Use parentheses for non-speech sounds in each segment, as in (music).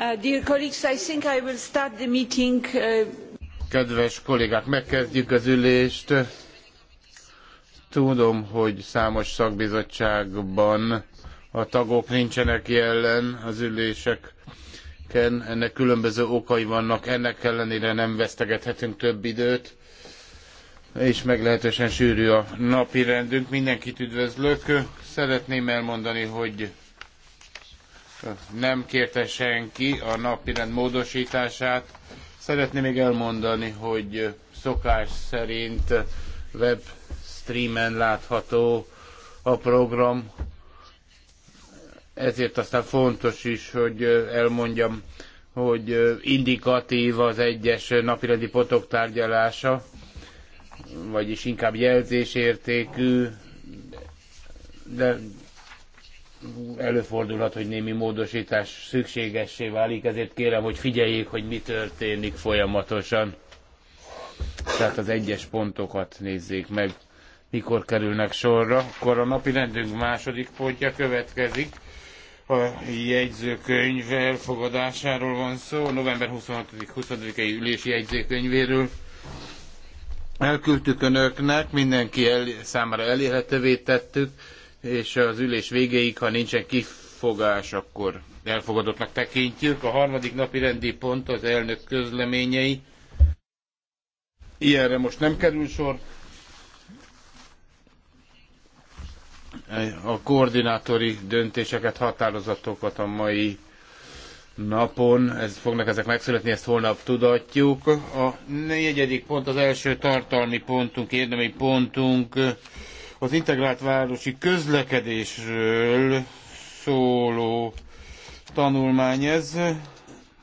Uh, uh, Kedves kollégák, megkezdjük az ülést. Tudom, hogy számos szakbizottságban a tagok nincsenek jelen az üléseken. Ennek különböző okai vannak, ennek ellenére nem vesztegethetünk több időt és meglehetősen sűrű a napirendünk. Mindenkit üdvözlök. Szeretném elmondani, hogy nem kérte senki a napirend módosítását. Szeretném még elmondani, hogy szokás szerint web streamen látható a program, ezért aztán fontos is, hogy elmondjam, hogy indikatív az egyes napirendi potok tárgyalása, vagyis inkább jelzésértékű, de előfordulhat, hogy némi módosítás szükségessé válik, ezért kérem, hogy figyeljék, hogy mi történik folyamatosan. Tehát az egyes pontokat nézzék meg, mikor kerülnek sorra. Akkor a napi rendünk második pontja következik. A jegyzőkönyv elfogadásáról van szó, november 26-20-i ülési jegyzőkönyvéről. Elküldtük önöknek, mindenki el, számára elérhetővé tettük és az ülés végéig, ha nincsen kifogás, akkor elfogadottnak tekintjük. A harmadik napi rendi pont az elnök közleményei. Ilyenre most nem kerül sor. A koordinátori döntéseket, határozatokat a mai napon, ez, fognak ezek megszületni, ezt holnap tudatjuk. A negyedik pont, az első tartalmi pontunk, érdemi pontunk, az integrált városi közlekedésről szóló tanulmány ez,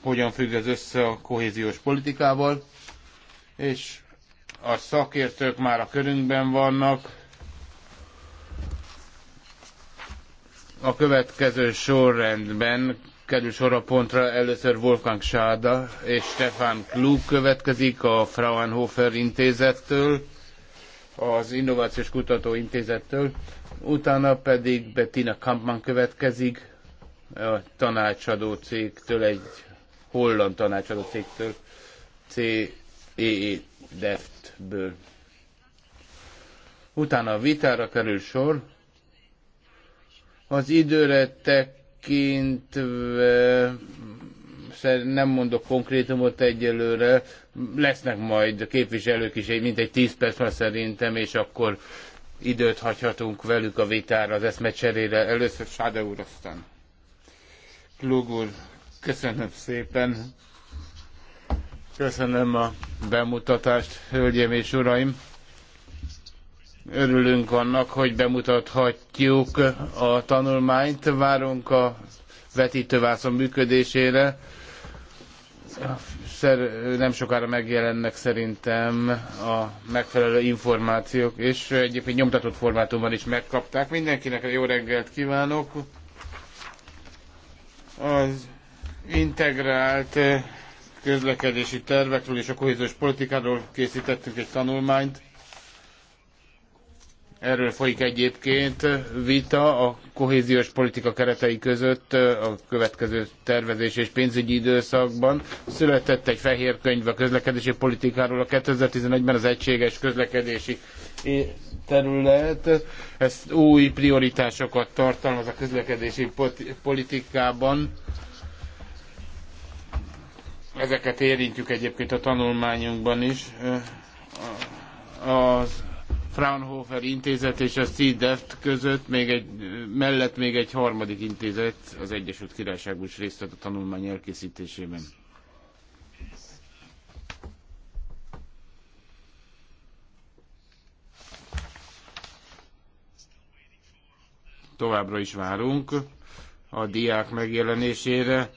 hogyan függ ez össze a kohéziós politikával, és a szakértők már a körünkben vannak. A következő sorrendben kerül sor a pontra először Wolfgang Sáda és Stefan Klug következik a Fraunhofer intézettől az Innovációs Kutató Intézettől, utána pedig Bettina Kampmann következik, a tanácsadó cégtől, egy holland tanácsadó cégtől, CEE e Deftből. Utána a vitára kerül sor. Az időre tekintve nem mondok konkrétumot egyelőre, lesznek majd képviselők is, mint egy tíz perc van szerintem, és akkor időt hagyhatunk velük a vitára, az eszmecserére. Először Sáde úr, aztán Klug úr, köszönöm szépen. Köszönöm a bemutatást, hölgyeim és uraim. Örülünk annak, hogy bemutathatjuk a tanulmányt. Várunk a vetítővászon működésére nem sokára megjelennek szerintem a megfelelő információk, és egyébként nyomtatott formátumban is megkapták. Mindenkinek jó reggelt kívánok! Az integrált eh, közlekedési tervekről és a kohéziós politikáról készítettünk egy tanulmányt. Erről folyik egyébként vita a kohéziós politika keretei között a következő tervezés és pénzügyi időszakban. Született egy fehér könyv a közlekedési politikáról a 2011-ben az egységes közlekedési terület. Ez új prioritásokat tartalmaz a közlekedési politikában. Ezeket érintjük egyébként a tanulmányunkban is. Az Fraunhofer intézet és a CDEFT között még egy, mellett még egy harmadik intézet az Egyesült Királyságban is részt vett a tanulmány elkészítésében. Továbbra is várunk a diák megjelenésére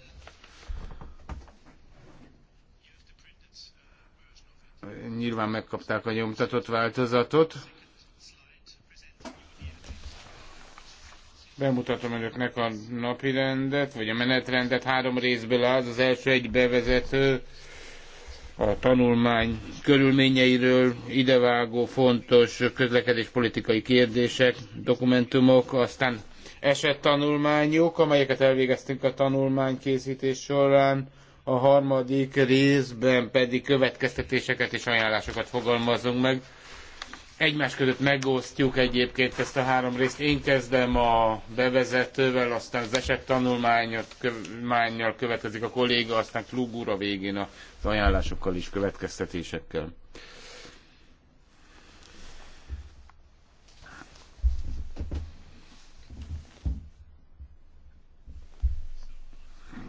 nyilván megkapták a nyomtatott változatot. Bemutatom önöknek a napi rendet, vagy a menetrendet. Három részből áll. Az első egy bevezető a tanulmány körülményeiről, idevágó, fontos közlekedéspolitikai kérdések, dokumentumok, aztán esettanulmányok, amelyeket elvégeztünk a tanulmánykészítés során a harmadik részben pedig következtetéseket és ajánlásokat fogalmazunk meg. Egymás között megosztjuk egyébként ezt a három részt. Én kezdem a bevezetővel, aztán az esettanulmányjal következik a kolléga, aztán klub úr a végén az ajánlásokkal és következtetésekkel.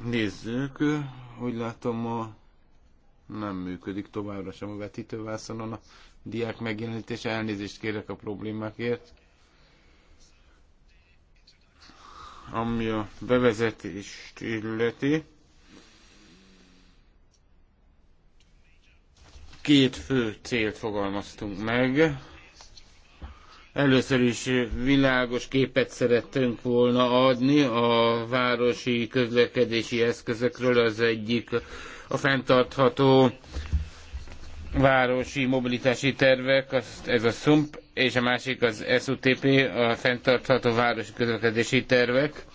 Nézzük, úgy látom, ma nem működik továbbra sem a vetítővászonon a diák megjelenítése. Elnézést kérek a problémákért. Ami a bevezetést illeti. Két fő célt fogalmaztunk meg Először is világos képet szerettünk volna adni a városi közlekedési eszközökről. Az egyik a fenntartható városi mobilitási tervek, ez a SZUMP, és a másik az SUTP, a fenntartható városi közlekedési tervek.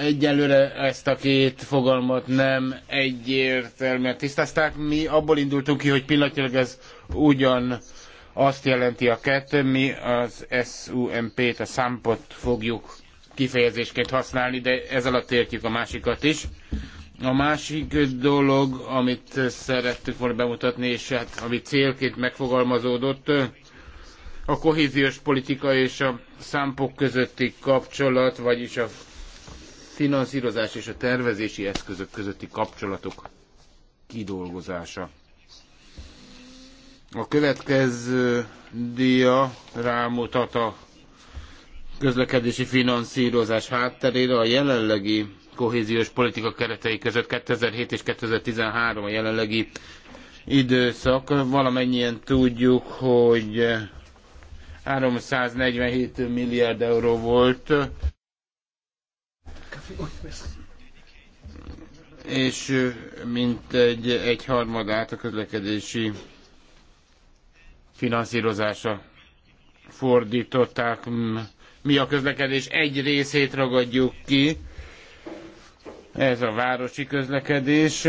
Egyelőre ezt a két fogalmat nem egyértelműen tisztázták. Mi abból indultunk ki, hogy pillanatilag ez ugyan azt jelenti a kettő, mi az SUMP-t, a számpot fogjuk kifejezésként használni, de ez alatt értjük a másikat is. A másik dolog, amit szerettük volna bemutatni, és hát ami célként megfogalmazódott, a kohéziós politika és a számpok közötti kapcsolat, vagyis a finanszírozás és a tervezési eszközök közötti kapcsolatok kidolgozása. A következő dia rámutat a közlekedési finanszírozás hátterére a jelenlegi kohéziós politika keretei között 2007 és 2013 a jelenlegi időszak. Valamennyien tudjuk, hogy 347 milliárd euró volt. És mint egy, egy harmadát a közlekedési finanszírozása fordították. Mi a közlekedés egy részét ragadjuk ki, ez a városi közlekedés,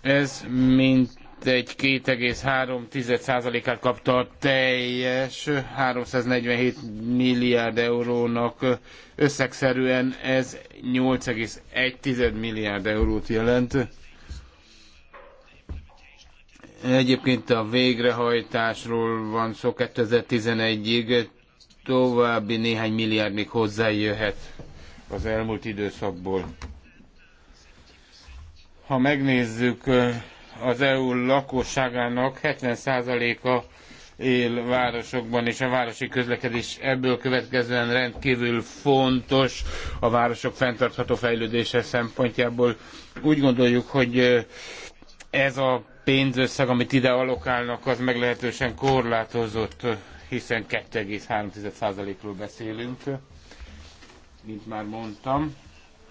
ez mint egy 2,3%-át kapta a teljes 347 milliárd eurónak. Összegszerűen ez 8,1 milliárd eurót jelent Egyébként a végrehajtásról van szó 2011-ig, további néhány milliárd még hozzájöhet az elmúlt időszakból. Ha megnézzük, eh, az EU lakosságának 70%-a él városokban, és a városi közlekedés ebből következően rendkívül fontos a városok fenntartható fejlődése szempontjából. Úgy gondoljuk, hogy eh, ez a pénzösszeg, amit ide alokálnak, az meglehetősen korlátozott, hiszen 2,3%-ról beszélünk, mint már mondtam.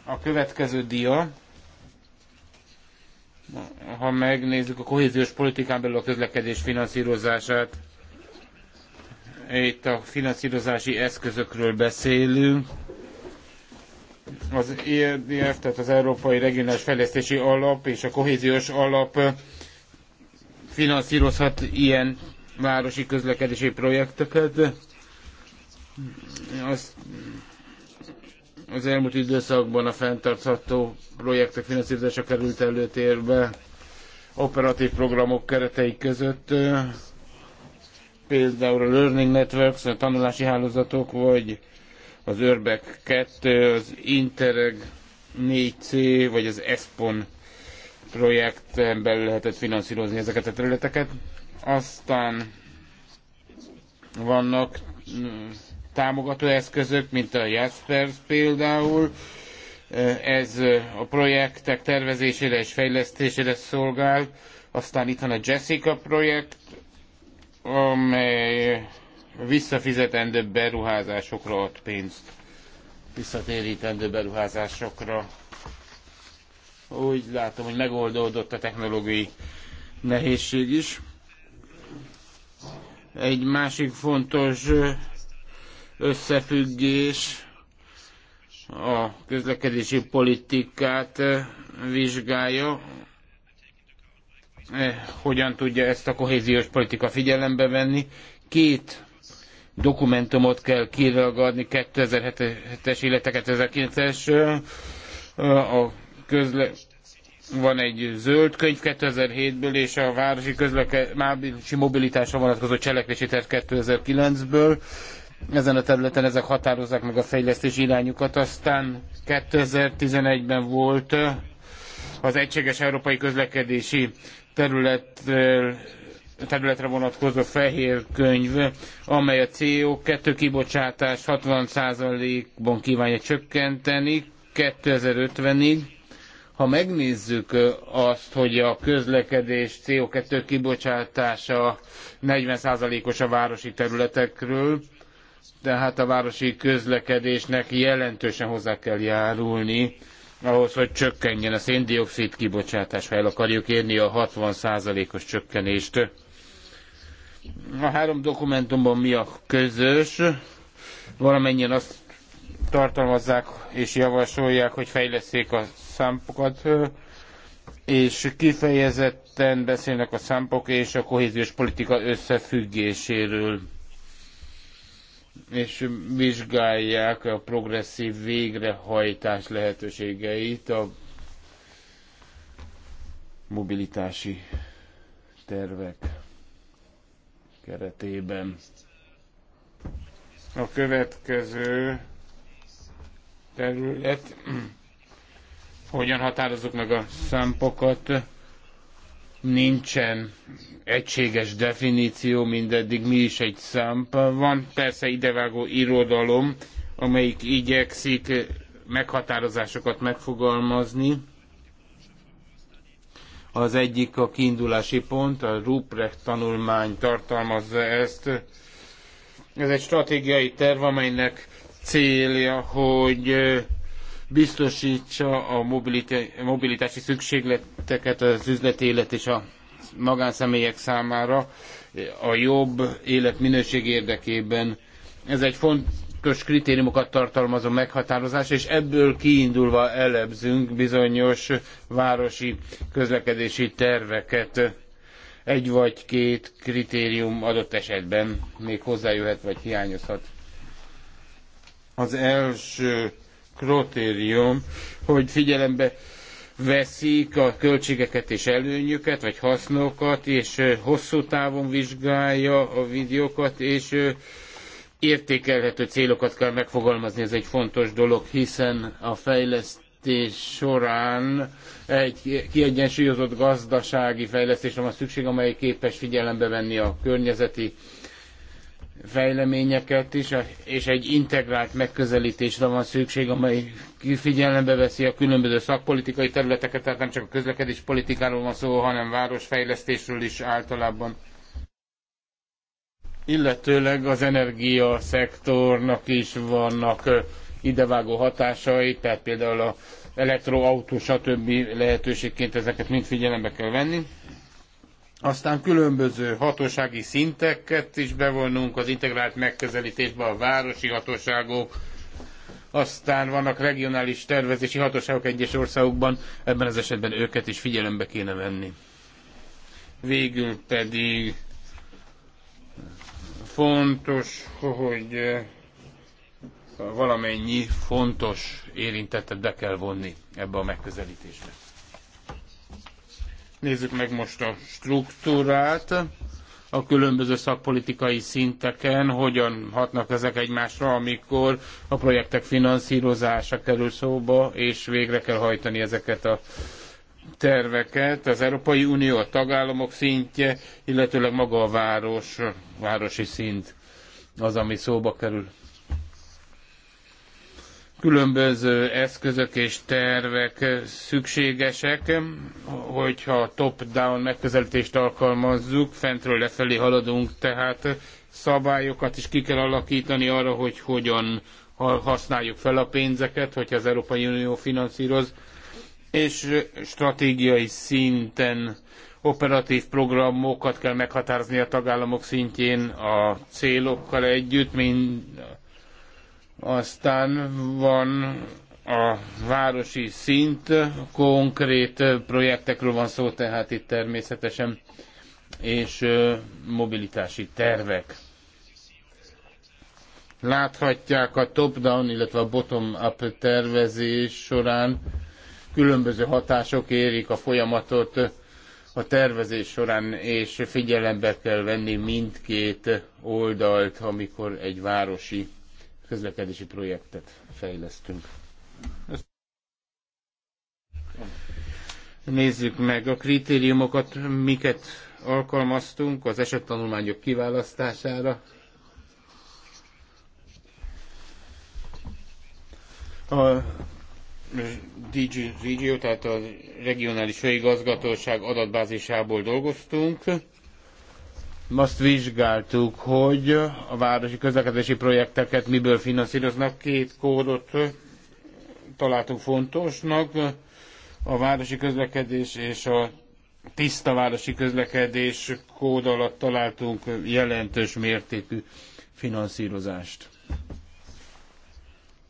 A következő dia, ha megnézzük a kohéziós politikán belül a közlekedés finanszírozását, itt a finanszírozási eszközökről beszélünk. Az EDF, tehát az Európai Regionális Fejlesztési Alap és a Kohéziós Alap finanszírozhat ilyen városi közlekedési projekteket. Az, az elmúlt időszakban a fenntartható projektek finanszírozása került előtérbe operatív programok keretei között, például a Learning Networks, a tanulási hálózatok, vagy az Örbek 2, az Interreg 4C, vagy az ESPON projekten belül lehetett finanszírozni ezeket a területeket. Aztán vannak mm, támogató eszközök, mint a Jaspers például. Ez a projektek tervezésére és fejlesztésére szolgál. Aztán itt van a Jessica projekt, amely visszafizetendő beruházásokra ad pénzt. Visszatérítendő beruházásokra úgy látom, hogy megoldódott a technológiai nehézség is. Egy másik fontos összefüggés a közlekedési politikát vizsgálja, e, hogyan tudja ezt a kohéziós politika figyelembe venni. Két dokumentumot kell kiragadni 2007-es, illetve 2009-es a közle, van egy zöld könyv 2007-ből, és a városi közlekedési mobilitásra vonatkozó cselekvési terv 2009-ből. Ezen a területen ezek határozzák meg a fejlesztés irányukat. Aztán 2011-ben volt eh, az Egységes Európai Közlekedési terület, területre vonatkozó fehér könyv, amely a CO2 kibocsátás 60%-ban kívánja csökkenteni 2050-ig ha megnézzük azt, hogy a közlekedés CO2 kibocsátása 40%-os a városi területekről, tehát a városi közlekedésnek jelentősen hozzá kell járulni ahhoz, hogy csökkenjen a széndiokszid kibocsátás, ha el akarjuk érni a 60%-os csökkenést. A három dokumentumban mi a közös? Valamennyien azt tartalmazzák és javasolják, hogy fejleszék a számokat, és kifejezetten beszélnek a számok és a kohéziós politika összefüggéséről és vizsgálják a progresszív végrehajtás lehetőségeit a mobilitási tervek keretében. A következő terület hogyan határozzuk meg a számokat. Nincsen egységes definíció, mindeddig mi is egy szemp. Van persze idevágó irodalom, amelyik igyekszik meghatározásokat megfogalmazni. Az egyik a kiindulási pont, a Ruprecht tanulmány tartalmazza ezt. Ez egy stratégiai terv, amelynek célja, hogy biztosítsa a mobilitási szükségleteket az üzleti élet és a magánszemélyek számára a jobb életminőség érdekében. Ez egy fontos kritériumokat tartalmazó meghatározás, és ebből kiindulva elemzünk bizonyos városi közlekedési terveket. Egy vagy két kritérium adott esetben még hozzájöhet vagy hiányozhat. Az első kritérium, hogy figyelembe veszik a költségeket és előnyöket, vagy hasznokat, és hosszú távon vizsgálja a videókat, és értékelhető célokat kell megfogalmazni, ez egy fontos dolog, hiszen a fejlesztés során egy kiegyensúlyozott gazdasági fejlesztésre van szükség, amely képes figyelembe venni a környezeti fejleményeket is, és egy integrált megközelítésre van szükség, amely figyelembe veszi a különböző szakpolitikai területeket, tehát nem csak a közlekedés politikáról van szó, hanem városfejlesztésről is általában. Illetőleg az energiaszektornak is vannak idevágó hatásai, tehát például a elektroautó, stb. lehetőségként ezeket mind figyelembe kell venni. Aztán különböző hatósági szinteket is bevonunk az integrált megközelítésbe a városi hatóságok, aztán vannak regionális tervezési hatóságok egyes országokban, ebben az esetben őket is figyelembe kéne venni. Végül pedig fontos, hogy eh, valamennyi fontos érintettet be kell vonni ebbe a megközelítésbe. Nézzük meg most a struktúrát a különböző szakpolitikai szinteken, hogyan hatnak ezek egymásra, amikor a projektek finanszírozása kerül szóba, és végre kell hajtani ezeket a terveket, az Európai Unió, a tagállamok szintje, illetőleg maga a város, városi szint az, ami szóba kerül különböző eszközök és tervek szükségesek, hogyha a top-down megközelítést alkalmazzuk, fentről lefelé haladunk, tehát szabályokat is ki kell alakítani arra, hogy hogyan használjuk fel a pénzeket, hogyha az Európai Unió finanszíroz, és stratégiai szinten operatív programokat kell meghatározni a tagállamok szintjén a célokkal együtt, mint aztán van a városi szint, konkrét projektekről van szó, tehát itt természetesen, és mobilitási tervek. Láthatják a top-down, illetve a bottom-up tervezés során különböző hatások érik a folyamatot a tervezés során, és figyelembe kell venni mindkét oldalt, amikor egy városi közlekedési projektet fejlesztünk. Nézzük meg a kritériumokat, miket alkalmaztunk az esettanulmányok kiválasztására. A DG Regio, tehát a regionális főigazgatóság adatbázisából dolgoztunk azt vizsgáltuk, hogy a városi közlekedési projekteket miből finanszíroznak. Két kódot találtuk fontosnak, a városi közlekedés és a tiszta városi közlekedés kód alatt találtunk jelentős mértékű finanszírozást.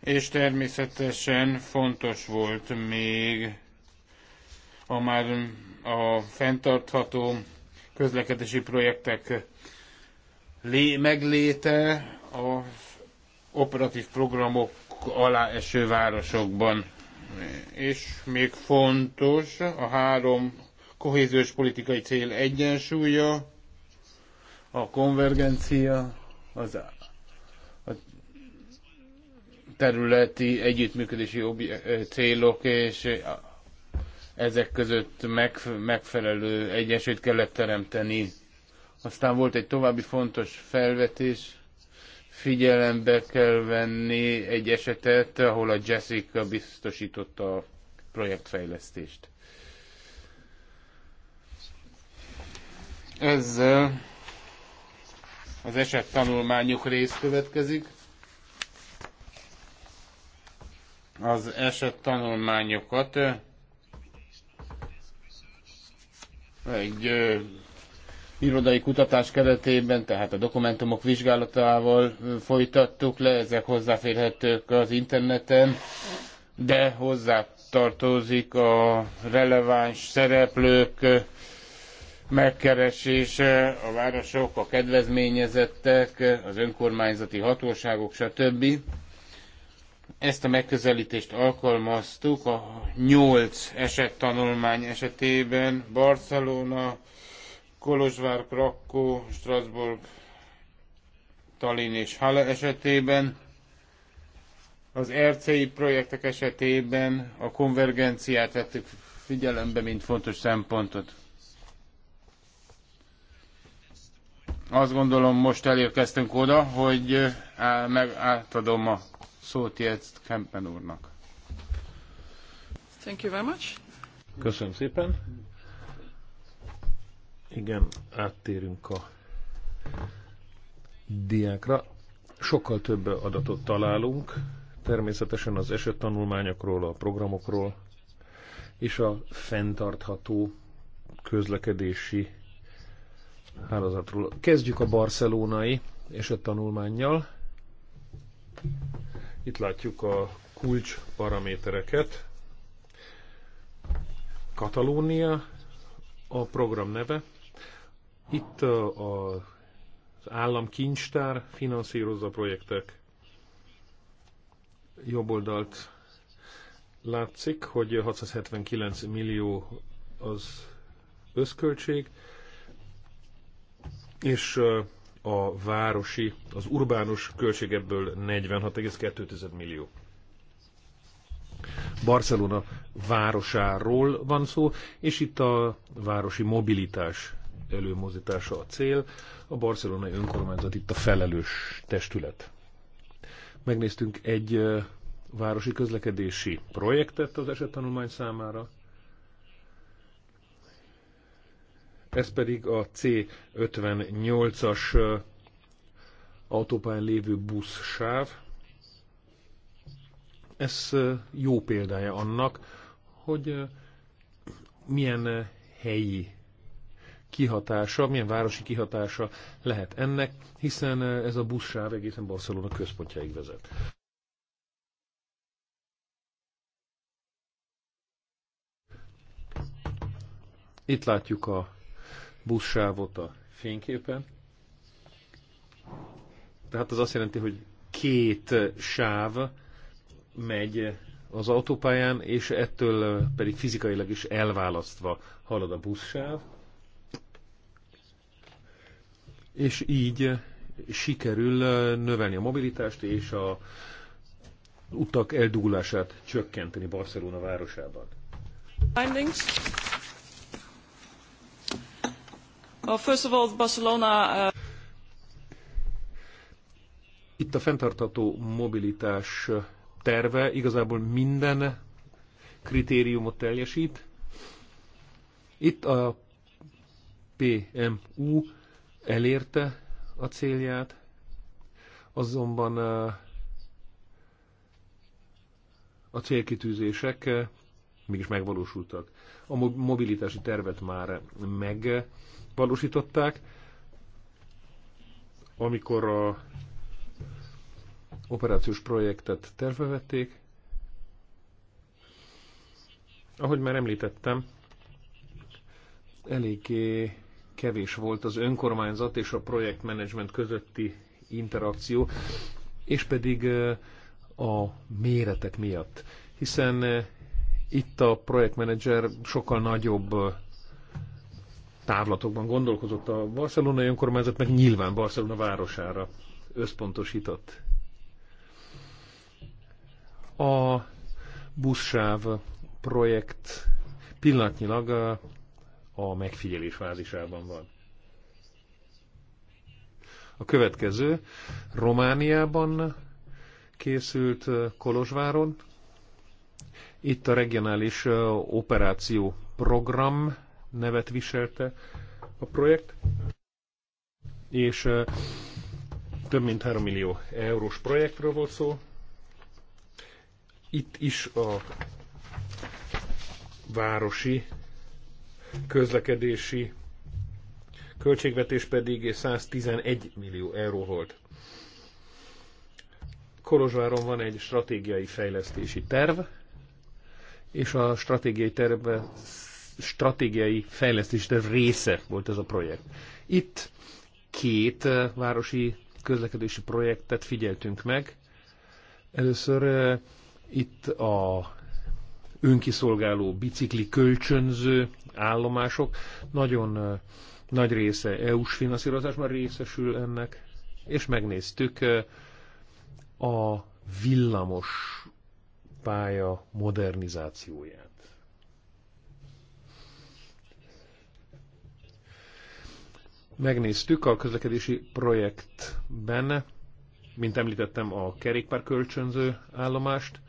És természetesen fontos volt még a már a fenntartható közlekedési projektek lé, megléte a operatív programok alá eső városokban. És még fontos a három kohéziós politikai cél egyensúlya, a konvergencia, az a területi együttműködési célok és ezek között megfelelő egyensúlyt kellett teremteni. Aztán volt egy további fontos felvetés, figyelembe kell venni egy esetet, ahol a Jessica biztosította a projektfejlesztést. Ezzel az eset tanulmányok rész következik. Az eset tanulmányokat egy ö, irodai kutatás keretében, tehát a dokumentumok vizsgálatával folytattuk le, ezek hozzáférhetők az interneten, de hozzá tartozik a releváns szereplők megkeresése, a városok, a kedvezményezettek, az önkormányzati hatóságok, stb. Ezt a megközelítést alkalmaztuk a nyolc esettanulmány esetében, Barcelona, Kolozsvár, Krakó, Strasbourg, Tallinn és Halle esetében, az RCI projektek esetében a konvergenciát vettük figyelembe, mint fontos szempontot. Azt gondolom, most elérkeztünk oda, hogy eh, meg átadom a szót jetzt Kempen úrnak. Thank you very much. Köszönöm szépen. Igen, áttérünk a diákra. Sokkal több adatot találunk, természetesen az esettanulmányokról, a programokról, és a fenntartható közlekedési hálózatról. Kezdjük a barcelonai esettanulmányjal. Itt látjuk a kulcs paramétereket. Katalónia a program neve. Itt a, a az államkincstár finanszírozza a projektek. Jobb oldalt látszik, hogy 679 millió az összköltség, és a városi, az urbánus költség ebből 46,2 millió. Barcelona városáról van szó, és itt a városi mobilitás előmozítása a cél. A barcelonai önkormányzat itt a felelős testület. Megnéztünk egy városi közlekedési projektet az esettanulmány számára, ez pedig a C58-as autópályán lévő buszsáv. Ez jó példája annak, hogy milyen helyi kihatása, milyen városi kihatása lehet ennek, hiszen ez a buszsáv egészen Barcelona központjáig vezet. Itt látjuk a buszsávot a fényképen. Tehát az azt jelenti, hogy két sáv megy az autópályán, és ettől pedig fizikailag is elválasztva halad a buszsáv. És így sikerül növelni a mobilitást és a utak eldugulását csökkenteni Barcelona városában. Findings. Uh, Itt a fenntartató mobilitás terve igazából minden kritériumot teljesít. Itt a PMU elérte a célját, azonban uh, a célkitűzések uh, mégis megvalósultak. A mobilitási tervet már meg valósították, amikor a operációs projektet tervevették. Ahogy már említettem, eléggé kevés volt az önkormányzat és a projektmenedzsment közötti interakció, és pedig a méretek miatt. Hiszen itt a projektmenedzser sokkal nagyobb távlatokban gondolkozott a barcelonai önkormányzat, meg nyilván Barcelona városára összpontosított. A buszsáv projekt pillanatnyilag a megfigyelés fázisában van. A következő Romániában készült Kolozsváron. Itt a regionális operáció program nevet viselte a projekt, és több mint 3 millió eurós projektről volt szó. Itt is a városi közlekedési költségvetés pedig 111 millió euró volt. Kolozsváron van egy stratégiai fejlesztési terv, és a stratégiai tervben stratégiai fejlesztés része volt ez a projekt. Itt két eh, városi közlekedési projektet figyeltünk meg. Először eh, itt a önkiszolgáló bicikli kölcsönző állomások. Nagyon eh, nagy része EU-s finanszírozásban részesül ennek, és megnéztük a villamos pálya modernizációját. megnéztük a közlekedési projektben, mint említettem, a kerékpár kölcsönző állomást.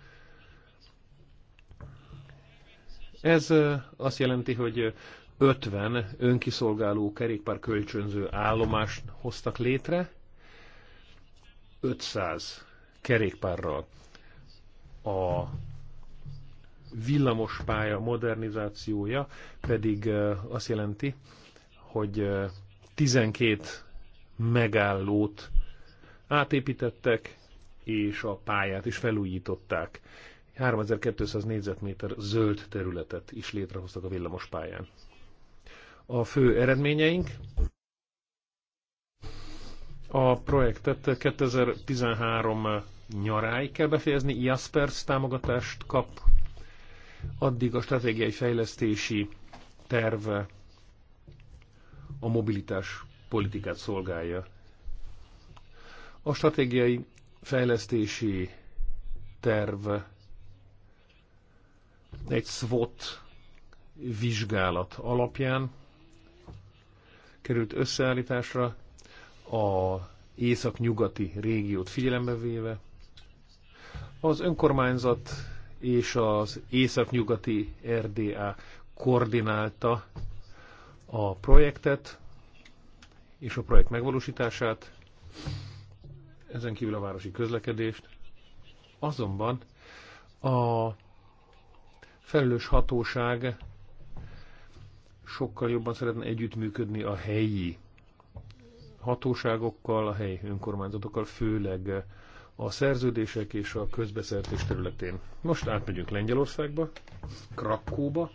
Ez azt jelenti, hogy 50 önkiszolgáló kerékpár kölcsönző állomást hoztak létre, 500 kerékpárral. A villamospálya modernizációja pedig azt jelenti, hogy 12 megállót átépítettek, és a pályát is felújították. 3200 négyzetméter zöld területet is létrehoztak a villamos pályán. A fő eredményeink a projektet 2013 nyaráig kell befejezni, Jaspers támogatást kap, addig a stratégiai fejlesztési terve a mobilitás politikát szolgálja. A stratégiai fejlesztési terv egy SWOT vizsgálat alapján került összeállításra a észak-nyugati régiót figyelembe véve. Az önkormányzat és az észak-nyugati RDA koordinálta a projektet és a projekt megvalósítását, ezen kívül a városi közlekedést. Azonban a felelős hatóság sokkal jobban szeretne együttműködni a helyi hatóságokkal, a helyi önkormányzatokkal, főleg a szerződések és a közbeszerzés területén. Most átmegyünk Lengyelországba, Krakóba,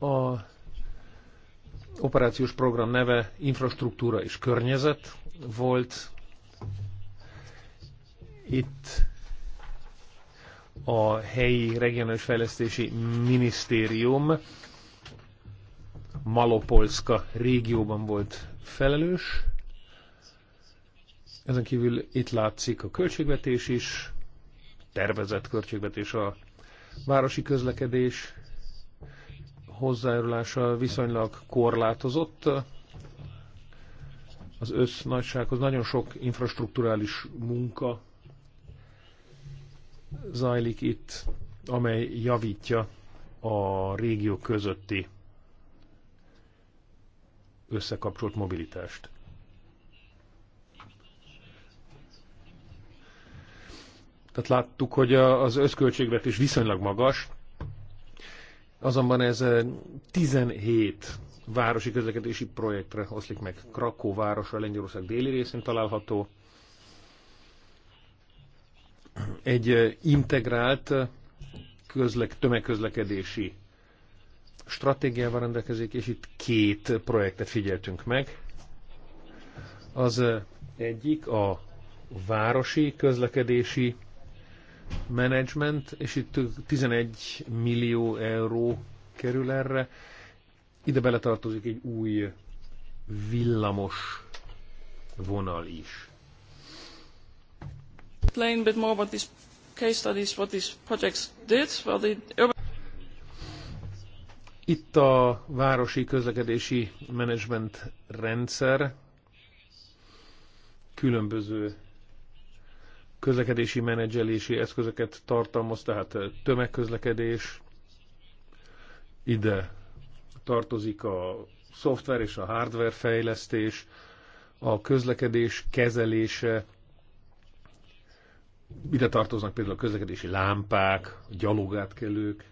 A operációs program neve infrastruktúra és környezet volt. Itt a helyi regionális fejlesztési minisztérium Malopolska régióban volt felelős. Ezen kívül itt látszik a költségvetés is, tervezett költségvetés a városi közlekedés, hozzájárulása viszonylag korlátozott. Az össznagysághoz nagyon sok infrastruktúrális munka zajlik itt, amely javítja a régió közötti összekapcsolt mobilitást. Tehát láttuk, hogy az összköltségvetés viszonylag magas, Azonban ez 17 eh, városi közlekedési projektre oszlik meg. Krakó városa Lengyelország déli részén található. Egy eh, integrált eh, közlek, tömegközlekedési stratégiával rendelkezik, és itt két projektet figyeltünk meg. Az egyik a városi közlekedési management, és itt 11 millió euró kerül erre. Ide beletartozik egy új villamos vonal is. Explain a bit more about these case studies, what these projects did. Well, the Itt a városi közlekedési menedzsment rendszer különböző közlekedési menedzselési eszközöket tartalmaz, tehát tömegközlekedés, ide tartozik a szoftver és a hardware fejlesztés, a közlekedés kezelése, ide tartoznak például a közlekedési lámpák, a gyalogátkelők.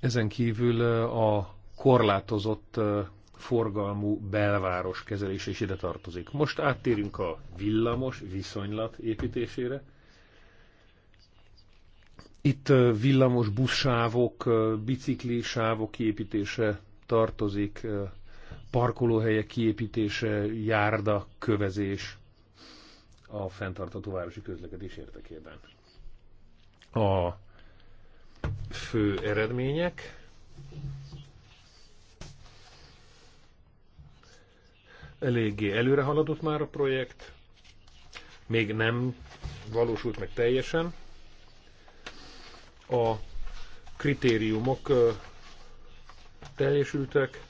Ezen kívül a korlátozott forgalmú belváros kezelése is ide tartozik. Most áttérünk a villamos viszonylat építésére. Itt villamos buszsávok, sávok kiépítése tartozik, parkolóhelyek kiépítése, járda, kövezés a fenntartató városi közlekedés érdekében. A fő eredmények eléggé előre haladott már a projekt, még nem valósult meg teljesen. A kritériumok teljesültek.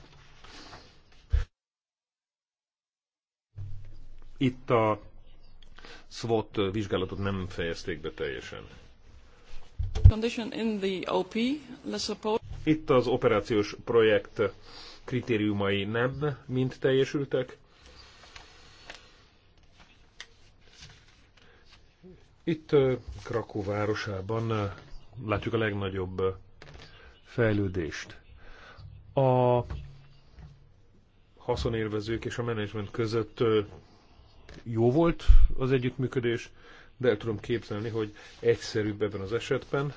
Itt a SWOT vizsgálatot nem fejezték be teljesen. Itt az operációs projekt kritériumai nem mind teljesültek. Itt Krakó városában látjuk a legnagyobb fejlődést. A haszonélvezők és a menedzsment között jó volt az együttműködés, de el tudom képzelni, hogy egyszerűbb ebben az esetben,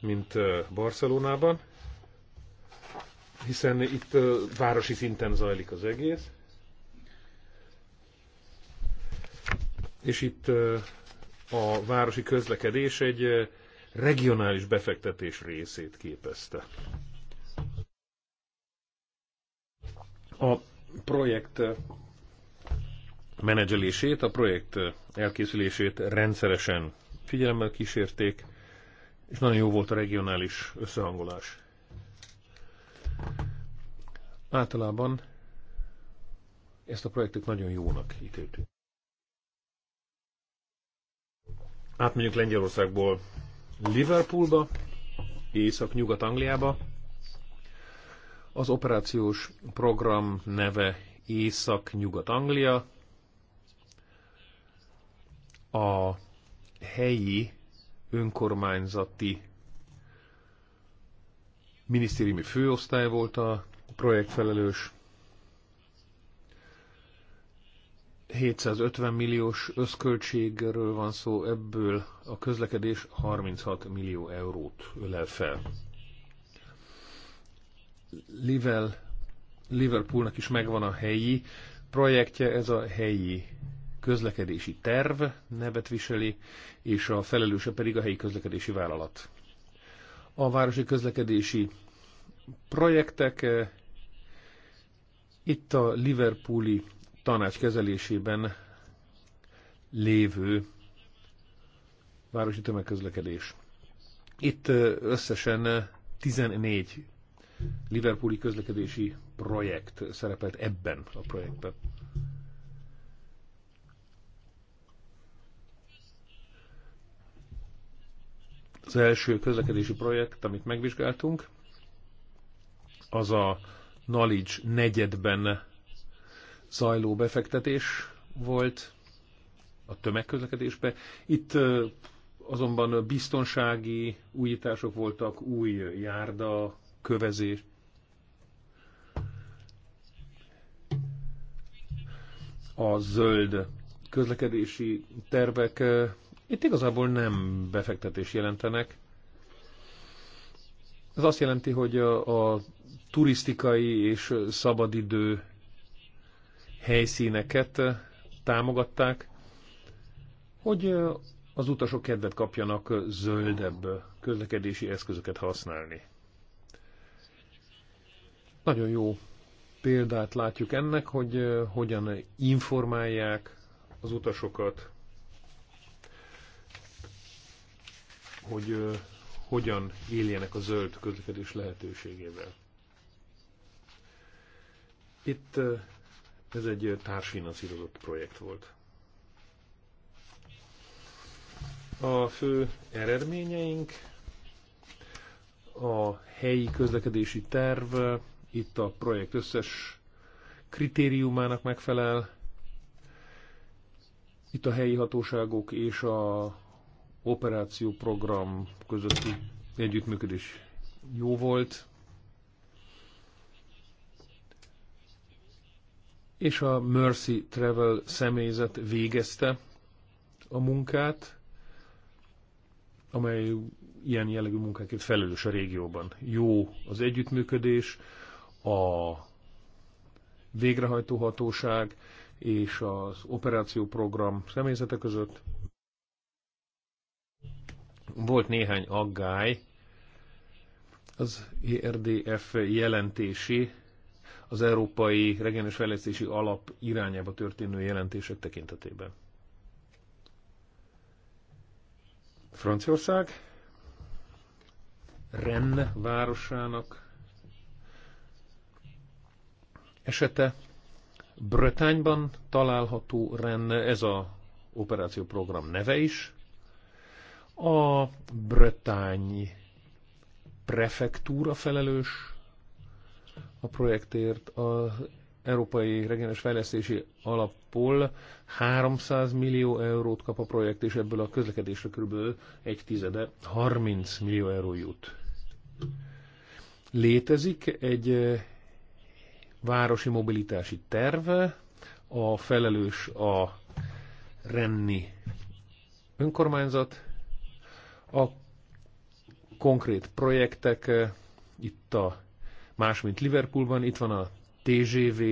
mint Barcelonában hiszen itt városi szinten zajlik az egész. És itt a városi közlekedés egy regionális befektetés részét képezte. A projekt menedzselését, a projekt elkészülését rendszeresen figyelemmel kísérték, és nagyon jó volt a regionális összehangolás. Általában ezt a projektet nagyon jónak ítéltük. Átmegyünk Lengyelországból Liverpoolba, Észak-Nyugat-Angliába. Az operációs program neve Észak-Nyugat-Anglia. A helyi önkormányzati minisztériumi főosztály volt a projektfelelős. 750 milliós összköltségről van szó, ebből a közlekedés 36 millió eurót ölel fel. Livel, Liverpoolnak is megvan a helyi projektje, ez a helyi közlekedési terv nevet viseli, és a felelőse pedig a helyi közlekedési vállalat a városi közlekedési projektek. Eh, itt a Liverpooli tanács kezelésében lévő városi tömegközlekedés. Itt eh, összesen 14 eh, Liverpooli közlekedési projekt szerepelt ebben a projektben. Az első közlekedési projekt, amit megvizsgáltunk, az a Knowledge negyedben zajló befektetés volt a tömegközlekedésbe. Itt azonban biztonsági újítások voltak, új járda, kövezés. A zöld közlekedési tervek itt igazából nem befektetés jelentenek. Ez azt jelenti, hogy a, a turisztikai és szabadidő helyszíneket támogatták, hogy az utasok kedvet kapjanak zöldebb közlekedési eszközöket használni. Nagyon jó példát látjuk ennek, hogy hogyan informálják az utasokat, hogy uh, hogyan éljenek a zöld közlekedés lehetőségével. Itt uh, ez egy társfinanszírozott projekt volt. A fő eredményeink a helyi közlekedési terv, itt a projekt összes kritériumának megfelel, itt a helyi hatóságok és a operációprogram közötti együttműködés jó volt, és a Mercy Travel személyzet végezte a munkát, amely ilyen jellegű munkákért felelős a régióban. Jó az együttműködés, a végrehajtóhatóság és az operációprogram személyzete között volt néhány aggály az ERDF jelentési, az Európai Regionális Fejlesztési Alap irányába történő jelentések tekintetében. Franciaország Renn városának esete. Bretányban található Renn, ez a operációprogram neve is. A bretány prefektúra felelős a projektért az Európai Regionális Fejlesztési alappól 300 millió eurót kap a projekt, és ebből a közlekedésre kb. egy tizede 30 millió euró jut. Létezik egy városi mobilitási terve, a felelős a Renni önkormányzat, a konkrét projektek eh, itt a más, mint Liverpoolban, itt van a TGV,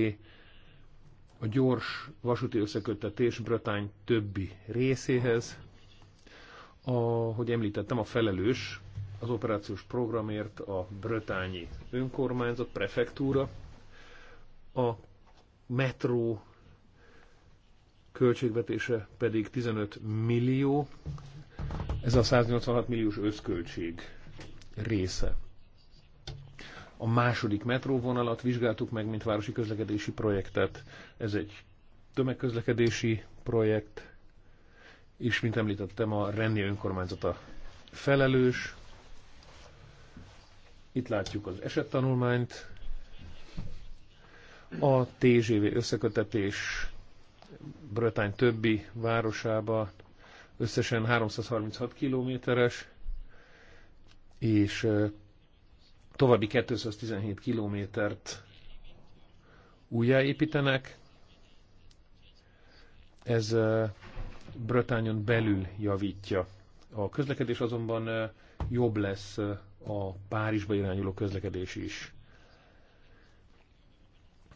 a gyors vasúti összeköttetés Bretány többi részéhez. Ahogy említettem, a felelős az operációs programért a bretányi önkormányzat, prefektúra, a metró költségvetése pedig 15 millió ez a 186 milliós összköltség része. A második metróvonalat vizsgáltuk meg, mint városi közlekedési projektet. Ez egy tömegközlekedési projekt, és mint említettem, a Rennie önkormányzata felelős. Itt látjuk az esettanulmányt. A TGV összekötetés Brötány többi városába összesen 336 kilométeres, és további 217 kilométert újjáépítenek. Ez Bretányon belül javítja. A közlekedés azonban jobb lesz a Párizsba irányuló közlekedés is.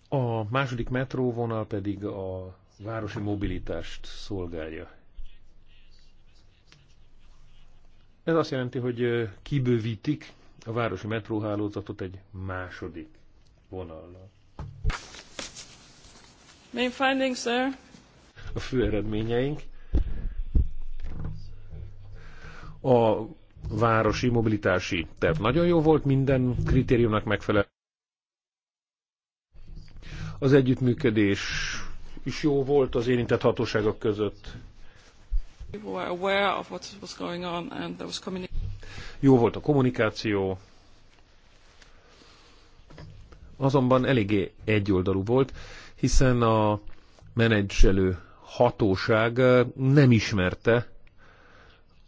A második metróvonal pedig a városi mobilitást szolgálja. Ez azt jelenti, hogy kibővítik a városi metróhálózatot egy második vonallal. Main findings, sir. A fő eredményeink. A városi mobilitási terv nagyon jó volt, minden kritériumnak megfelel. Az együttműködés is jó volt az érintett hatóságok között. Jó volt a kommunikáció, azonban eléggé egyoldalú volt, hiszen a menedzselő hatóság nem ismerte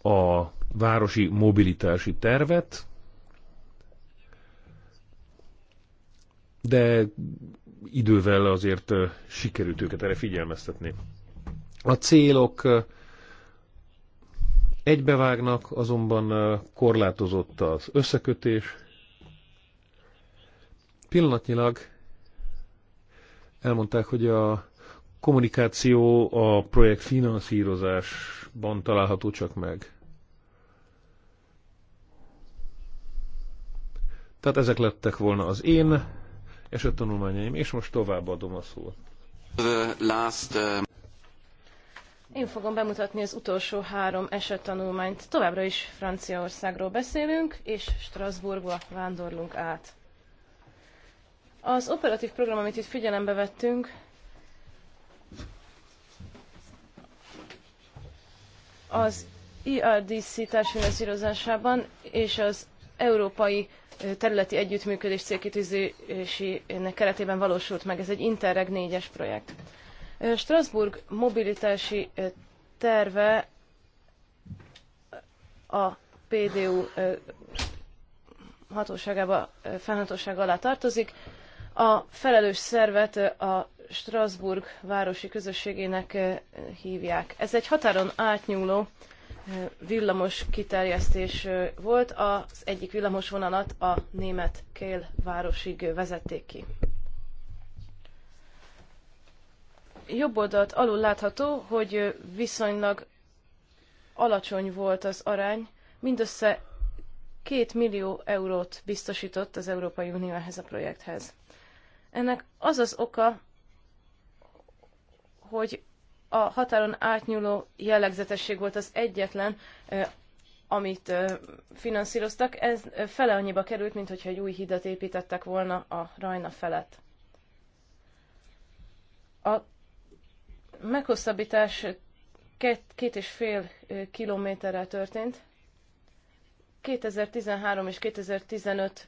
a városi mobilitási tervet, de idővel azért sikerült őket erre figyelmeztetni. A célok Egybevágnak azonban korlátozott az összekötés. Pillanatnyilag elmondták, hogy a kommunikáció a projekt finanszírozásban található csak meg. Tehát ezek lettek volna az én esettanulmányaim, és most továbbadom a szót. The last, uh... Én fogom bemutatni az utolsó három esettanulmányt. Továbbra is Franciaországról beszélünk, és Strasbourgba vándorlunk át. Az operatív program, amit itt figyelembe vettünk, az IRDC e társfinanszírozásában és az Európai Területi Együttműködés célkitűzésének keretében valósult meg. Ez egy Interreg 4-es projekt. Strasbourg mobilitási terve a PDU hatóságába, felhatóság alá tartozik. A felelős szervet a Strasbourg városi közösségének hívják. Ez egy határon átnyúló villamos kiterjesztés volt, az egyik villamosvonalat a német Kél városig vezették ki. jobb oldalt alul látható, hogy viszonylag alacsony volt az arány, mindössze 2 millió eurót biztosított az Európai Unió ehhez a projekthez. Ennek az az oka, hogy a határon átnyúló jellegzetesség volt az egyetlen, amit finanszíroztak. Ez fele annyiba került, mint hogyha egy új hidat építettek volna a Rajna felett. A meghosszabbítás két, két és fél kilométerrel történt. 2013 és 2015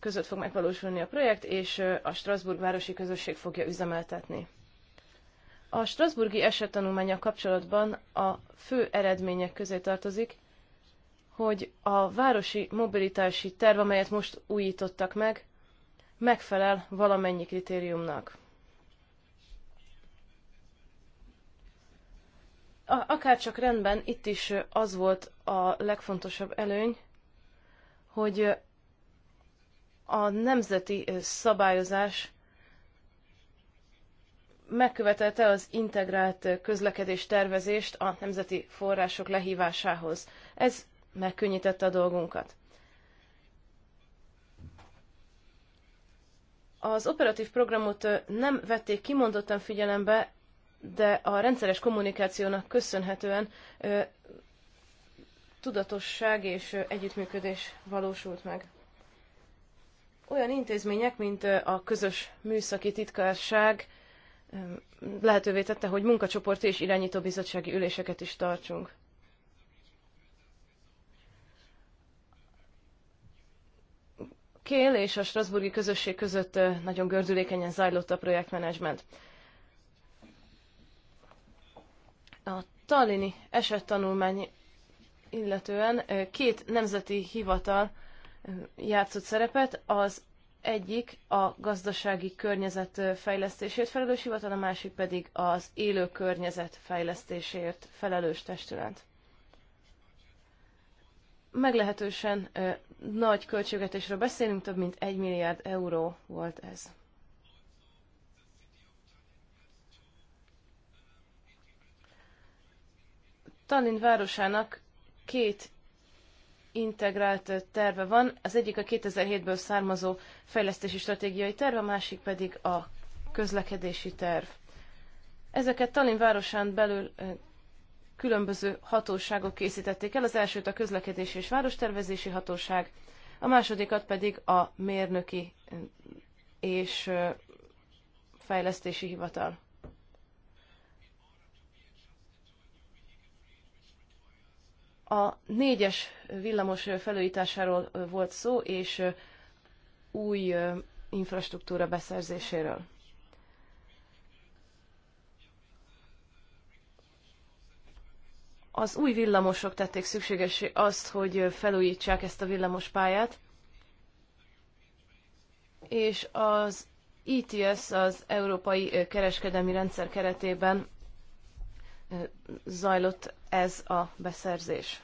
között fog megvalósulni a projekt, és a Strasbourg Városi Közösség fogja üzemeltetni. A Strasburgi esettanulmánya kapcsolatban a fő eredmények közé tartozik, hogy a városi mobilitási terv, amelyet most újítottak meg, megfelel valamennyi kritériumnak. akárcsak rendben, itt is az volt a legfontosabb előny, hogy a nemzeti szabályozás megkövetelte az integrált közlekedés tervezést a nemzeti források lehívásához. Ez megkönnyítette a dolgunkat. Az operatív programot nem vették kimondottan figyelembe, de a rendszeres kommunikációnak köszönhetően tudatosság és együttműködés valósult meg. Olyan intézmények, mint a közös műszaki titkárság lehetővé tette, hogy munkacsoport és irányító bizottsági üléseket is tartsunk. Kél és a Strasburgi közösség között nagyon gördülékenyen zajlott a projektmenedzsment. A Tallini esettanulmány illetően két nemzeti hivatal játszott szerepet, az egyik a gazdasági környezet fejlesztésért felelős hivatal, a másik pedig az élő környezet fejlesztésért felelős testület. Meglehetősen nagy költségvetésről beszélünk, több mint egy milliárd euró volt ez. Tallinn városának két integrált terve van, az egyik a 2007-ből származó fejlesztési stratégiai terv, a másik pedig a közlekedési terv. Ezeket Tallinn városán belül különböző hatóságok készítették el, az elsőt a közlekedési és várostervezési hatóság, a másodikat pedig a mérnöki és fejlesztési hivatal. A négyes villamos felújításáról volt szó, és új infrastruktúra beszerzéséről. Az új villamosok tették szükségesé azt, hogy felújítsák ezt a villamospályát, és az ETS, az Európai Kereskedelmi Rendszer keretében zajlott ez a beszerzés.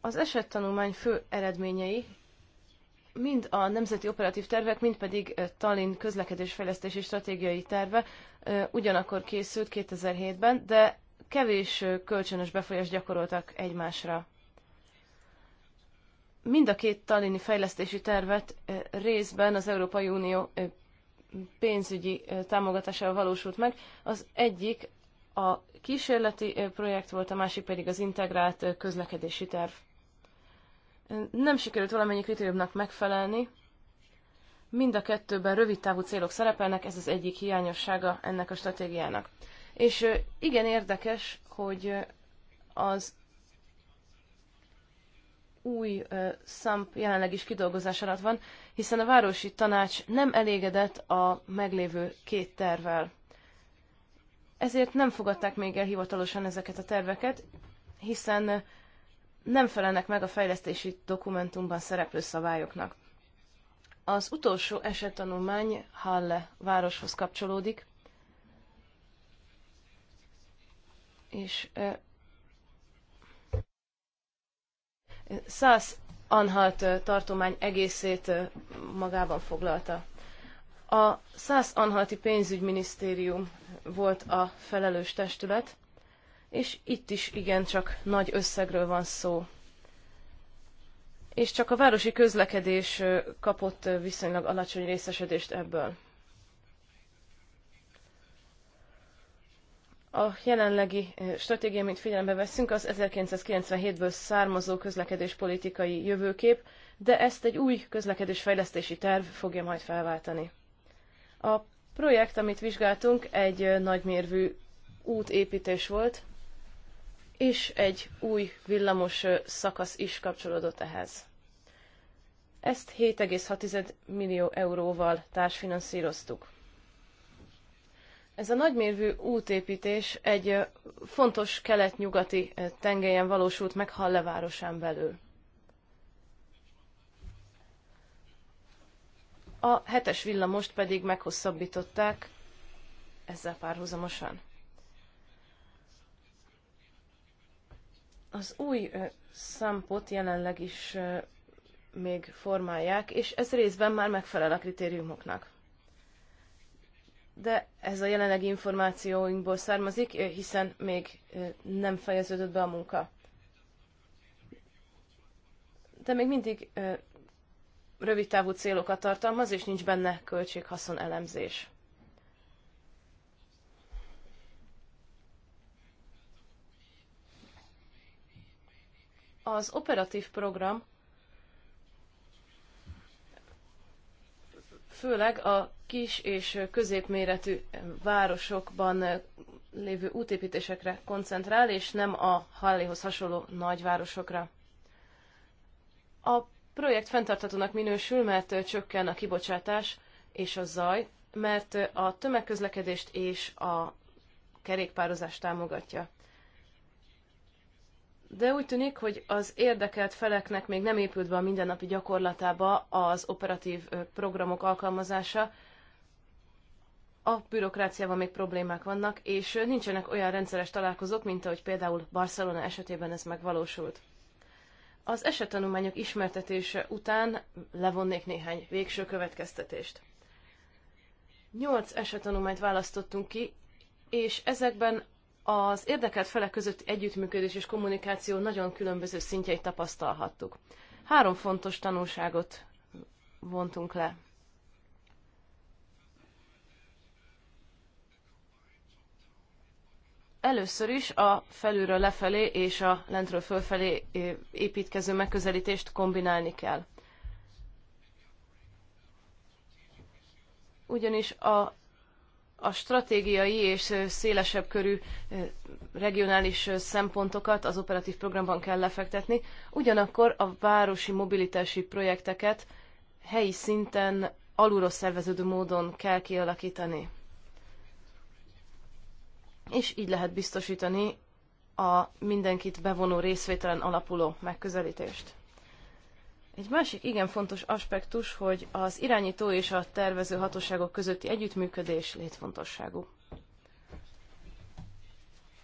Az esettanulmány fő eredményei mind a nemzeti operatív tervek, mind pedig Tallinn közlekedésfejlesztési stratégiai terve ugyanakkor készült 2007-ben, de kevés kölcsönös befolyást gyakoroltak egymásra. Mind a két Talini fejlesztési tervet részben az Európai Unió pénzügyi támogatásával valósult meg. Az egyik a kísérleti projekt volt, a másik pedig az integrált közlekedési terv. Nem sikerült valamennyi kritériumnak megfelelni. Mind a kettőben rövid távú célok szerepelnek, ez az egyik hiányossága ennek a stratégiának. És igen érdekes, hogy az új SZAMP jelenleg is kidolgozás alatt van, hiszen a városi tanács nem elégedett a meglévő két tervvel ezért nem fogadták még el hivatalosan ezeket a terveket, hiszen nem felelnek meg a fejlesztési dokumentumban szereplő szabályoknak. Az utolsó esettanulmány Halle városhoz kapcsolódik, és száz anhalt tartomány egészét magában foglalta. A száz anhalti pénzügyminisztérium volt a felelős testület, és itt is igencsak nagy összegről van szó. És csak a városi közlekedés kapott viszonylag alacsony részesedést ebből. A jelenlegi stratégia, amit figyelembe veszünk, az 1997-ből származó közlekedéspolitikai jövőkép, de ezt egy új közlekedésfejlesztési terv fogja majd felváltani. A projekt, amit vizsgáltunk, egy nagymérvű útépítés volt, és egy új villamos szakasz is kapcsolódott ehhez. Ezt 7,6 millió euróval társfinanszíroztuk. Ez a nagymérvű útépítés egy fontos kelet-nyugati tengelyen valósult meg Hallevárosán belül. a hetes villamost pedig meghosszabbították ezzel párhuzamosan. Az új szempot jelenleg is még formálják, és ez részben már megfelel a kritériumoknak. De ez a jelenlegi információinkból származik, hiszen még nem fejeződött be a munka. De még mindig rövidtávú célokat tartalmaz, és nincs benne költséghaszon elemzés. Az operatív program főleg a kis és középméretű városokban lévő útépítésekre koncentrál, és nem a Halléhoz hasonló nagyvárosokra. A projekt fenntartatónak minősül, mert csökken a kibocsátás és a zaj, mert a tömegközlekedést és a kerékpározást támogatja. De úgy tűnik, hogy az érdekelt feleknek még nem épült be a mindennapi gyakorlatába az operatív programok alkalmazása. A bürokráciával még problémák vannak, és nincsenek olyan rendszeres találkozók, mint ahogy például Barcelona esetében ez megvalósult. Az esettanulmányok ismertetése után levonnék néhány végső következtetést. Nyolc esettanulmányt választottunk ki, és ezekben az érdekelt felek között együttműködés és kommunikáció nagyon különböző szintjeit tapasztalhattuk. Három fontos tanulságot vontunk le. Először is a felülről lefelé és a lentről fölfelé építkező megközelítést kombinálni kell. Ugyanis a, a stratégiai és szélesebb körű regionális szempontokat az operatív programban kell lefektetni, ugyanakkor a városi mobilitási projekteket helyi szinten alulról szerveződő módon kell kialakítani és így lehet biztosítani a mindenkit bevonó részvételen alapuló megközelítést. Egy másik igen fontos aspektus, hogy az irányító és a tervező hatóságok közötti együttműködés létfontosságú.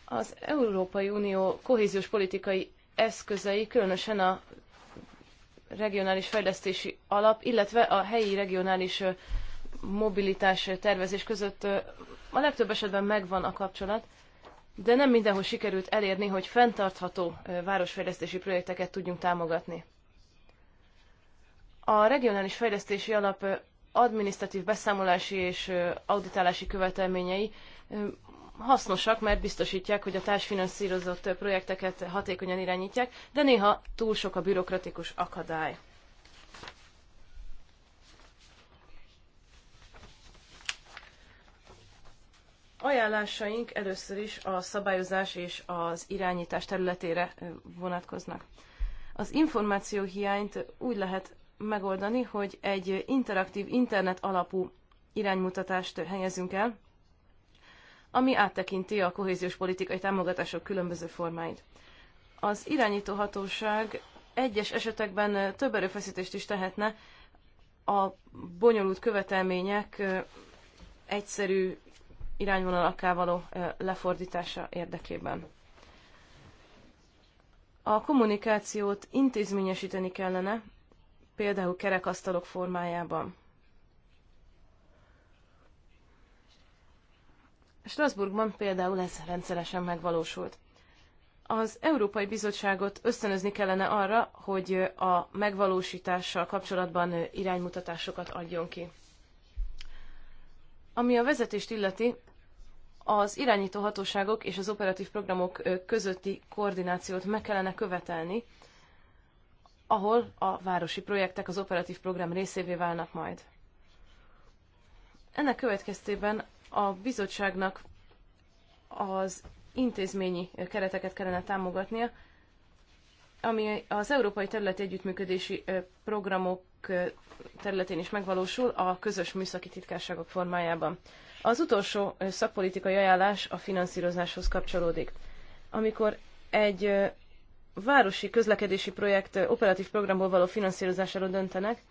Az Európai Unió kohéziós politikai eszközei, különösen a regionális fejlesztési alap, illetve a helyi regionális mobilitás tervezés között a legtöbb esetben megvan a kapcsolat, de nem mindenhol sikerült elérni, hogy fenntartható városfejlesztési projekteket tudjunk támogatni. A regionális fejlesztési alap adminisztratív beszámolási és auditálási követelményei hasznosak, mert biztosítják, hogy a társfinanszírozott projekteket hatékonyan irányítják, de néha túl sok a bürokratikus akadály. Ajánlásaink először is a szabályozás és az irányítás területére vonatkoznak. Az információhiányt úgy lehet megoldani, hogy egy interaktív internet alapú iránymutatást helyezünk el, ami áttekinti a kohéziós politikai támogatások különböző formáit. Az irányító hatóság egyes esetekben több erőfeszítést is tehetne a bonyolult követelmények egyszerű irányvonalakká való lefordítása érdekében. A kommunikációt intézményesíteni kellene, például kerekasztalok formájában. Strasbourgban például ez rendszeresen megvalósult. Az Európai Bizottságot ösztönözni kellene arra, hogy a megvalósítással kapcsolatban iránymutatásokat adjon ki. Ami a vezetést illeti, az irányító hatóságok és az operatív programok közötti koordinációt meg kellene követelni, ahol a városi projektek az operatív program részévé válnak majd. Ennek következtében a bizottságnak az intézményi kereteket kellene támogatnia, ami az Európai Területi Együttműködési Programok területén is megvalósul a közös műszaki titkárságok formájában. Az utolsó szakpolitikai ajánlás a finanszírozáshoz kapcsolódik. Amikor egy városi közlekedési projekt operatív programból való finanszírozásáról döntenek,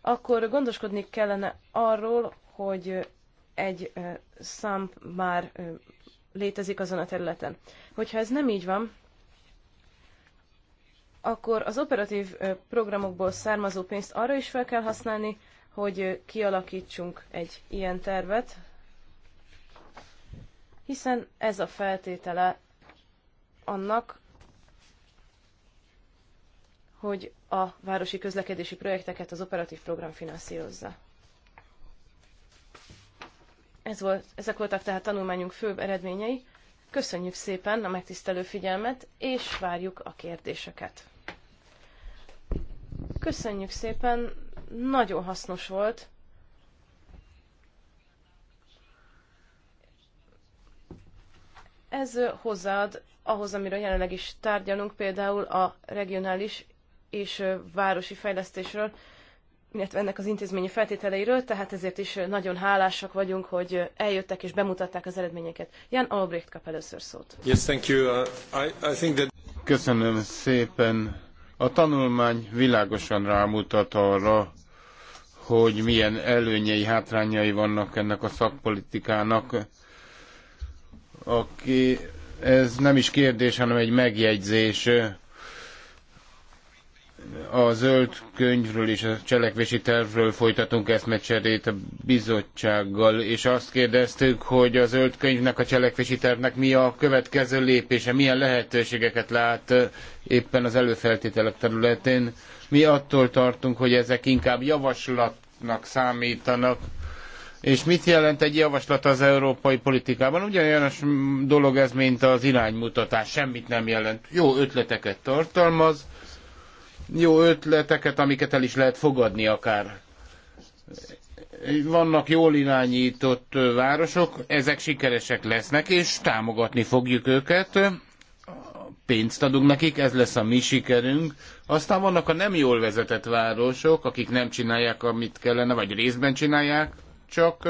akkor gondoskodni kellene arról, hogy egy szám már létezik azon a területen. Hogyha ez nem így van, akkor az operatív programokból származó pénzt arra is fel kell használni, hogy kialakítsunk egy ilyen tervet, hiszen ez a feltétele annak, hogy a városi közlekedési projekteket az operatív program finanszírozza. Ez volt, ezek voltak tehát tanulmányunk főbb eredményei. Köszönjük szépen a megtisztelő figyelmet, és várjuk a kérdéseket. Köszönjük szépen, nagyon hasznos volt. Ez hozzáad ahhoz, amiről jelenleg is tárgyalunk, például a regionális és városi fejlesztésről, illetve ennek az intézményi feltételeiről, tehát ezért is nagyon hálásak vagyunk, hogy eljöttek és bemutatták az eredményeket. Jan Albrecht kap először szót. Yes, thank you. Uh, I, I think that... Köszönöm szépen. A tanulmány világosan rámutat arra, hogy milyen előnyei, hátrányai vannak ennek a szakpolitikának. Aki, ez nem is kérdés, hanem egy megjegyzés a zöld könyvről és a cselekvési tervről folytatunk eszmecserét a bizottsággal, és azt kérdeztük, hogy a zöld könyvnek, a cselekvési tervnek mi a következő lépése, milyen lehetőségeket lát éppen az előfeltételek területén. Mi attól tartunk, hogy ezek inkább javaslat javaslatnak számítanak. És mit jelent egy javaslat az európai politikában? Ugyanolyan dolog ez, mint az iránymutatás, semmit nem jelent. Jó ötleteket tartalmaz, jó ötleteket, amiket el is lehet fogadni akár. Vannak jól irányított városok, ezek sikeresek lesznek, és támogatni fogjuk őket pénzt adunk nekik, ez lesz a mi sikerünk. Aztán vannak a nem jól vezetett városok, akik nem csinálják, amit kellene, vagy részben csinálják, csak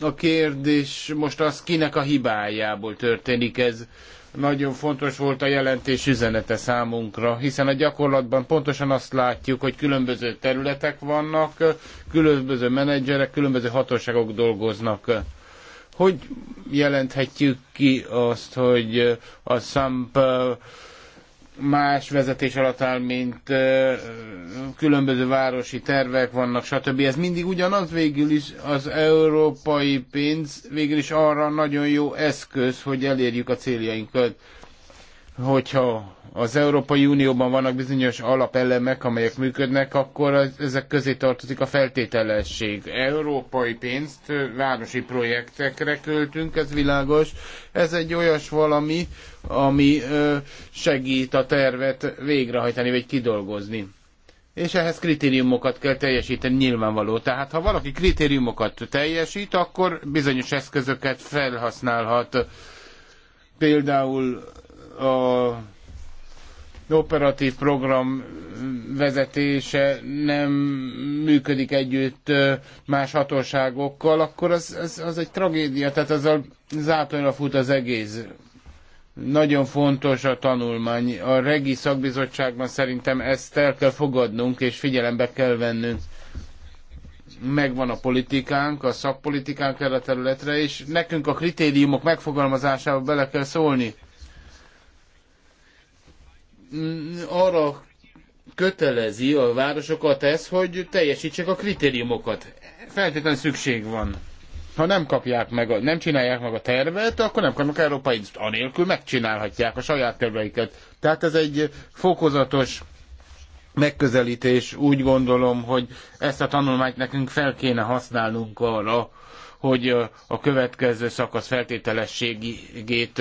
a kérdés most az, kinek a hibájából történik ez. Nagyon fontos volt a jelentés üzenete számunkra, hiszen a gyakorlatban pontosan azt látjuk, hogy különböző területek vannak, különböző menedzserek, különböző hatóságok dolgoznak hogy jelenthetjük ki azt, hogy a SZAMP más vezetés alatt áll, mint különböző városi tervek vannak, stb. Ez mindig ugyanaz végül is, az európai pénz végül is arra nagyon jó eszköz, hogy elérjük a céljainkat hogyha az Európai Unióban vannak bizonyos alapelemek, amelyek működnek, akkor ezek közé tartozik a feltételesség. Európai pénzt városi projektekre költünk, ez világos. Ez egy olyas valami, ami segít a tervet végrehajtani vagy kidolgozni. És ehhez kritériumokat kell teljesíteni nyilvánvaló. Tehát ha valaki kritériumokat teljesít, akkor bizonyos eszközöket felhasználhat. Például a operatív program vezetése nem működik együtt más hatóságokkal, akkor az, az, az egy tragédia, tehát az a zátonyra fut az egész. Nagyon fontos a tanulmány. A regi szakbizottságban szerintem ezt el kell fogadnunk és figyelembe kell vennünk. Megvan a politikánk, a szakpolitikánk erre a területre, és nekünk a kritériumok megfogalmazásába bele kell szólni arra kötelezi a városokat ez, hogy teljesítsék a kritériumokat. Feltétlenül szükség van. Ha nem kapják meg, a, nem csinálják meg a tervet, akkor nem kapnak európai anélkül megcsinálhatják a saját terveiket. Tehát ez egy fokozatos megközelítés. Úgy gondolom, hogy ezt a tanulmányt nekünk fel kéne használnunk arra, hogy a következő szakasz feltételességét,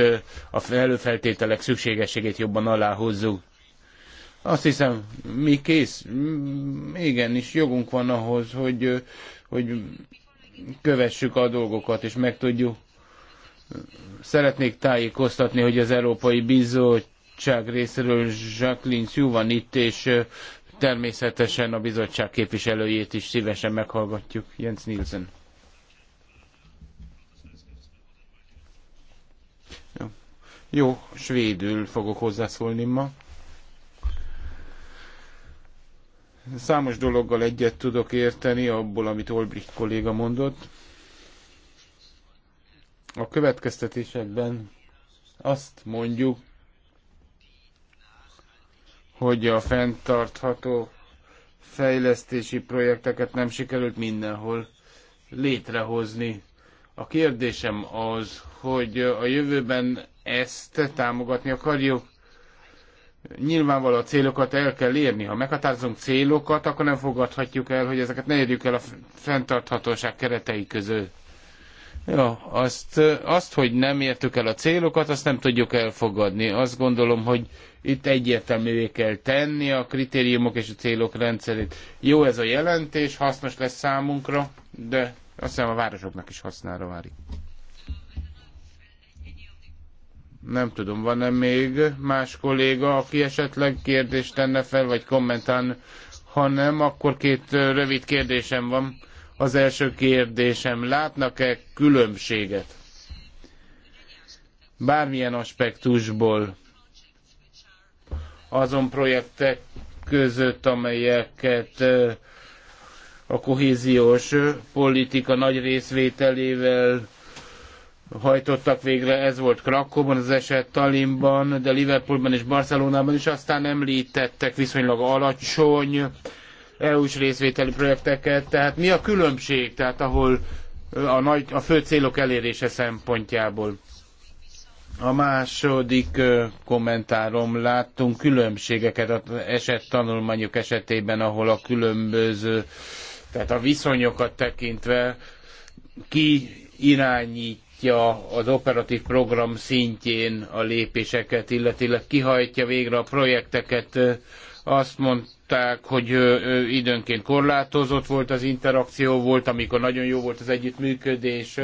a előfeltételek szükségességét jobban aláhozzuk. Azt hiszem, mi kész, igenis jogunk van ahhoz, hogy, hogy kövessük a dolgokat, és meg tudjuk. Szeretnék tájékoztatni, hogy az Európai Bizottság részéről Jacqueline Sue van itt, és természetesen a bizottság képviselőjét is szívesen meghallgatjuk. Jens Nielsen. Jó, svédül fogok hozzászólni ma. Számos dologgal egyet tudok érteni abból, amit Olbricht kolléga mondott. A következtetésekben azt mondjuk, hogy a fenntartható fejlesztési projekteket nem sikerült mindenhol létrehozni. A kérdésem az, hogy a jövőben ezt támogatni akarjuk. Nyilvánvaló a célokat el kell érni. Ha meghatározunk célokat, akkor nem fogadhatjuk el, hogy ezeket ne érjük el a fenntarthatóság keretei között. Ja, azt, azt, hogy nem értük el a célokat, azt nem tudjuk elfogadni. Azt gondolom, hogy itt egyértelművé kell tenni a kritériumok és a célok rendszerét. Jó ez a jelentés, hasznos lesz számunkra, de azt hiszem a városoknak is hasznára válik. Nem tudom, van-e még más kolléga, aki esetleg kérdést tenne fel, vagy kommentán? Ha nem, akkor két rövid kérdésem van. Az első kérdésem, látnak-e különbséget? Bármilyen aspektusból azon projektek között, amelyeket a kohéziós politika nagy részvételével hajtottak végre, ez volt Krakóban az eset, Talimban, de Liverpoolban és Barcelonában is, aztán említettek viszonylag alacsony EU-s részvételi projekteket, tehát mi a különbség, tehát ahol a, nagy, a fő célok elérése szempontjából? A második kommentárom láttunk különbségeket az eset tanulmányok esetében, ahol a különböző, tehát a viszonyokat tekintve ki irányít osztja az operatív program szintjén a lépéseket, illetőleg kihajtja végre a projekteket. Azt mondták, hogy időnként korlátozott volt az interakció, volt, amikor nagyon jó volt az együttműködés.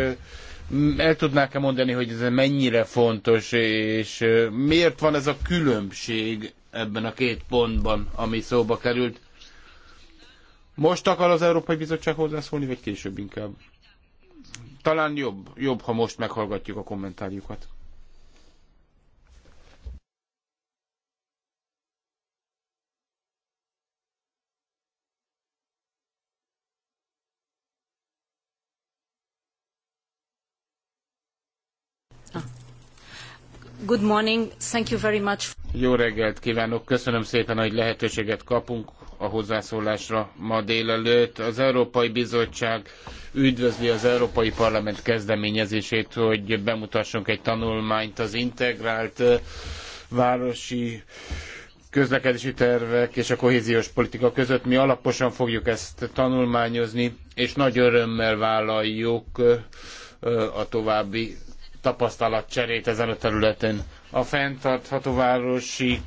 El tudnák-e mondani, hogy ez mennyire fontos, és miért van ez a különbség ebben a két pontban, ami szóba került? Most akar az Európai Bizottság hozzászólni, vagy később inkább? talán jobb, jobb, ha most meghallgatjuk a kommentárjukat. Good morning. Thank you very much. Jó reggelt kívánok, köszönöm szépen, hogy lehetőséget kapunk a hozzászólásra ma délelőtt. Az Európai Bizottság üdvözli az Európai Parlament kezdeményezését, hogy bemutassunk egy tanulmányt az integrált városi közlekedési tervek és a kohéziós politika között. Mi alaposan fogjuk ezt tanulmányozni, és nagy örömmel vállaljuk a további tapasztalatcserét ezen a területen. A fenntartható városi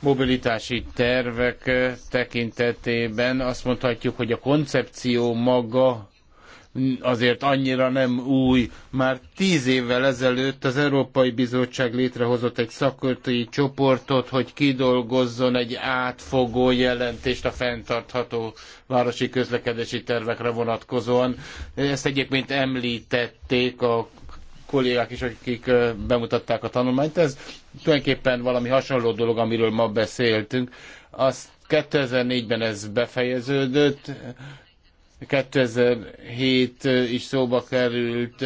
mobilitási tervek tekintetében azt mondhatjuk, hogy a koncepció maga azért annyira nem új. Már tíz évvel ezelőtt az Európai Bizottság létrehozott egy szakértői csoportot, hogy kidolgozzon egy átfogó jelentést a fenntartható városi közlekedési tervekre vonatkozóan. Ezt egyébként említették a kollégák is, akik bemutatták a tanulmányt. Ez tulajdonképpen valami hasonló dolog, amiről ma beszéltünk. Az 2004-ben ez befejeződött, 2007 is szóba került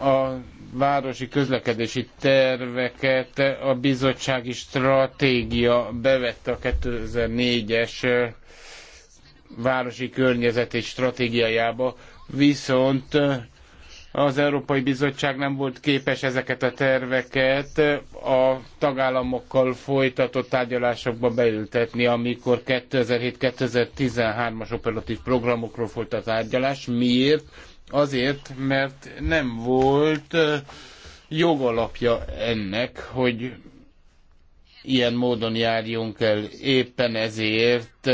a városi közlekedési terveket, a bizottsági stratégia bevette a 2004-es városi környezet és stratégiájába, viszont az Európai Bizottság nem volt képes ezeket a terveket a tagállamokkal folytatott tárgyalásokba beültetni, amikor 2007-2013-as operatív programokról folyt a tárgyalás. Miért? Azért, mert nem volt jogalapja ennek, hogy ilyen módon járjunk el. Éppen ezért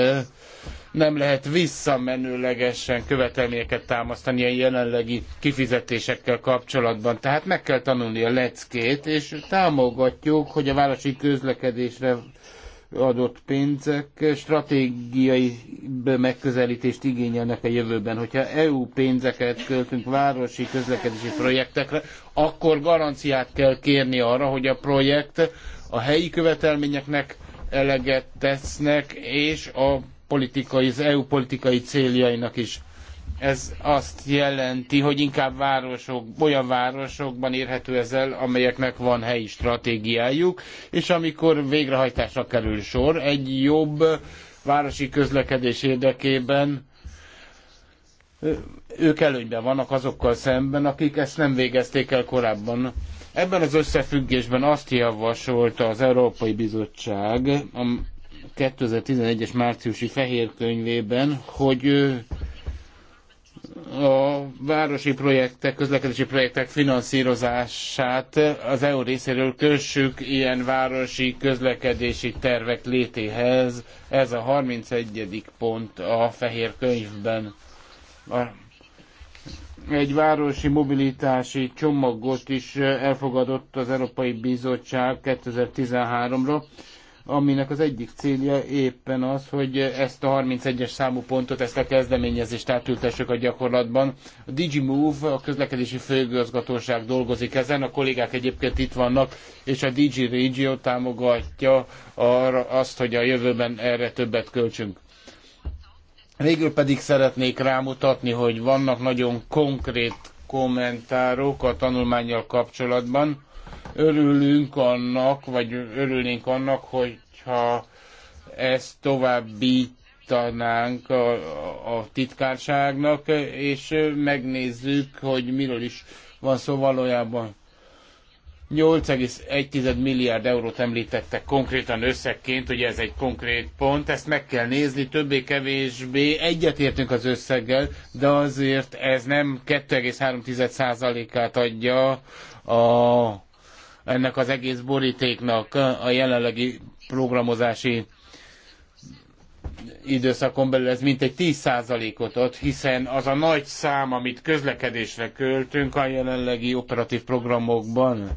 nem lehet visszamenőlegesen követelményeket támasztani a jelenlegi kifizetésekkel kapcsolatban. Tehát meg kell tanulni a leckét, és támogatjuk, hogy a városi közlekedésre adott pénzek stratégiai megközelítést igényelnek a jövőben. Hogyha EU pénzeket költünk városi közlekedési projektekre, akkor garanciát kell kérni arra, hogy a projekt a helyi követelményeknek eleget tesznek, és a politikai, az EU politikai céljainak is. Ez azt jelenti, hogy inkább városok, olyan városokban érhető ezzel, amelyeknek van helyi stratégiájuk, és amikor végrehajtásra kerül sor, egy jobb városi közlekedés érdekében ők előnyben vannak azokkal szemben, akik ezt nem végezték el korábban. Ebben az összefüggésben azt javasolta az Európai Bizottság, 2011-es márciusi fehér könyvében, hogy a városi projektek, közlekedési projektek finanszírozását az EU részéről kössük ilyen városi közlekedési tervek létéhez. Ez a 31. pont a fehér könyvben. Egy városi mobilitási csomagot is elfogadott az Európai Bizottság 2013-ra aminek az egyik célja éppen az, hogy ezt a 31-es számú pontot, ezt a kezdeményezést átültessük a gyakorlatban. A DigiMove, a közlekedési főigazgatóság dolgozik ezen, a kollégák egyébként itt vannak, és a Digi Regio támogatja arra azt, hogy a jövőben erre többet költsünk. Végül pedig szeretnék rámutatni, hogy vannak nagyon konkrét kommentárok a tanulmányjal kapcsolatban Örülünk annak, vagy örülnénk annak, hogyha ezt továbbítanánk a, a titkárságnak, és megnézzük, hogy miről is van szó valójában. 8,1 milliárd eurót említettek konkrétan összegként, ugye ez egy konkrét pont, ezt meg kell nézni, többé-kevésbé egyetértünk az összeggel, de azért ez nem 2,3%-át adja a ennek az egész borítéknak a jelenlegi programozási időszakon belül ez mintegy 10%-ot ad, hiszen az a nagy szám, amit közlekedésre költünk a jelenlegi operatív programokban,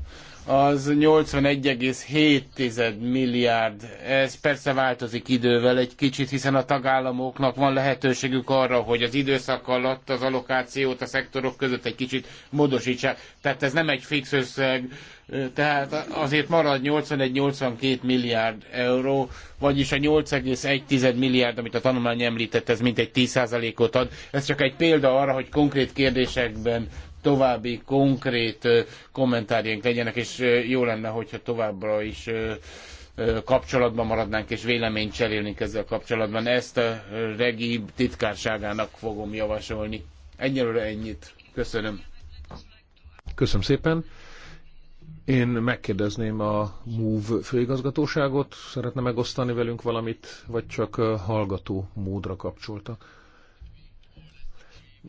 az 81,7 milliárd. Ez persze változik idővel egy kicsit, hiszen a tagállamoknak van lehetőségük arra, hogy az időszak alatt az allokációt a szektorok között egy kicsit módosítsák. Tehát ez nem egy fix összeg, tehát azért marad 81-82 milliárd euró, vagyis a 8,1 milliárd, amit a tanulmány említett, ez mintegy 10%-ot ad. Ez csak egy példa arra, hogy konkrét kérdésekben további konkrét kommentárjaink legyenek, és jó lenne, hogyha továbbra is kapcsolatban maradnánk és véleményt cserélnénk ezzel kapcsolatban. Ezt a regi titkárságának fogom javasolni. Egyelőre ennyit. Köszönöm. Köszönöm szépen. Én megkérdezném a MOVE főigazgatóságot, szeretne megosztani velünk valamit, vagy csak hallgató módra kapcsoltak?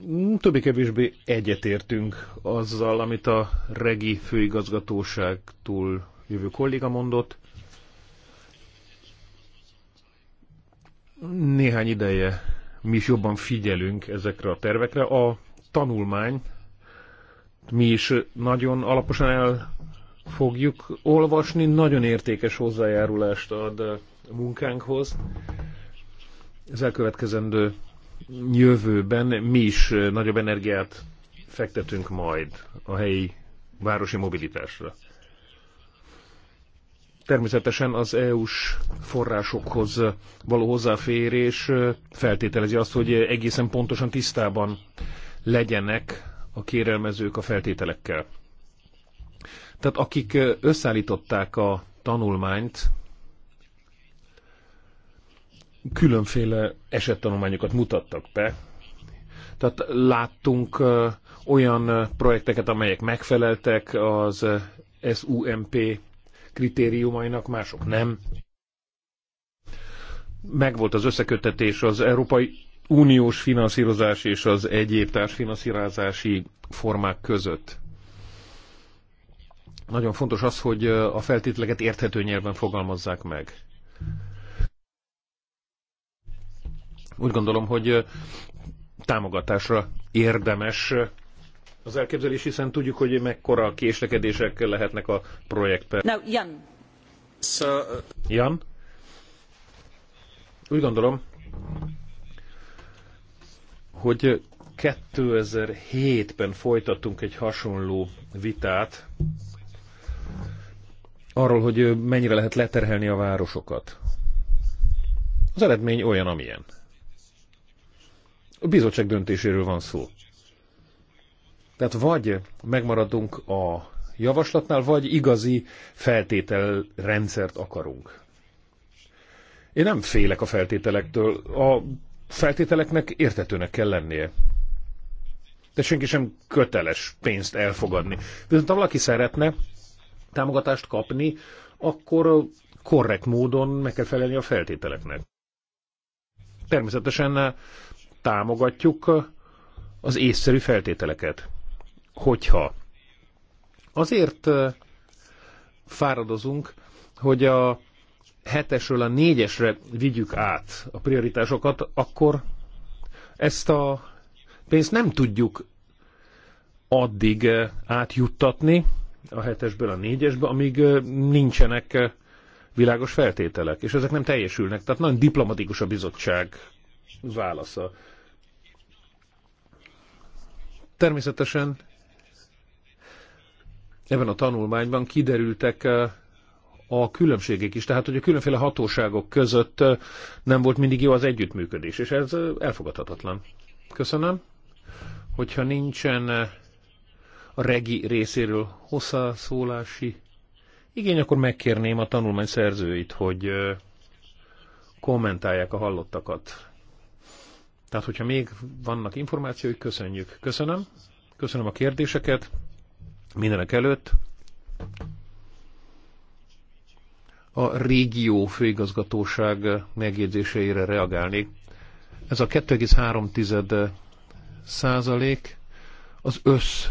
Mm, többé-kevésbé egyetértünk azzal, amit a regi főigazgatóságtól jövő kolléga mondott. Néhány ideje mi is jobban figyelünk ezekre a tervekre. A tanulmány mi is nagyon alaposan el fogjuk olvasni, nagyon értékes hozzájárulást ad a munkánkhoz. Az elkövetkezendő jövőben mi is nagyobb energiát fektetünk majd a helyi városi mobilitásra. Természetesen az EU-s forrásokhoz való hozzáférés feltételezi azt, hogy egészen pontosan tisztában legyenek a kérelmezők a feltételekkel. Tehát akik összeállították a tanulmányt, különféle esettanulmányokat mutattak be. Tehát láttunk olyan projekteket, amelyek megfeleltek az SUMP kritériumainak, mások nem. Megvolt az összekötetés az Európai Uniós finanszírozás és az egyéb társfinanszírozási formák között. Nagyon fontos az, hogy a feltételeket érthető nyelven fogalmazzák meg. Úgy gondolom, hogy támogatásra érdemes az elképzelés, hiszen tudjuk, hogy mekkora késlekedések lehetnek a projektben. No, Jan. So, uh... Jan? Úgy gondolom, hogy 2007-ben folytattunk egy hasonló vitát arról, hogy mennyire lehet leterhelni a városokat. Az eredmény olyan, amilyen. A bizottság döntéséről van szó. Tehát vagy megmaradunk a javaslatnál, vagy igazi feltételrendszert akarunk. Én nem félek a feltételektől. A feltételeknek értetőnek kell lennie. De senki sem köteles pénzt elfogadni. Viszont ha valaki szeretne, támogatást kapni, akkor korrekt módon meg kell felelni a feltételeknek. Természetesen támogatjuk az észszerű feltételeket. Hogyha azért fáradozunk, hogy a hetesről a négyesre vigyük át a prioritásokat, akkor ezt a pénzt nem tudjuk addig átjuttatni, a hetesből a négyesbe, amíg nincsenek világos feltételek, és ezek nem teljesülnek. Tehát nagyon diplomatikus a bizottság válasza. Természetesen ebben a tanulmányban kiderültek a különbségek is, tehát hogy a különféle hatóságok között nem volt mindig jó az együttműködés, és ez elfogadhatatlan. Köszönöm. Hogyha nincsen a regi részéről hozzászólási igény, akkor megkérném a tanulmány szerzőit, hogy kommentálják a hallottakat. Tehát, hogyha még vannak információik, köszönjük. Köszönöm. Köszönöm a kérdéseket. Mindenek előtt a régió főigazgatóság megjegyzéseire reagálnék. Ez a 2,3 százalék az össz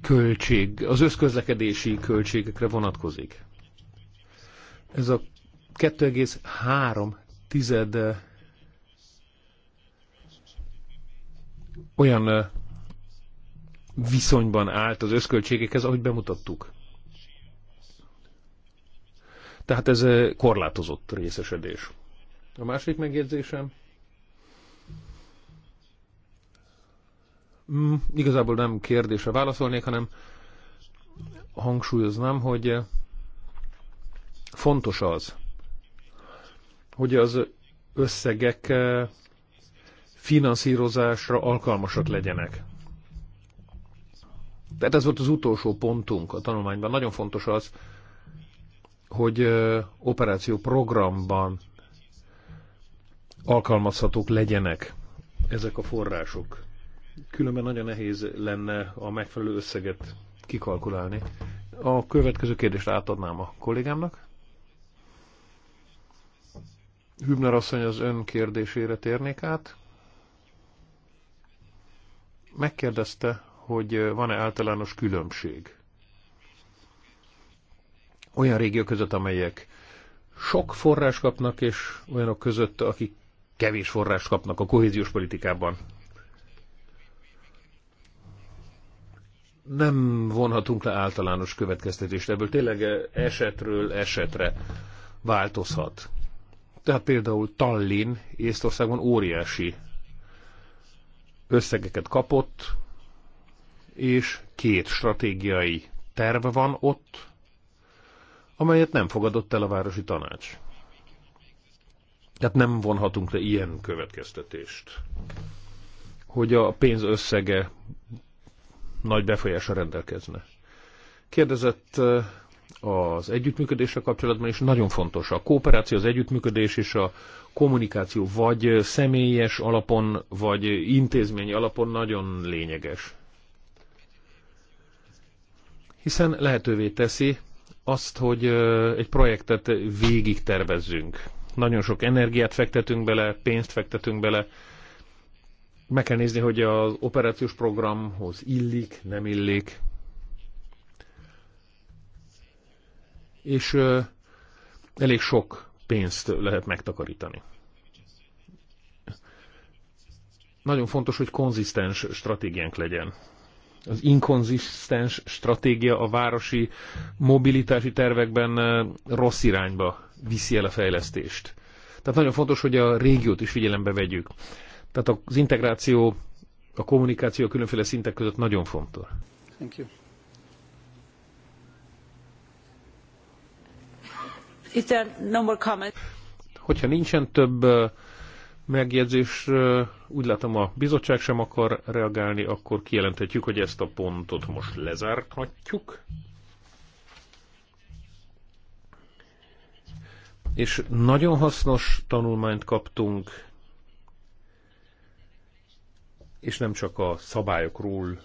költség, az összközlekedési költségekre vonatkozik. Ez a 2,3 tized olyan viszonyban állt az összköltségekhez, ahogy bemutattuk. Tehát ez korlátozott részesedés. A másik megjegyzésem, Mm, igazából nem kérdésre válaszolnék, hanem hangsúlyoznám, hogy fontos az, hogy az összegek eh, finanszírozásra alkalmasak legyenek. Tehát ez volt az utolsó pontunk a tanulmányban. Nagyon fontos az, hogy eh, operáció programban alkalmazhatók legyenek ezek a források különben nagyon nehéz lenne a megfelelő összeget kikalkulálni. A következő kérdést átadnám a kollégámnak. Hübner asszony az ön kérdésére térnék át. Megkérdezte, hogy van-e általános különbség olyan régiók között, amelyek sok forrás kapnak, és olyanok között, akik kevés forrás kapnak a kohéziós politikában. nem vonhatunk le általános következtetést ebből. Tényleg esetről esetre változhat. Tehát például Tallinn Észtországban óriási összegeket kapott, és két stratégiai terv van ott, amelyet nem fogadott el a városi tanács. Tehát nem vonhatunk le ilyen következtetést, hogy a pénz összege nagy befolyásra rendelkezne. Kérdezett az együttműködésre kapcsolatban is nagyon fontos. A kooperáció, az együttműködés és a kommunikáció vagy személyes alapon, vagy intézményi alapon nagyon lényeges. Hiszen lehetővé teszi azt, hogy egy projektet végig tervezzünk. Nagyon sok energiát fektetünk bele, pénzt fektetünk bele, meg kell nézni, hogy az operációs programhoz illik, nem illik. És ö, elég sok pénzt lehet megtakarítani. Nagyon fontos, hogy konzisztens stratégiánk legyen. Az inkonzisztens stratégia a városi mobilitási tervekben rossz irányba viszi el a fejlesztést. Tehát nagyon fontos, hogy a régiót is figyelembe vegyük tehát az integráció, a kommunikáció a különféle szintek között nagyon fontos. Thank you. Is there no more comment? Hogyha nincsen több megjegyzés, úgy látom a bizottság sem akar reagálni, akkor kijelenthetjük, hogy ezt a pontot most lezárhatjuk. És nagyon hasznos tanulmányt kaptunk és nem csak a szabályokról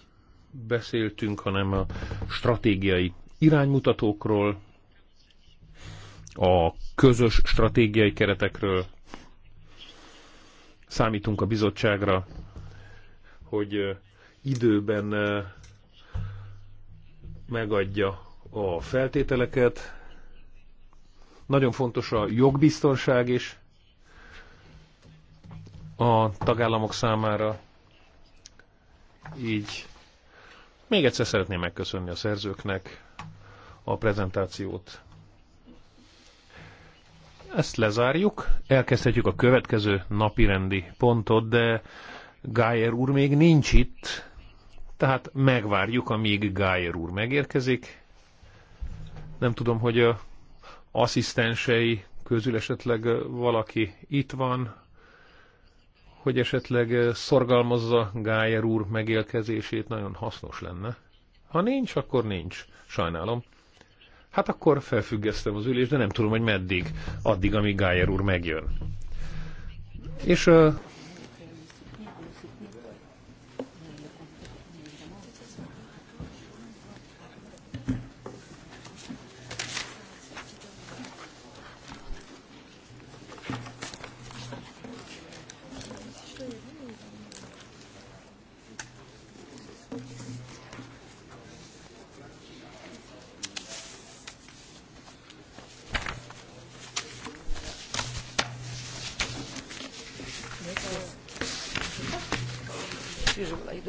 beszéltünk, hanem a stratégiai iránymutatókról, a közös stratégiai keretekről. Számítunk a bizottságra, hogy időben megadja a feltételeket. Nagyon fontos a jogbiztonság is a tagállamok számára, így még egyszer szeretném megköszönni a szerzőknek a prezentációt. Ezt lezárjuk, elkezdhetjük a következő napirendi pontot, de Gájer úr még nincs itt, tehát megvárjuk, amíg Gájer úr megérkezik. Nem tudom, hogy a asszisztensei közül esetleg valaki itt van, hogy esetleg szorgalmazza Gájer úr megélkezését, nagyon hasznos lenne. Ha nincs, akkor nincs. Sajnálom. Hát akkor felfüggesztem az ülést, de nem tudom, hogy meddig. Addig, amíg Gájer úr megjön. És uh, Usually,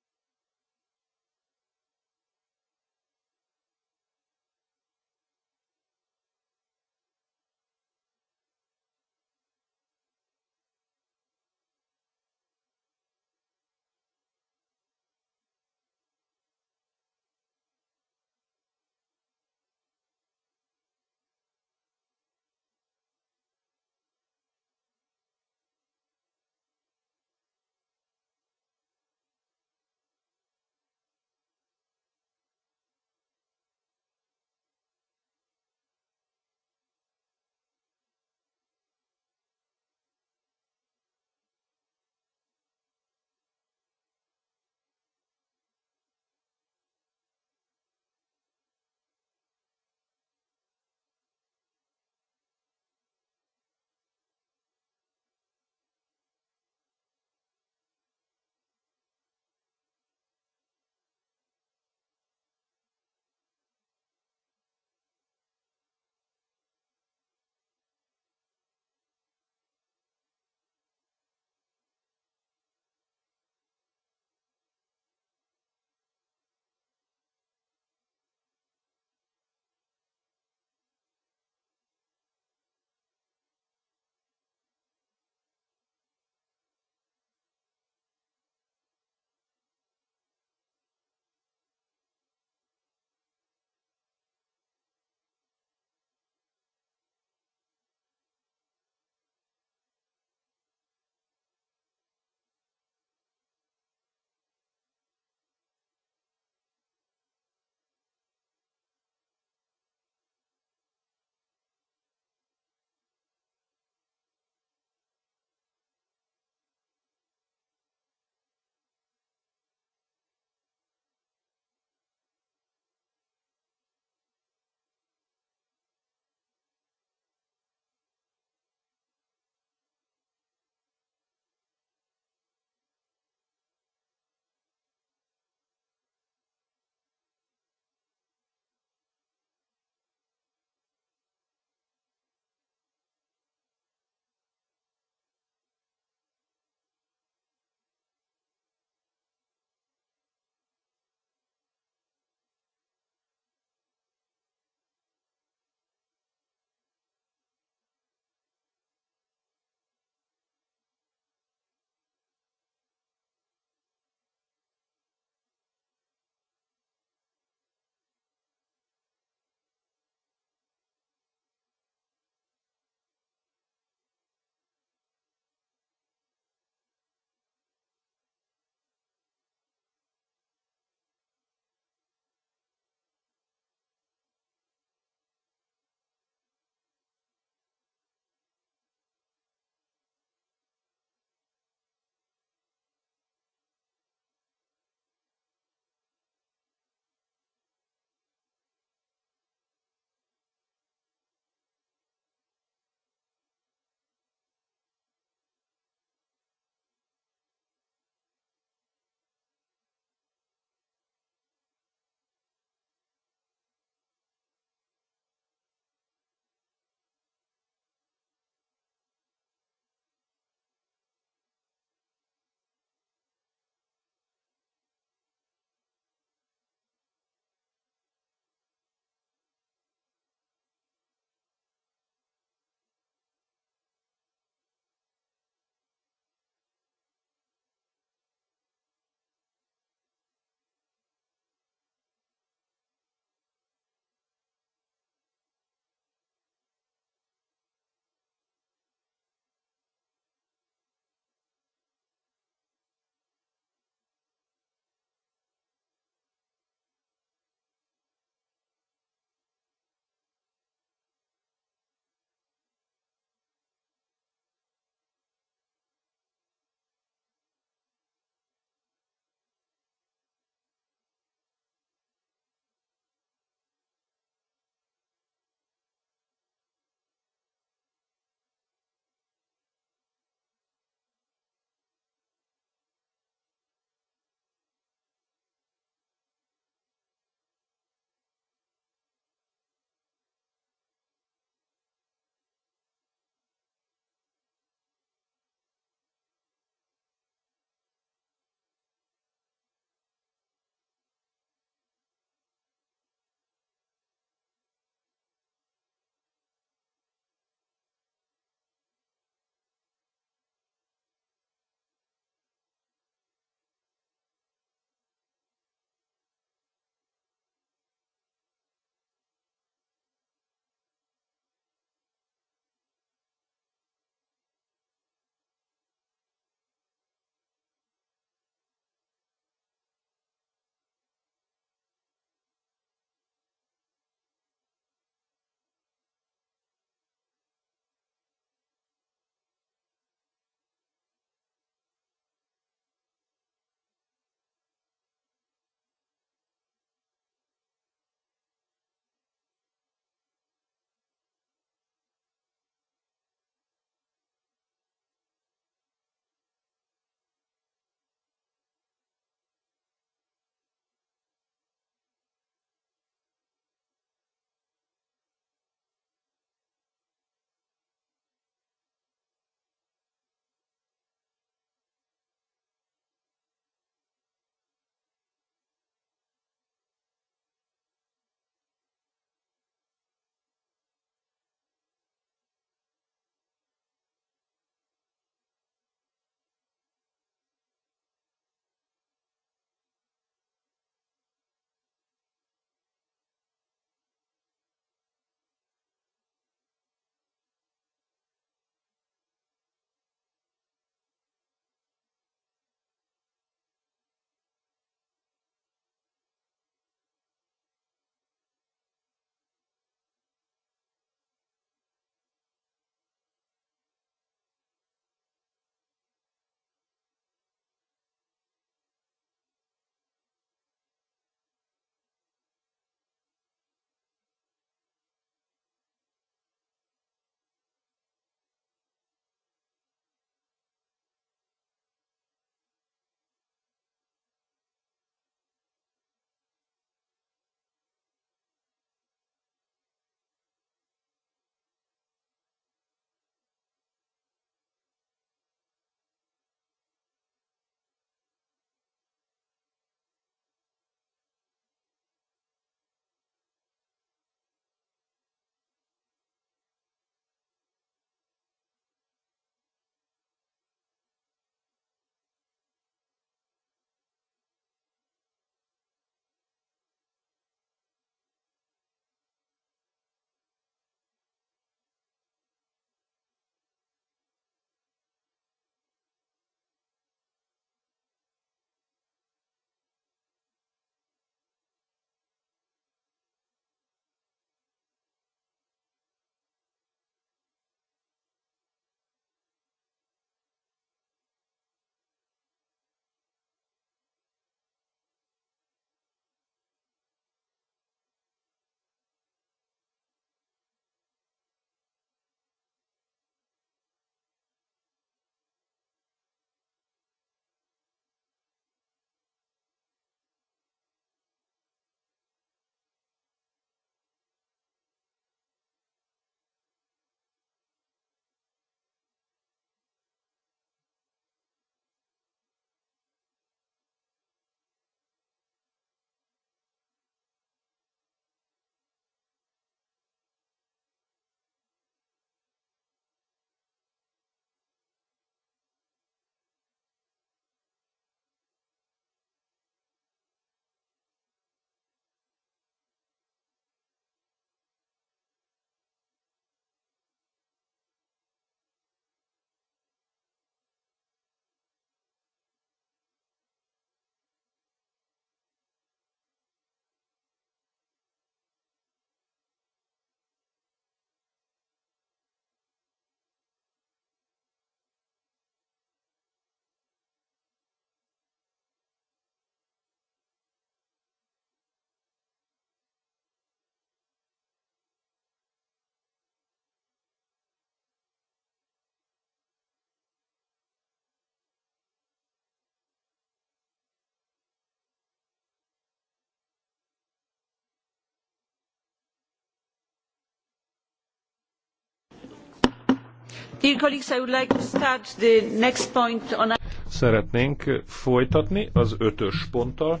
Szeretnénk folytatni az ötös ponttal.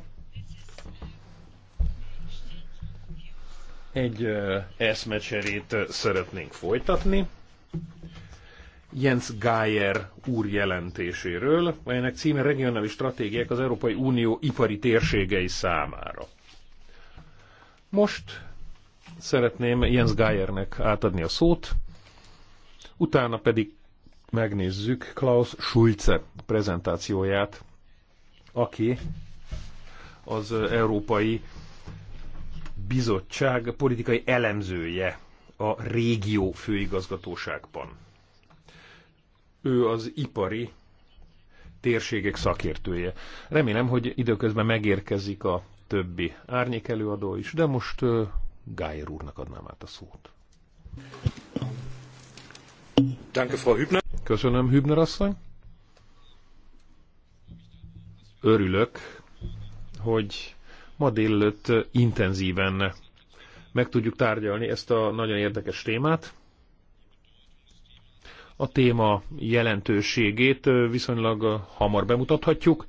Egy eszmecserét szeretnénk folytatni. Jens Geier úr jelentéséről, melynek címe Regionális Stratégiák az Európai Unió ipari térségei számára. Most szeretném Jens Geiernek átadni a szót, Utána pedig megnézzük Klaus Schulze prezentációját, aki az Európai Bizottság politikai elemzője a régió főigazgatóságban. Ő az ipari térségek szakértője. Remélem, hogy időközben megérkezik a többi árnyék előadó is, de most Gájer úrnak adnám át a szót. Danke, Frau Hübner. Köszönöm, Hübner asszony. Örülök, hogy ma délelőtt intenzíven meg tudjuk tárgyalni ezt a nagyon érdekes témát. A téma jelentőségét viszonylag hamar bemutathatjuk,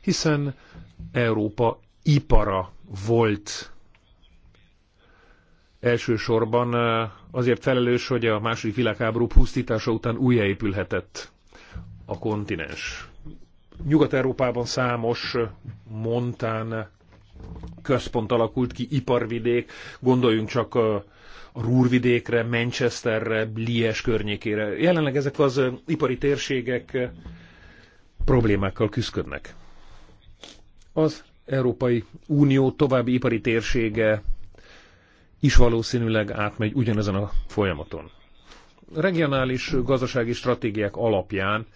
hiszen Európa ipara volt elsősorban azért felelős, hogy a második világháború pusztítása után újjáépülhetett a kontinens. Nyugat-Európában számos montán központ alakult ki, iparvidék, gondoljunk csak a Rúrvidékre, Manchesterre, Lies környékére. Jelenleg ezek az ipari térségek problémákkal küzdködnek. Az Európai Unió további ipari térsége is valószínűleg átmegy ugyanezen a folyamaton. Regionális gazdasági stratégiák alapján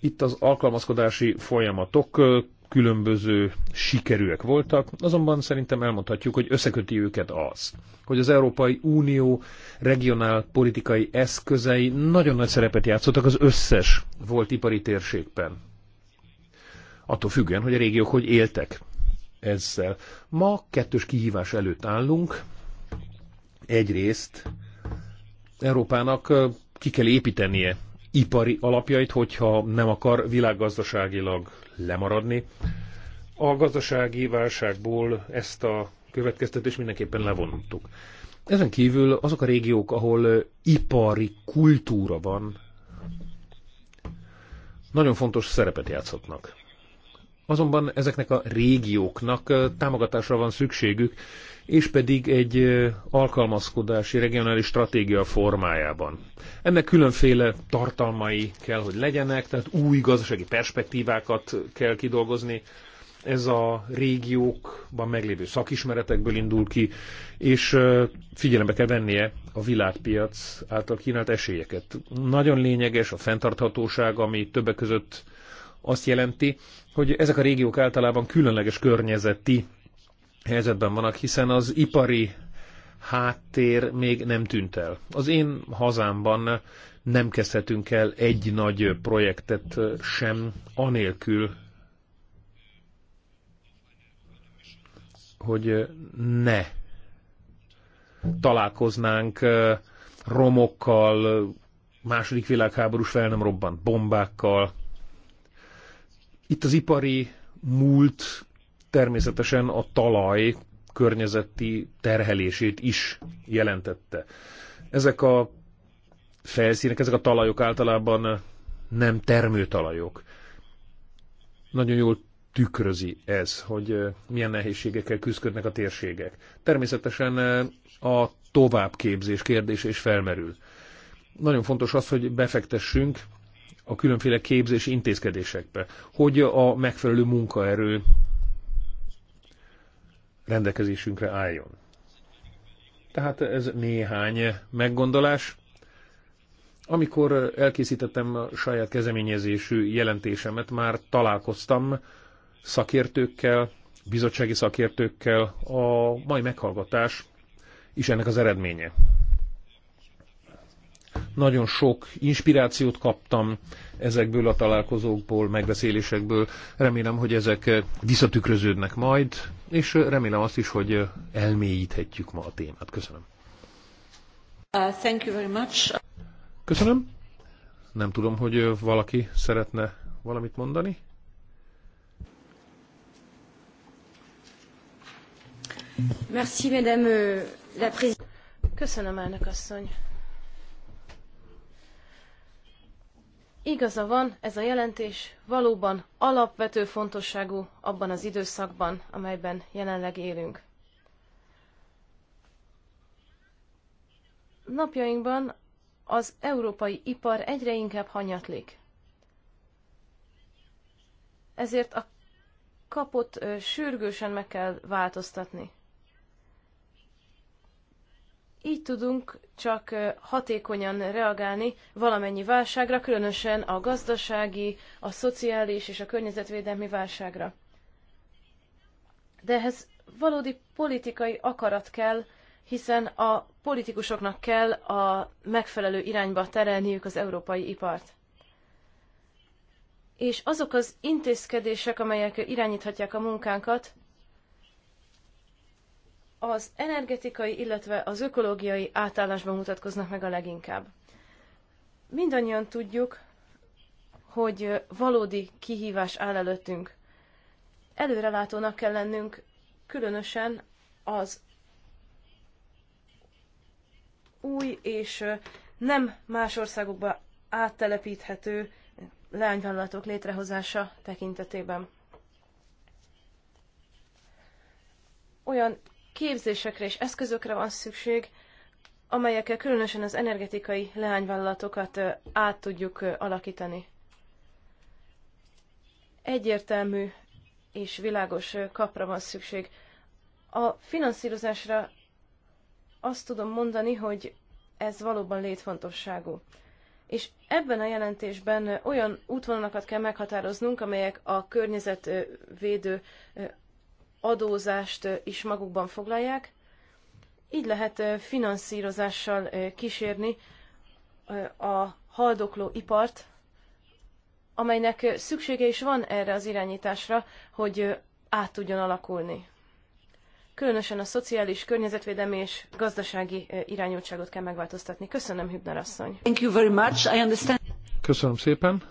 itt az alkalmazkodási folyamatok különböző sikerűek voltak, azonban szerintem elmondhatjuk, hogy összeköti őket az, hogy az Európai Unió regionál politikai eszközei nagyon nagy szerepet játszottak az összes volt ipari térségben. Attól függően, hogy a régiók hogy éltek ezzel. Ma kettős kihívás előtt állunk. Egyrészt Európának ki kell építenie ipari alapjait, hogyha nem akar világgazdaságilag lemaradni. A gazdasági válságból ezt a következtetést mindenképpen levontuk. Ezen kívül azok a régiók, ahol ipari kultúra van, nagyon fontos szerepet játszhatnak. Azonban ezeknek a régióknak támogatásra van szükségük, és pedig egy alkalmazkodási regionális stratégia formájában. Ennek különféle tartalmai kell, hogy legyenek, tehát új gazdasági perspektívákat kell kidolgozni. Ez a régiókban meglévő szakismeretekből indul ki, és figyelembe kell vennie a világpiac által kínált esélyeket. Nagyon lényeges a fenntarthatóság, ami többek között azt jelenti, hogy ezek a régiók általában különleges környezeti helyzetben vannak, hiszen az ipari háttér még nem tűnt el. Az én hazámban nem kezdhetünk el egy nagy projektet sem, anélkül, hogy ne találkoznánk eh, romokkal, második világháborús fel nem robbant bombákkal. Itt az ipari múlt természetesen a talaj környezeti terhelését is jelentette. Ezek a felszínek, ezek a talajok általában nem termőtalajok. Nagyon jól tükrözi ez, hogy milyen nehézségekkel küzdködnek a térségek. Természetesen a továbbképzés kérdése is felmerül. Nagyon fontos az, hogy befektessünk a különféle képzési intézkedésekbe, hogy a megfelelő munkaerő rendelkezésünkre álljon. Tehát ez néhány meggondolás. Amikor elkészítettem a saját kezeményezésű jelentésemet, már találkoztam szakértőkkel, bizottsági szakértőkkel. A mai meghallgatás is ennek az eredménye. Nagyon sok inspirációt kaptam ezekből a találkozókból, megbeszélésekből. Remélem, hogy ezek visszatükröződnek majd, és remélem azt is, hogy elmélyíthetjük ma a témát. Köszönöm. Uh, thank you very much. Köszönöm. Nem tudom, hogy valaki szeretne valamit mondani. Merci, Madame euh, la Présidente. Köszönöm, elnök asszony. Igaza van, ez a jelentés valóban alapvető fontosságú abban az időszakban, amelyben jelenleg élünk. Napjainkban az európai ipar egyre inkább hanyatlik. Ezért a kapot sürgősen meg kell változtatni. Így tudunk csak hatékonyan reagálni valamennyi válságra, különösen a gazdasági, a szociális és a környezetvédelmi válságra. De ehhez valódi politikai akarat kell, hiszen a politikusoknak kell a megfelelő irányba terelniük az európai ipart. És azok az intézkedések, amelyek irányíthatják a munkánkat, az energetikai, illetve az ökológiai átállásban mutatkoznak meg a leginkább. Mindannyian tudjuk, hogy valódi kihívás áll előttünk. Előrelátónak kell lennünk, különösen az új és nem más országokba áttelepíthető leányvállalatok létrehozása tekintetében. Olyan képzésekre és eszközökre van szükség, amelyekkel különösen az energetikai leányvállalatokat át tudjuk alakítani. Egyértelmű és világos kapra van szükség. A finanszírozásra azt tudom mondani, hogy ez valóban létfontosságú. És ebben a jelentésben olyan útvonalakat kell meghatároznunk, amelyek a környezetvédő adózást is magukban foglalják. Így lehet finanszírozással kísérni a haldokló ipart, amelynek szüksége is van erre az irányításra, hogy át tudjon alakulni. Különösen a szociális, környezetvédelmi és gazdasági irányultságot kell megváltoztatni. Köszönöm, Hübner asszony. Thank you very much. I understand. Köszönöm szépen.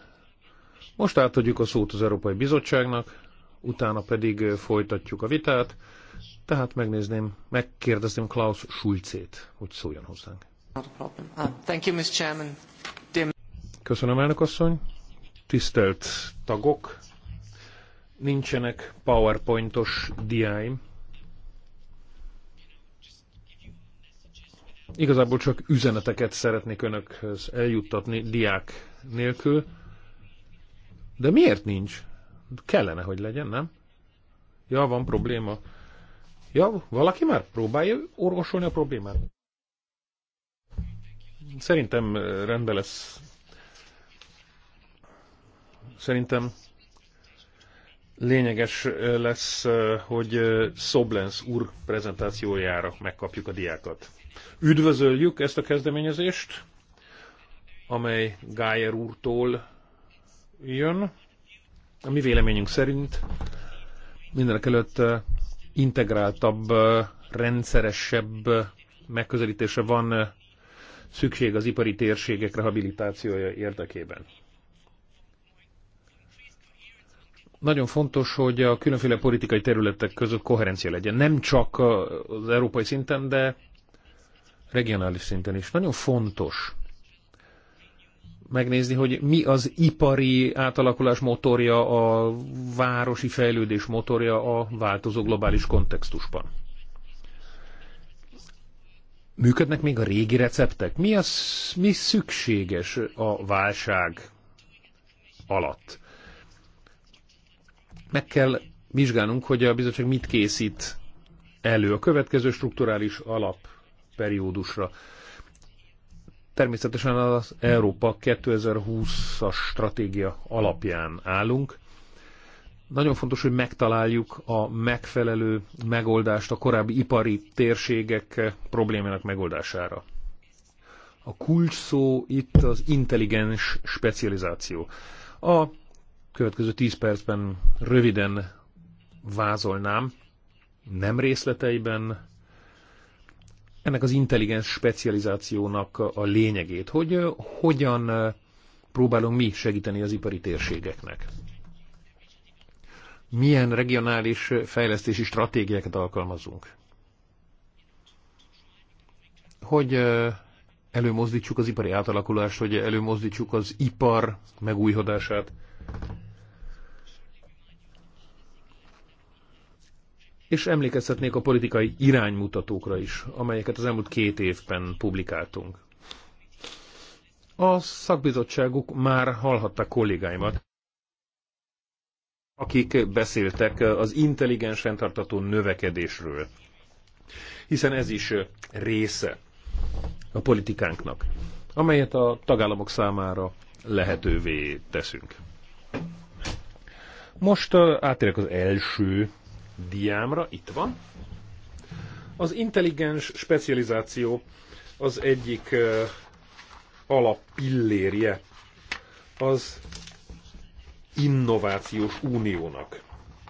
Most átadjuk a szót az Európai Bizottságnak utána pedig folytatjuk a vitát. Tehát megnézném, megkérdezném Klaus Schulzét, hogy szóljon hozzánk. Uh, Köszönöm, elnök asszony. Tisztelt tagok, nincsenek powerpointos diáim. Igazából csak üzeneteket szeretnék önökhöz eljuttatni diák nélkül. De miért nincs? Kellene, hogy legyen, nem? Ja, van probléma. Ja, valaki már próbálja orvosolni a problémát. Szerintem eh, rendben lesz. Szerintem lényeges eh, lesz, eh, hogy Szoblenz úr prezentációjára megkapjuk a diákat. Üdvözöljük ezt a kezdeményezést, amely Gájer úrtól jön. A mi véleményünk szerint mindenek előtt integráltabb, rendszeresebb megközelítése van szükség az ipari térségek rehabilitációja érdekében. Nagyon fontos, hogy a különféle politikai területek között koherencia legyen. Nem csak az európai szinten, de regionális szinten is. Nagyon fontos, megnézni, hogy mi az ipari átalakulás motorja, a városi fejlődés motorja a változó globális kontextusban. Működnek még a régi receptek? Mi, az, mi szükséges a válság alatt? Meg kell vizsgálnunk, hogy a bizottság mit készít elő a következő strukturális alapperiódusra. Természetesen az Európa 2020-as stratégia alapján állunk. Nagyon fontos, hogy megtaláljuk a megfelelő megoldást a korábbi ipari térségek problémának megoldására. A kulcs szó itt az intelligens specializáció. A következő 10 percben röviden vázolnám, nem részleteiben, ennek az intelligens specializációnak a lényegét, hogy hogyan próbálunk mi segíteni az ipari térségeknek. Milyen regionális fejlesztési stratégiákat alkalmazunk? Hogy előmozdítsuk az ipari átalakulást, hogy előmozdítsuk az ipar megújhodását, és emlékeztetnék a politikai iránymutatókra is, amelyeket az elmúlt két évben publikáltunk. A szakbizottságuk már hallhatta kollégáimat, akik beszéltek az intelligens fenntartató növekedésről, hiszen ez is része a politikánknak, amelyet a tagállamok számára lehetővé teszünk. Most átérek az első diámra, itt van. Az intelligens specializáció az egyik alappillérje az innovációs uniónak.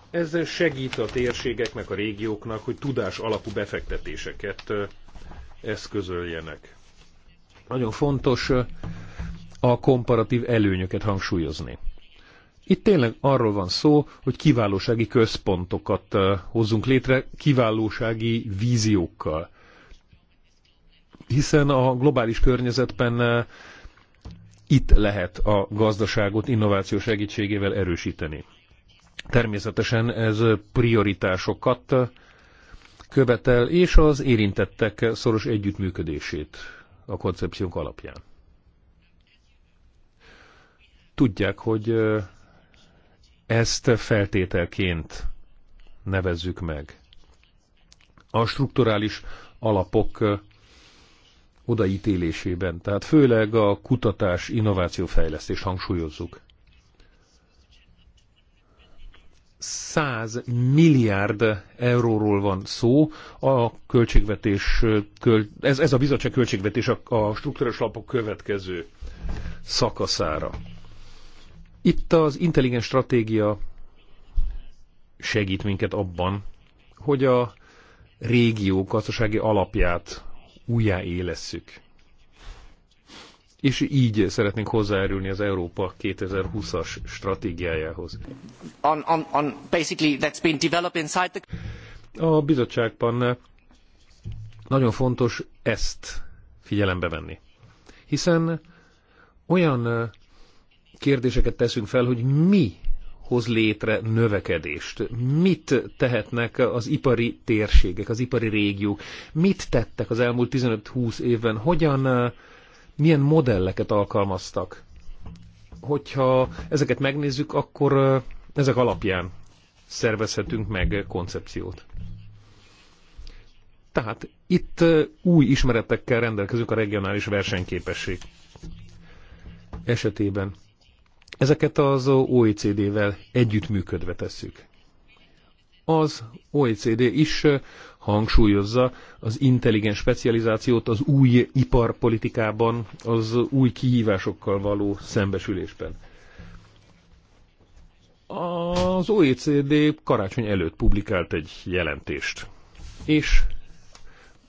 Ez segít a térségeknek, a régióknak, hogy tudás alapú befektetéseket eszközöljenek. Nagyon fontos a komparatív előnyöket hangsúlyozni. Itt tényleg arról van szó, hogy kiválósági központokat hozzunk létre, kiválósági víziókkal. Hiszen a globális környezetben itt lehet a gazdaságot innováció segítségével erősíteni. Természetesen ez prioritásokat követel, és az érintettek szoros együttműködését a koncepciónk alapján. Tudják, hogy ezt feltételként nevezzük meg. A strukturális alapok odaítélésében, tehát főleg a kutatás, innováció, fejlesztés hangsúlyozzuk. 100 milliárd euróról van szó, a költségvetés, ez, ez a bizottság költségvetés a, a struktúrás lapok következő szakaszára. Itt az intelligens stratégia segít minket abban, hogy a régió gazdasági alapját újjáélesszük. És így szeretnénk hozzájárulni az Európa 2020-as stratégiájához. On, on, on basically that's been developed inside the... A bizottságban nagyon fontos ezt figyelembe venni. Hiszen olyan kérdéseket teszünk fel, hogy mi hoz létre növekedést? Mit tehetnek az ipari térségek, az ipari régiók? Mit tettek az elmúlt 15-20 évben? Hogyan, eh, milyen modelleket alkalmaztak? Hogyha ezeket megnézzük, akkor eh, ezek alapján szervezhetünk meg koncepciót. Tehát itt eh, új ismeretekkel rendelkezünk a regionális versenyképesség esetében. Ezeket az OECD-vel együttműködve tesszük. Az OECD is hangsúlyozza az intelligens specializációt az új iparpolitikában, az új kihívásokkal való szembesülésben. Az OECD karácsony előtt publikált egy jelentést, és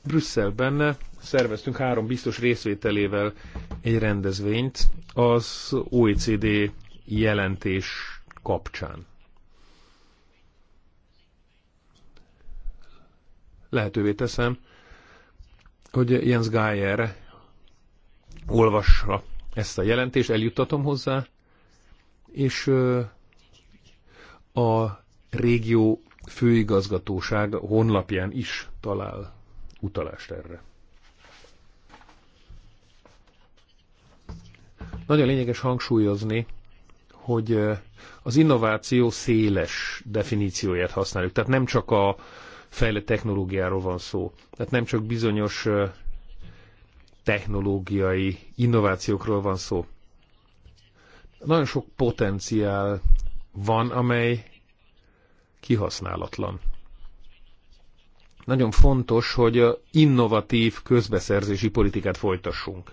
Brüsszelben szerveztünk három biztos részvételével egy rendezvényt az OECD jelentés kapcsán. Lehetővé teszem, hogy Jens Geyer olvassa ezt a jelentést, eljuttatom hozzá, és a régió főigazgatóság honlapján is talál utalást erre. Nagyon lényeges hangsúlyozni, hogy az innováció széles definícióját használjuk. Tehát nem csak a fejlett technológiáról van szó. Tehát nem csak bizonyos technológiai innovációkról van szó. Nagyon sok potenciál van, amely kihasználatlan. Nagyon fontos, hogy innovatív közbeszerzési politikát folytassunk.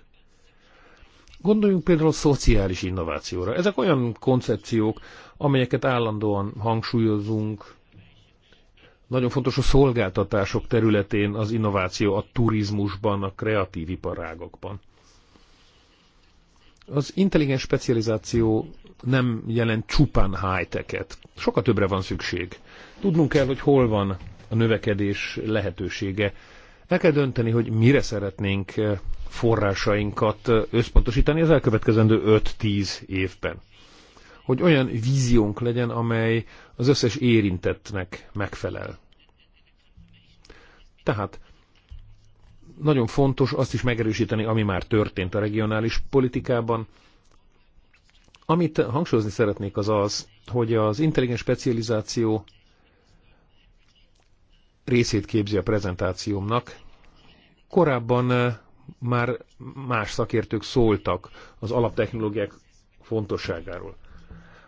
Gondoljunk például a szociális innovációra. Ezek olyan koncepciók, amelyeket állandóan hangsúlyozunk. Nagyon fontos a szolgáltatások területén az innováció a turizmusban, a kreatív iparágokban. Az intelligens specializáció nem jelent csupán high-teket. Sokat többre van szükség. Tudnunk kell, hogy hol van a növekedés lehetősége. El kell dönteni, hogy mire szeretnénk forrásainkat összpontosítani az elkövetkezendő 5-10 évben. Hogy olyan víziónk legyen, amely az összes érintettnek megfelel. Tehát nagyon fontos azt is megerősíteni, ami már történt a regionális politikában. Amit hangsúlyozni szeretnék az az, hogy az intelligens specializáció részét képzi a prezentációmnak. Korábban már más szakértők szóltak az alaptechnológiák fontosságáról.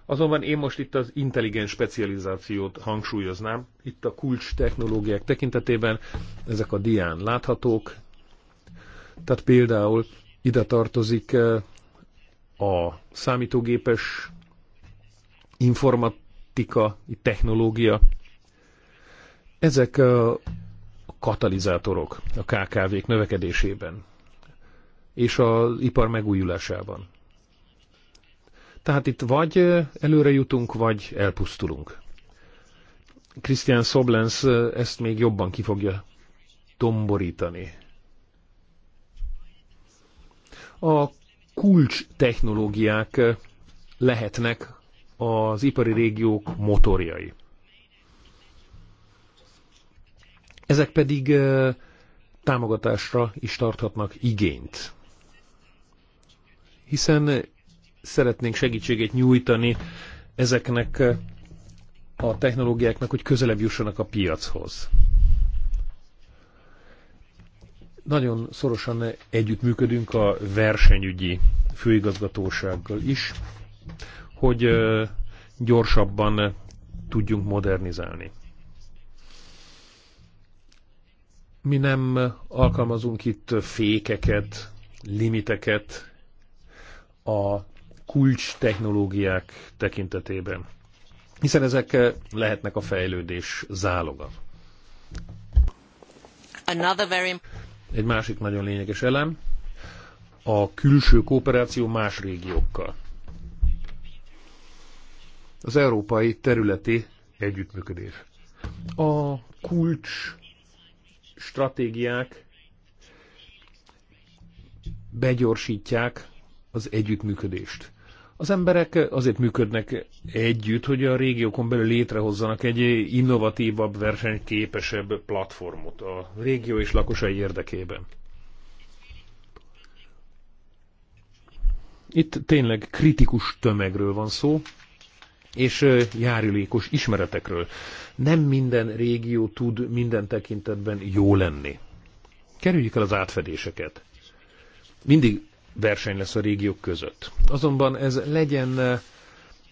Azonban én most itt az intelligens specializációt hangsúlyoznám. Itt a kulcs technológiák tekintetében ezek a dián láthatók. Tehát például ide tartozik eh, a számítógépes informatika, technológia. Ezek eh, a katalizátorok a KKV-k növekedésében és az ipar megújulásában. Tehát itt vagy előre jutunk, vagy elpusztulunk. Christian Soblens ezt még jobban ki fogja tomborítani. A kulcs technológiák lehetnek az ipari régiók motorjai. Ezek pedig eh, támogatásra is tarthatnak igényt hiszen szeretnénk segítséget nyújtani ezeknek a technológiáknak, hogy közelebb jussanak a piachoz. Nagyon szorosan együttműködünk a versenyügyi főigazgatósággal is, hogy gyorsabban tudjunk modernizálni. Mi nem alkalmazunk itt fékeket, limiteket, a kulcs technológiák tekintetében, hiszen ezek lehetnek a fejlődés záloga. Egy másik nagyon lényeges elem a külső kooperáció más régiókkal. Az európai területi együttműködés. A kulcs stratégiák begyorsítják az együttműködést. Az emberek azért működnek együtt, hogy a régiókon belül létrehozzanak egy innovatívabb, versenyképesebb platformot a régió és lakosai érdekében. Itt tényleg kritikus tömegről van szó, és járulékos ismeretekről. Nem minden régió tud minden tekintetben jó lenni. Kerüljük el az átfedéseket. Mindig verseny lesz a régiók között. Azonban ez legyen eh,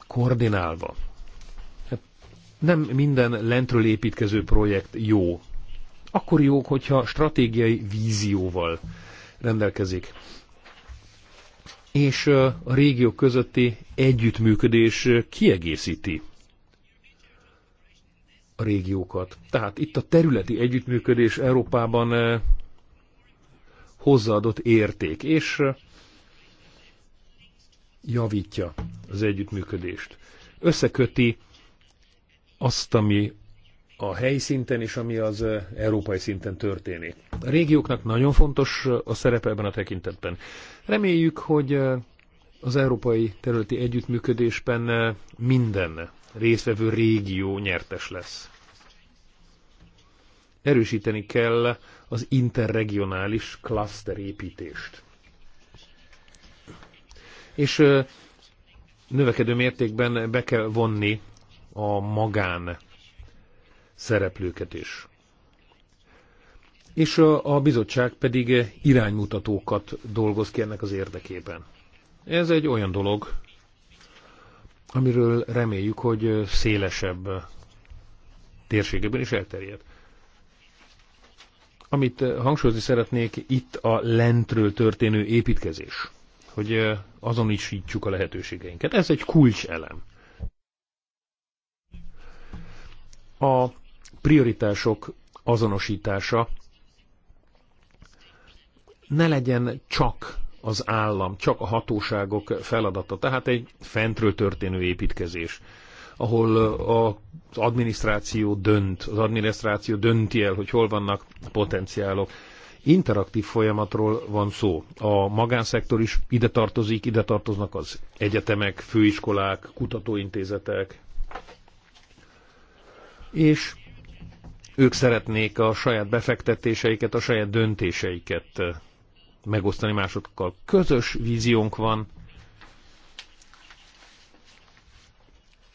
koordinálva. Hát nem minden lentről építkező projekt jó. Akkor jó, hogyha stratégiai vízióval rendelkezik. És eh, a régiók közötti együttműködés eh, kiegészíti a régiókat. Tehát itt a területi együttműködés Európában hozzáadott érték, és javítja az együttműködést. Összeköti azt, ami a helyi szinten és ami az európai szinten történik. A régióknak nagyon fontos a szerepe ebben a tekintetben. Reméljük, hogy az európai területi együttműködésben minden részvevő régió nyertes lesz. Erősíteni kell az interregionális építést és növekedő mértékben be kell vonni a magán szereplőket is. És a bizottság pedig iránymutatókat dolgoz ki ennek az érdekében. Ez egy olyan dolog, amiről reméljük, hogy szélesebb térségeben is elterjed. Amit hangsúlyozni szeretnék, itt a lentről történő építkezés hogy azonosítsuk a lehetőségeinket. Ez egy kulcselem. A prioritások azonosítása ne legyen csak az állam, csak a hatóságok feladata, tehát egy fentről történő építkezés, ahol az adminisztráció dönt, az adminisztráció dönti el, hogy hol vannak potenciálok, interaktív folyamatról van szó. A magánszektor is ide tartozik, ide tartoznak az egyetemek, főiskolák, kutatóintézetek. És ők szeretnék a saját befektetéseiket, a saját döntéseiket eh, megosztani másokkal. Közös víziónk van.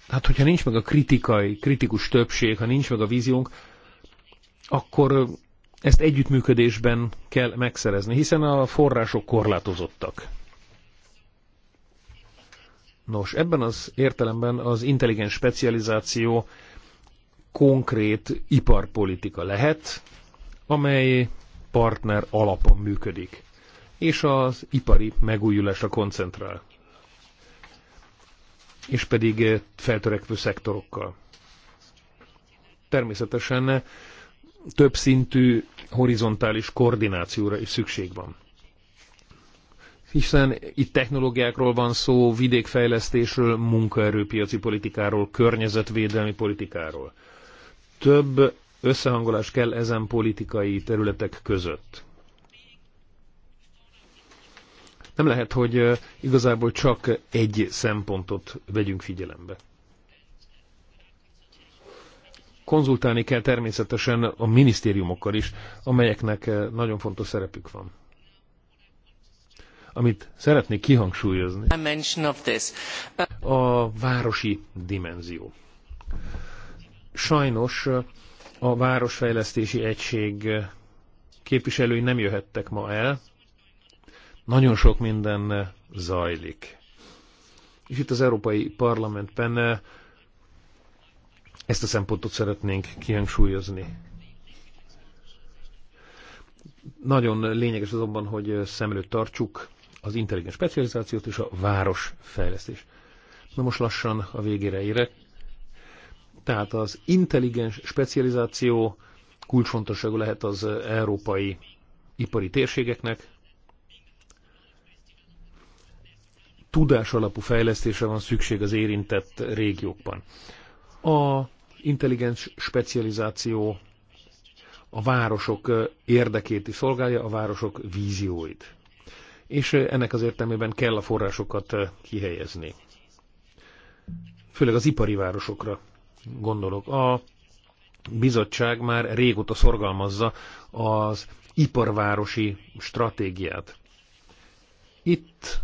Hát, hogyha nincs meg a kritikai, kritikus többség, ha nincs meg a víziónk, akkor eh, ezt együttműködésben kell megszerezni, hiszen a források korlátozottak. Nos, ebben az értelemben az intelligens specializáció konkrét iparpolitika lehet, amely partner alapon működik, és az ipari megújulásra koncentrál, és pedig feltörekvő szektorokkal. Természetesen több szintű, horizontális koordinációra is szükség van. Hiszen itt technológiákról van szó, vidékfejlesztésről, munkaerőpiaci politikáról, környezetvédelmi politikáról. Több összehangolás kell ezen politikai területek között. Nem lehet, hogy igazából csak egy szempontot vegyünk figyelembe konzultálni kell természetesen a minisztériumokkal is, amelyeknek eh, nagyon fontos szerepük van. Amit szeretnék kihangsúlyozni, a városi dimenzió. Sajnos eh, a Városfejlesztési Egység eh, képviselői nem jöhettek ma el. Nagyon sok minden zajlik. És itt az Európai Parlamentben ezt a szempontot szeretnénk kihangsúlyozni. Nagyon lényeges azonban, hogy szem előtt tartsuk az intelligens specializációt és a városfejlesztés. Na most lassan a végére érek. Tehát az intelligens specializáció kulcsfontosságú lehet az európai ipari térségeknek. Tudás alapú fejlesztésre van szükség az érintett régiókban. A intelligens specializáció a városok érdekét is szolgálja, a városok vízióit. És ennek az értelmében kell a forrásokat kihelyezni. Főleg az ipari városokra gondolok. A bizottság már régóta szorgalmazza az iparvárosi stratégiát. Itt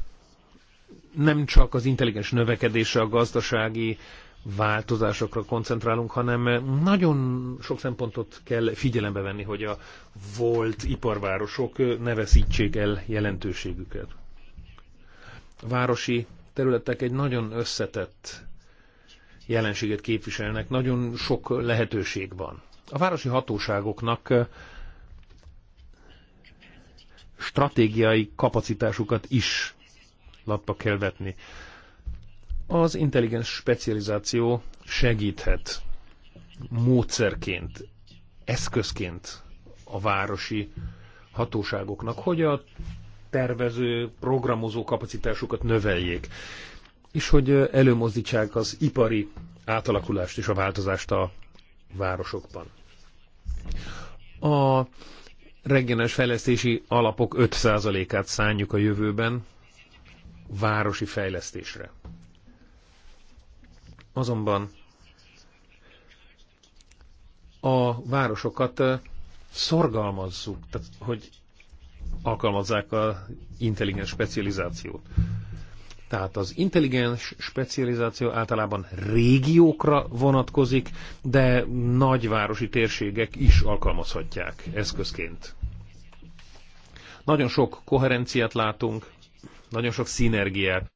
nem csak az intelligens növekedése a gazdasági változásokra koncentrálunk, hanem nagyon sok szempontot kell figyelembe venni, hogy a volt iparvárosok ne veszítsék el jelentőségüket. A városi területek egy nagyon összetett jelenséget képviselnek, nagyon sok lehetőség van. A városi hatóságoknak stratégiai kapacitásukat is latba kell vetni. Az intelligens specializáció segíthet módszerként, eszközként a városi hatóságoknak, hogy a tervező, programozó kapacitásukat növeljék, és hogy előmozdítsák az ipari átalakulást és a változást a városokban. A regionális fejlesztési alapok 5%-át szánjuk a jövőben városi fejlesztésre. Azonban a városokat szorgalmazzuk, tehát hogy alkalmazzák a intelligens specializációt. Tehát az intelligens specializáció általában régiókra vonatkozik, de nagyvárosi térségek is alkalmazhatják eszközként. Nagyon sok koherenciát látunk, nagyon sok szinergiát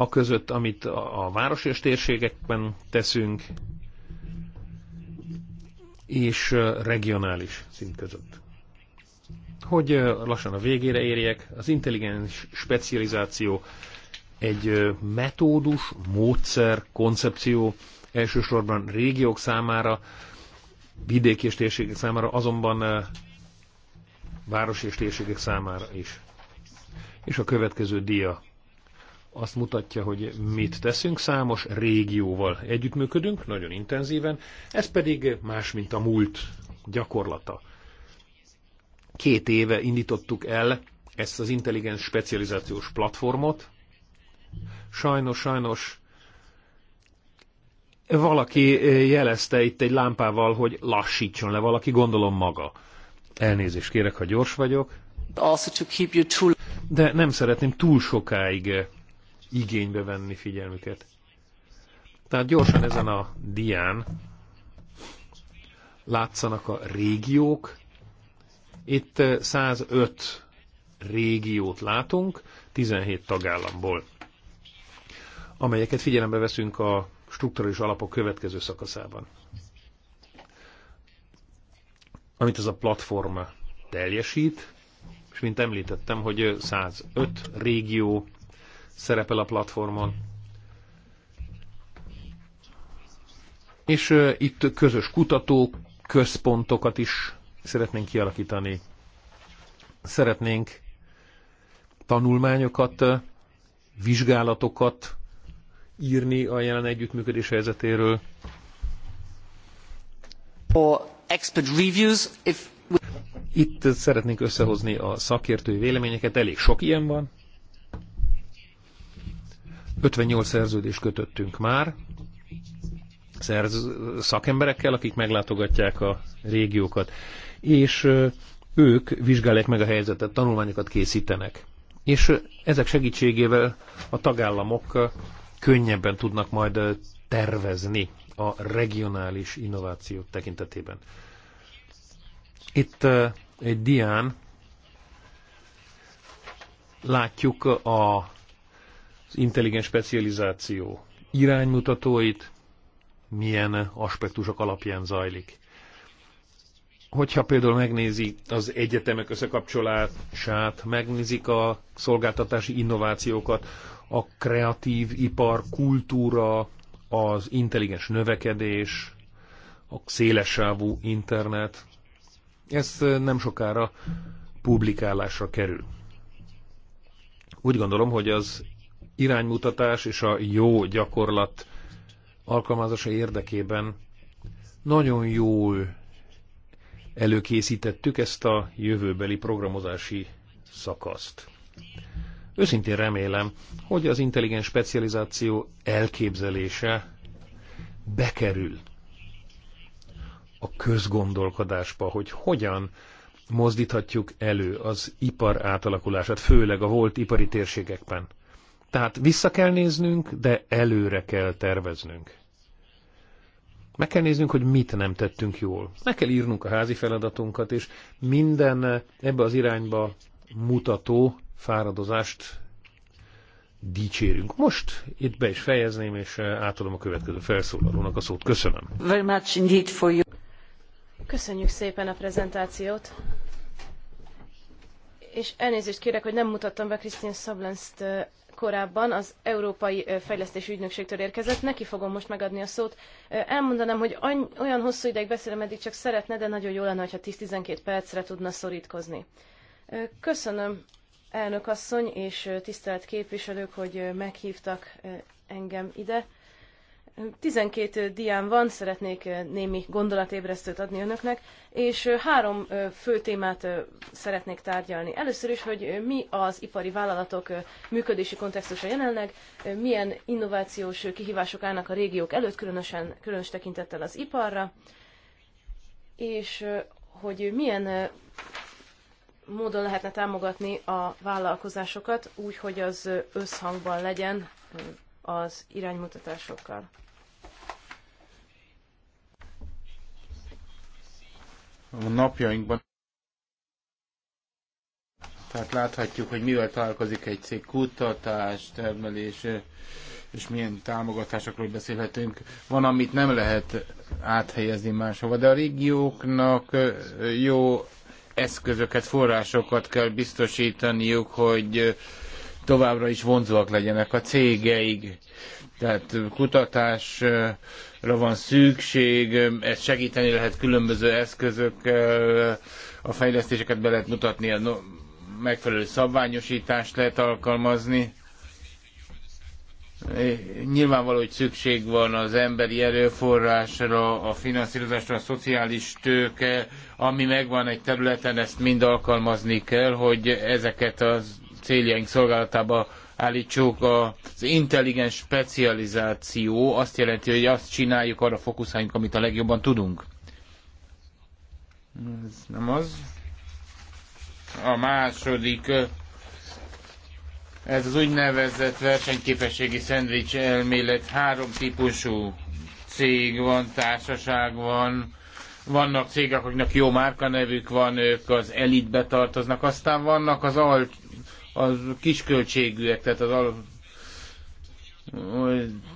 a között, amit a városi és térségekben teszünk, és regionális szint között. Hogy lassan a végére érjek, az intelligens specializáció egy metódus, módszer, koncepció elsősorban régiók számára, vidéki és térségek számára, azonban városi és térségek számára is. És a következő dia azt mutatja, hogy mit teszünk, számos régióval együttműködünk, nagyon intenzíven, ez pedig más, mint a múlt gyakorlata. Két éve indítottuk el ezt az intelligens specializációs platformot. Sajnos, sajnos valaki jelezte itt egy lámpával, hogy lassítson le valaki, gondolom maga. Elnézést kérek, ha gyors vagyok. De nem szeretném túl sokáig igénybe venni figyelmüket. Tehát gyorsan ezen a dián látszanak a régiók. Itt 105 eh, régiót látunk, 17 tagállamból, amelyeket figyelembe veszünk a strukturális alapok következő szakaszában. Amit ez a platforma teljesít, és mint említettem, hogy 105 régió szerepel a platformon. És itt közös kutató központokat is szeretnénk kialakítani. Szeretnénk tanulmányokat, vizsgálatokat írni a jelen együttműködés helyzetéről. Itt szeretnénk összehozni a szakértői véleményeket, elég sok ilyen van. 58 szerződést kötöttünk már szerz, szakemberekkel, akik meglátogatják a régiókat, és ők vizsgálják meg a helyzetet, tanulmányokat készítenek. És ezek segítségével a tagállamok könnyebben tudnak majd tervezni a regionális innovációt tekintetében. Itt egy dián látjuk a az intelligens specializáció iránymutatóit, milyen aspektusok alapján zajlik. Hogyha például megnézi az egyetemek összekapcsolását, megnézik a szolgáltatási innovációkat, a kreatív ipar, kultúra, az intelligens növekedés, a szélessávú internet, ez nem sokára publikálásra kerül. Úgy gondolom, hogy az iránymutatás és a jó gyakorlat alkalmazása érdekében nagyon jól előkészítettük ezt a jövőbeli programozási szakaszt. Őszintén remélem, hogy az intelligens specializáció elképzelése bekerül a közgondolkodásba, hogy hogyan mozdíthatjuk elő az ipar átalakulását, főleg a volt ipari térségekben. Tehát vissza kell néznünk, de előre kell terveznünk. Meg kell néznünk, hogy mit nem tettünk jól. Meg kell írnunk a házi feladatunkat, és minden ebbe az irányba mutató fáradozást dicsérünk. Most itt be is fejezném, és átadom a következő felszólalónak a szót. Köszönöm. Very much indeed for you. Köszönjük szépen a prezentációt. És elnézést kérek, hogy nem mutattam be Krisztin Szablenszt korábban az Európai Fejlesztési Ügynökségtől érkezett, neki fogom most megadni a szót. Elmondanám, hogy olyan hosszú ideig beszélem, eddig csak szeretne, de nagyon jó lenne, ha 10-12 percre tudna szorítkozni. Köszönöm, elnök asszony és tisztelt képviselők, hogy meghívtak engem ide. 12 dián van, szeretnék némi gondolatébresztőt adni önöknek, és három fő témát szeretnék tárgyalni. Először is, hogy mi az ipari vállalatok működési kontextusa jelenleg, milyen innovációs kihívások állnak a régiók előtt, különösen, különös tekintettel az iparra, és hogy milyen módon lehetne támogatni a vállalkozásokat úgy, hogy az összhangban legyen az iránymutatásokkal. a napjainkban. Tehát láthatjuk, hogy mivel találkozik egy cég kutatás, termelés, és milyen támogatásokról beszélhetünk. Van, amit nem lehet áthelyezni máshova, de a régióknak jó eszközöket, forrásokat kell biztosítaniuk, hogy továbbra is vonzóak legyenek a cégeig. Tehát kutatás, van szükség, ezt segíteni lehet különböző eszközökkel, a fejlesztéseket be lehet mutatni, a megfelelő szabványosítást lehet alkalmazni. Nyilvánvaló, hogy szükség van az emberi erőforrásra, a finanszírozásra, a szociális tőke, ami megvan egy területen, ezt mind alkalmazni kell, hogy ezeket a céljaink szolgálatába állítsuk. Az intelligens specializáció azt jelenti, hogy azt csináljuk, arra fokuszáljunk, amit a legjobban tudunk. Ez nem az. A második ez az úgynevezett versenyképességi szendvics elmélet három típusú cég van, társaság van, vannak cégek, akiknek jó márkanevük van, ők az elitbe tartoznak, aztán vannak az al az kisköltségűek, tehát az al...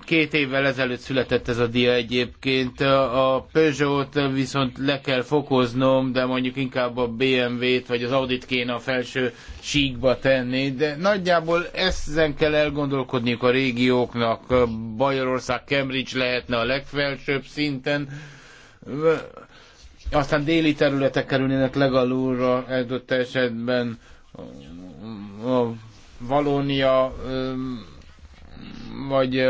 Két évvel ezelőtt született ez a dia egyébként. A Peugeot viszont le kell fokoznom, de mondjuk inkább a BMW-t vagy az Audit kéne a felső síkba tenni. De nagyjából ezen kell elgondolkodniuk a régióknak. Bajorország, Cambridge lehetne a legfelsőbb szinten aztán déli területek kerülnének legalulra adott esetben a Valónia vagy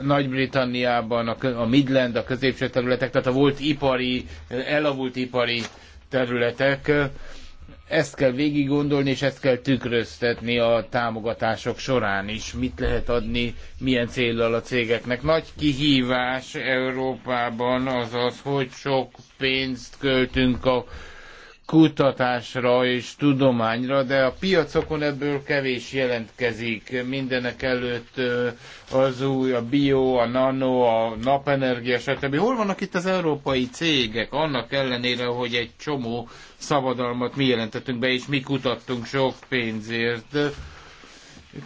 Nagy-Britanniában a Midland, a középső területek, tehát a volt ipari, elavult ipari területek, ezt kell végig gondolni, és ezt kell tükröztetni a támogatások során is. Mit lehet adni, milyen céllal a cégeknek. Nagy kihívás Európában az az, hogy sok pénzt költünk a kutatásra és tudományra, de a piacokon ebből kevés jelentkezik. Mindenek előtt az új, a bio, a nano, a napenergia, stb. Hol vannak itt az európai cégek? Annak ellenére, hogy egy csomó szabadalmat mi jelentettünk be, és mi kutattunk sok pénzért.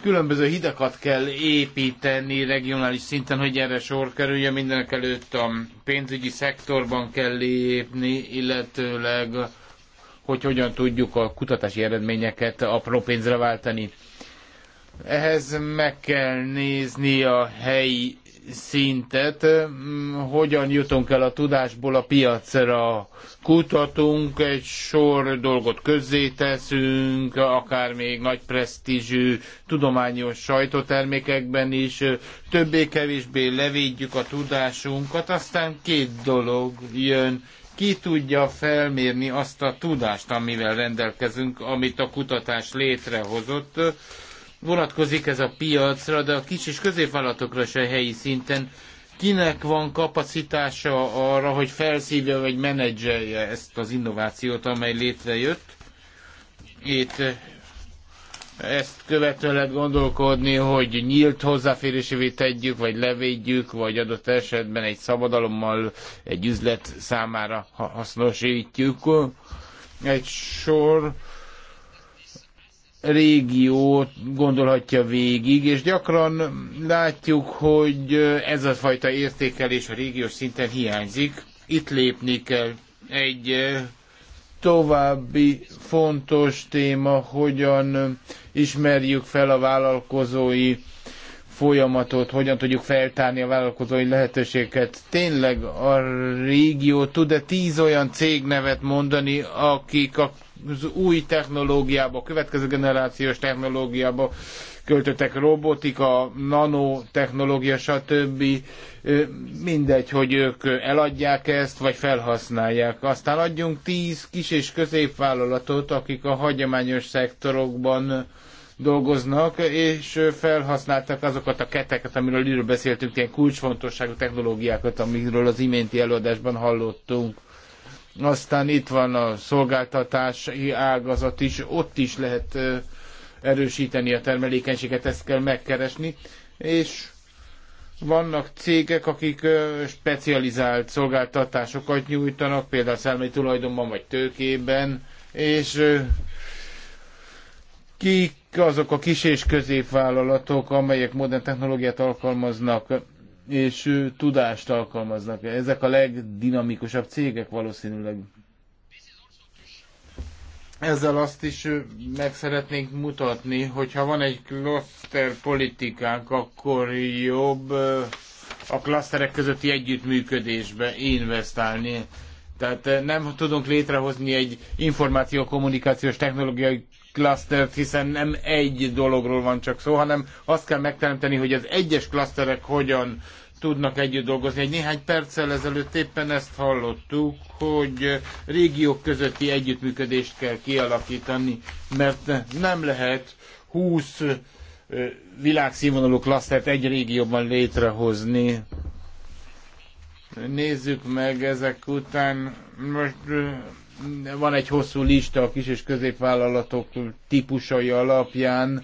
Különböző hidakat kell építeni regionális szinten, hogy erre sor kerüljön. Mindenek előtt a pénzügyi szektorban kell lépni, illetőleg hogy hogyan tudjuk a kutatási eredményeket apró pénzre váltani. Ehhez meg kell nézni a helyi szintet, hogyan jutunk el a tudásból a piacra. Kutatunk, egy sor dolgot közzéteszünk, akár még nagy presztízsű tudományos sajtótermékekben is, többé-kevésbé levédjük a tudásunkat, aztán két dolog jön ki tudja felmérni azt a tudást, amivel rendelkezünk, amit a kutatás létrehozott. Vonatkozik ez a piacra, de a kis és középvállalatokra se helyi szinten. Kinek van kapacitása arra, hogy felszívja vagy menedzselje ezt az innovációt, amely létrejött? Itt ezt követően lehet gondolkodni, hogy nyílt hozzáférésévé tegyük, vagy levédjük, vagy adott esetben egy szabadalommal egy üzlet számára hasznosítjuk. Egy sor régiót gondolhatja végig, és gyakran látjuk, hogy ez a fajta értékelés a régiós szinten hiányzik. Itt lépni kell egy további fontos téma, hogyan ismerjük fel a vállalkozói folyamatot, hogyan tudjuk feltárni a vállalkozói lehetőséget. Tényleg a régió tud-e tíz olyan cégnevet mondani, akik az új technológiába, a következő generációs technológiába költöttek robotika, nanotechnológia, stb. Mindegy, hogy ők eladják ezt, vagy felhasználják. Aztán adjunk tíz kis és középvállalatot, akik a hagyományos szektorokban dolgoznak, és felhasználtak azokat a keteket, amiről írő beszéltünk, ilyen kulcsfontosságú technológiákat, amiről az iménti előadásban hallottunk. Aztán itt van a szolgáltatási ágazat is, ott is lehet erősíteni a termelékenységet, ezt kell megkeresni, és vannak cégek, akik specializált szolgáltatásokat nyújtanak, például szellemi tulajdonban vagy tőkében, és kik azok a kis és középvállalatok, amelyek modern technológiát alkalmaznak, és tudást alkalmaznak. Ezek a legdinamikusabb cégek valószínűleg ezzel azt is meg szeretnénk mutatni, hogyha van egy klaszter politikánk, akkor jobb a klaszterek közötti együttműködésbe investálni. Tehát nem tudunk létrehozni egy információ-kommunikációs technológiai klasztert, hiszen nem egy dologról van csak szó, hanem azt kell megteremteni, hogy az egyes klaszterek hogyan tudnak együtt dolgozni. Egy néhány perccel ezelőtt éppen ezt hallottuk, hogy régiók közötti együttműködést kell kialakítani, mert nem lehet 20 világszínvonalú klasztert egy régióban létrehozni. Nézzük meg ezek után. Most van egy hosszú lista a kis és középvállalatok típusai alapján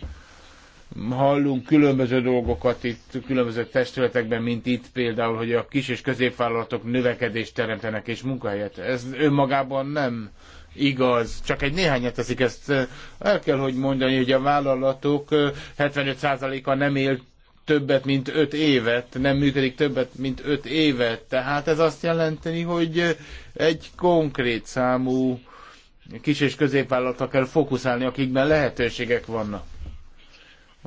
hallunk különböző dolgokat itt különböző testületekben, mint itt például, hogy a kis és középvállalatok növekedést teremtenek és munkahelyet. Ez önmagában nem igaz, csak egy néhányat teszik ezt. El kell, hogy mondani, hogy a vállalatok 75%-a nem él többet, mint 5 évet, nem működik többet, mint 5 évet. Tehát ez azt jelenteni, hogy egy konkrét számú kis és középvállalatra kell fókuszálni, akikben lehetőségek vannak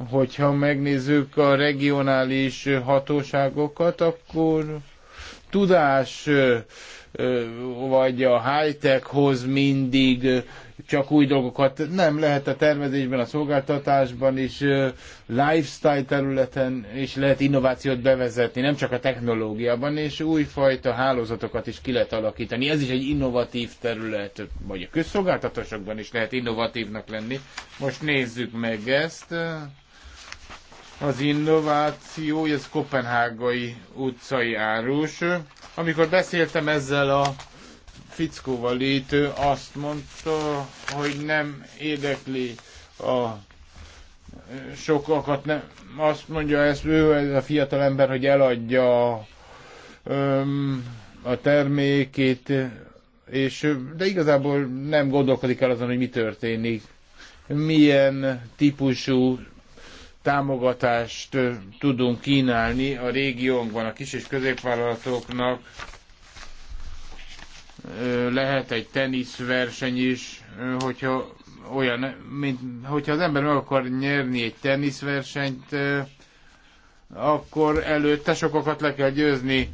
Hogyha megnézzük a regionális hatóságokat, akkor tudás vagy a high-techhoz mindig csak új dolgokat nem lehet a tervezésben, a szolgáltatásban is, lifestyle területen is lehet innovációt bevezetni, nem csak a technológiában, és újfajta hálózatokat is ki lehet alakítani. Ez is egy innovatív terület, vagy a közszolgáltatásokban is lehet innovatívnak lenni. Most nézzük meg ezt az innováció, ez kopenhágai utcai árus. Amikor beszéltem ezzel a fickóval itt, ő azt mondta, hogy nem érdekli a sokakat, nem, azt mondja ezt ő, ez a fiatal ember, hogy eladja um, a termékét, és, de igazából nem gondolkodik el azon, hogy mi történik, milyen típusú támogatást tudunk kínálni a régiónkban a kis és középvállalatoknak. Lehet egy teniszverseny is, hogyha olyan, mint hogyha az ember meg akar nyerni egy teniszversenyt, akkor előtte sokakat le kell győzni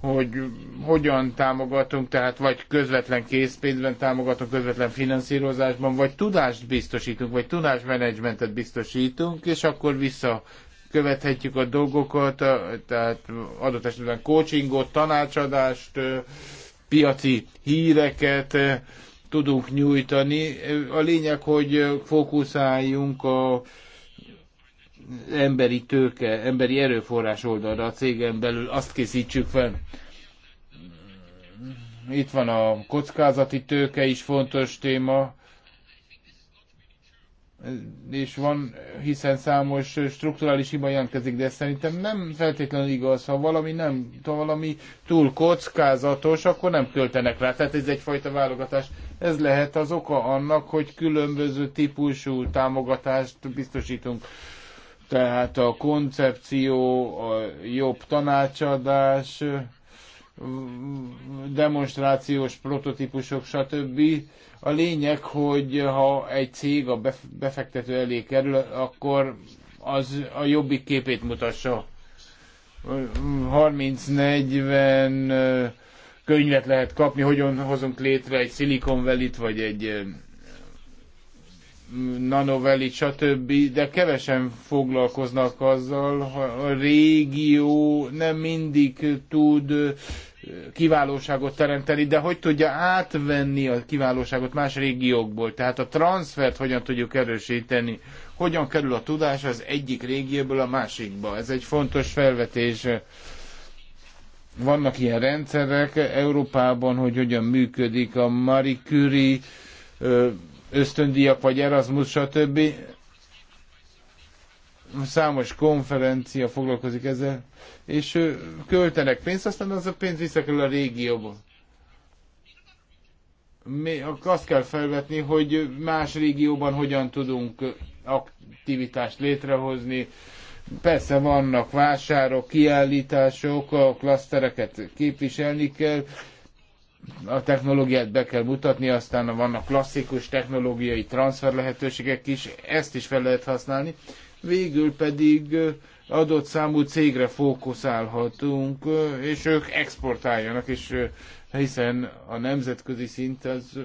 hogy hogyan támogatunk, tehát vagy közvetlen készpénzben támogatunk, közvetlen finanszírozásban, vagy tudást biztosítunk, vagy tudásmenedzsmentet biztosítunk, és akkor vissza követhetjük a dolgokat, tehát adott esetben coachingot, tanácsadást, piaci híreket tudunk nyújtani. A lényeg, hogy fókuszáljunk a emberi tőke, emberi erőforrás oldalra a cégen belül, azt készítsük fel. Itt van a kockázati tőke is fontos téma, és van, hiszen számos strukturális hiba jelentkezik, de szerintem nem feltétlenül igaz. Ha valami, nem, ha valami túl kockázatos, akkor nem költenek rá. Tehát ez egyfajta válogatás. Ez lehet az oka annak, hogy különböző típusú támogatást biztosítunk tehát a koncepció, a jobb tanácsadás, demonstrációs prototípusok, stb. A lényeg, hogy ha egy cég a befektető elé kerül, akkor az a jobbik képét mutassa. 30-40 könyvet lehet kapni, hogyan hozunk létre egy Silicon valley vagy egy Nanoveli, stb., de kevesen foglalkoznak azzal, ha a régió nem mindig tud kiválóságot teremteni, de hogy tudja átvenni a kiválóságot más régiókból, tehát a transfert hogyan tudjuk erősíteni, hogyan kerül a tudás az egyik régióból a másikba. Ez egy fontos felvetés. Vannak ilyen rendszerek Európában, hogy hogyan működik a Marie Curie ösztöndíjak, vagy Erasmus, stb. Számos konferencia foglalkozik ezzel, és költenek pénzt, aztán az a pénz visszakerül a régióba. Mi azt kell felvetni, hogy más régióban hogyan tudunk aktivitást létrehozni, Persze vannak vásárok, kiállítások, a klasztereket képviselni kell, a technológiát be kell mutatni, aztán vannak klasszikus technológiai transfer lehetőségek is, ezt is fel lehet használni. Végül pedig adott számú cégre fókuszálhatunk, és ők exportáljanak, és hiszen a nemzetközi szint az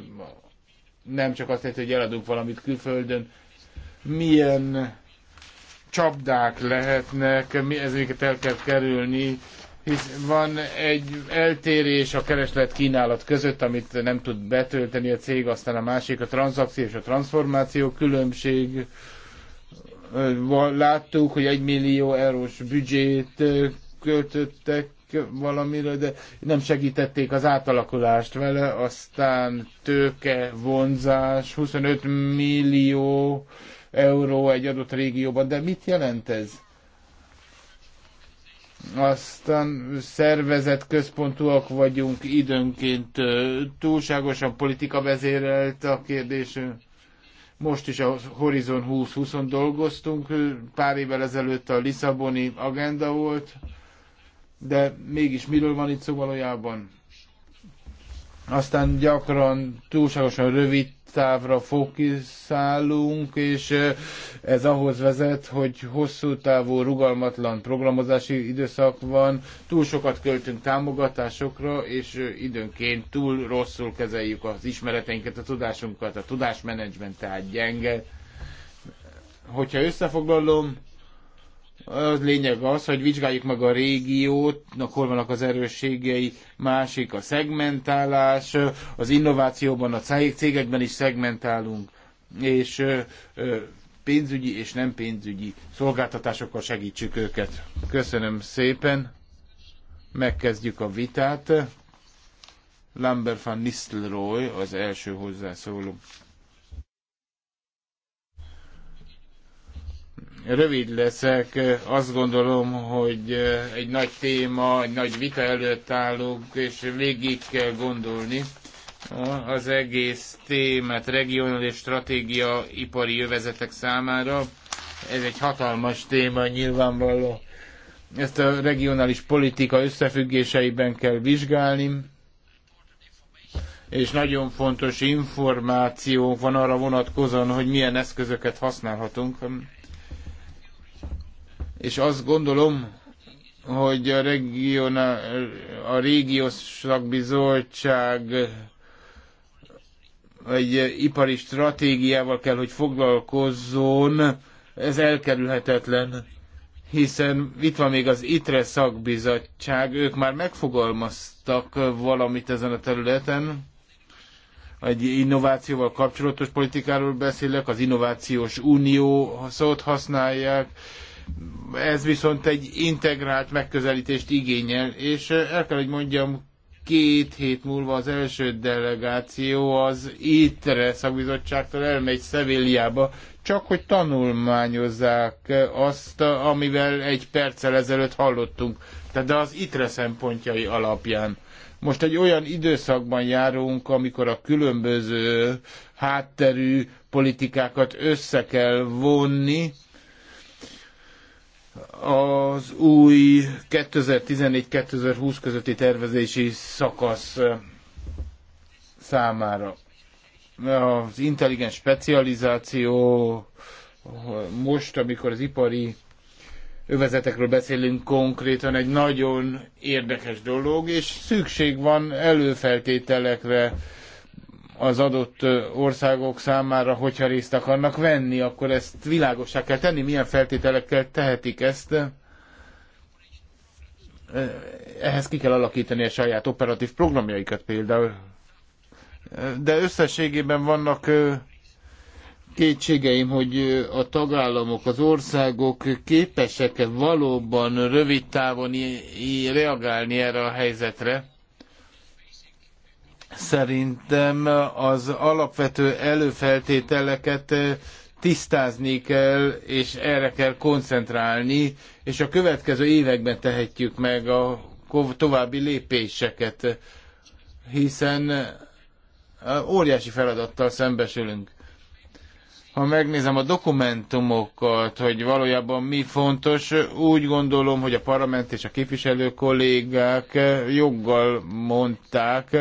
nem csak azt jelenti, hogy eladunk valamit külföldön, milyen csapdák lehetnek, mi ezeket el kell kerülni, hisz van egy eltérés a kereslet kínálat között, amit nem tud betölteni a cég, aztán a másik a tranzakció és a transformáció különbség. Láttuk, hogy egy millió eurós büdzsét költöttek valamire, de nem segítették az átalakulást vele, aztán tőke, vonzás, 25 millió euró egy adott régióban, de mit jelent ez? aztán szervezet központúak vagyunk, időnként túlságosan politika vezérelt a kérdés. Most is a Horizon 2020-on dolgoztunk, pár évvel ezelőtt a Lisszaboni agenda volt, de mégis miről van itt szó valójában? Aztán gyakran túlságosan rövid távra fókuszálunk, és ez ahhoz vezet, hogy hosszú távú, rugalmatlan programozási időszak van, túl sokat költünk támogatásokra, és időnként túl rosszul kezeljük az ismereteinket, a tudásunkat, a tudásmenedzsment tehát gyenge. Hogyha összefoglalom, az lényeg az, hogy vizsgáljuk meg a régiót, hol vannak az erősségei, másik a szegmentálás, az innovációban, a cégekben is szegmentálunk, és pénzügyi és nem pénzügyi szolgáltatásokkal segítsük őket. Köszönöm szépen, megkezdjük a vitát. Lambert van Nistelrooy az első hozzászóló. Rövid leszek, azt gondolom, hogy eh, egy nagy téma, egy nagy vita előtt állunk, és végig kell gondolni az egész témát regionális stratégia ipari jövezetek számára. Ez egy hatalmas téma nyilvánvaló. Ezt a regionális politika összefüggéseiben kell vizsgálni, és nagyon fontos információ van arra vonatkozóan, hogy milyen eszközöket használhatunk és azt gondolom, hogy a, region, a régiós szakbizottság egy ipari stratégiával kell, hogy foglalkozzon, ez elkerülhetetlen, hiszen itt van még az ITRE szakbizottság, ők már megfogalmaztak valamit ezen a területen, egy innovációval kapcsolatos politikáról beszélek, az innovációs unió szót használják, ez viszont egy integrált megközelítést igényel, és eh, el kell, hogy mondjam, két hét múlva az első delegáció az ITRE szakbizottságtól elmegy Szevéliába, csak hogy tanulmányozzák eh, azt, eh, amivel egy perccel ezelőtt hallottunk, tehát az ITRE szempontjai alapján. Most egy olyan időszakban járunk, amikor a különböző hátterű politikákat össze kell vonni, az új 2014-2020 közötti tervezési szakasz számára. Az intelligens specializáció most, amikor az ipari övezetekről beszélünk konkrétan, egy nagyon érdekes dolog, és szükség van előfeltételekre, az adott országok számára, hogyha részt akarnak venni, akkor ezt világosá kell tenni, milyen feltételekkel tehetik ezt. Ehhez ki kell alakítani a saját operatív programjaikat például. De összességében vannak kétségeim, hogy a tagállamok, az országok képesek-e valóban rövid távon reagálni erre a helyzetre Szerintem az alapvető előfeltételeket eh, tisztázni kell, és erre kell koncentrálni, és a következő években tehetjük meg a további lépéseket, hiszen eh, óriási feladattal szembesülünk. Ha megnézem a dokumentumokat, hogy valójában mi fontos, úgy gondolom, hogy a parlament és a képviselő kollégák eh, joggal mondták,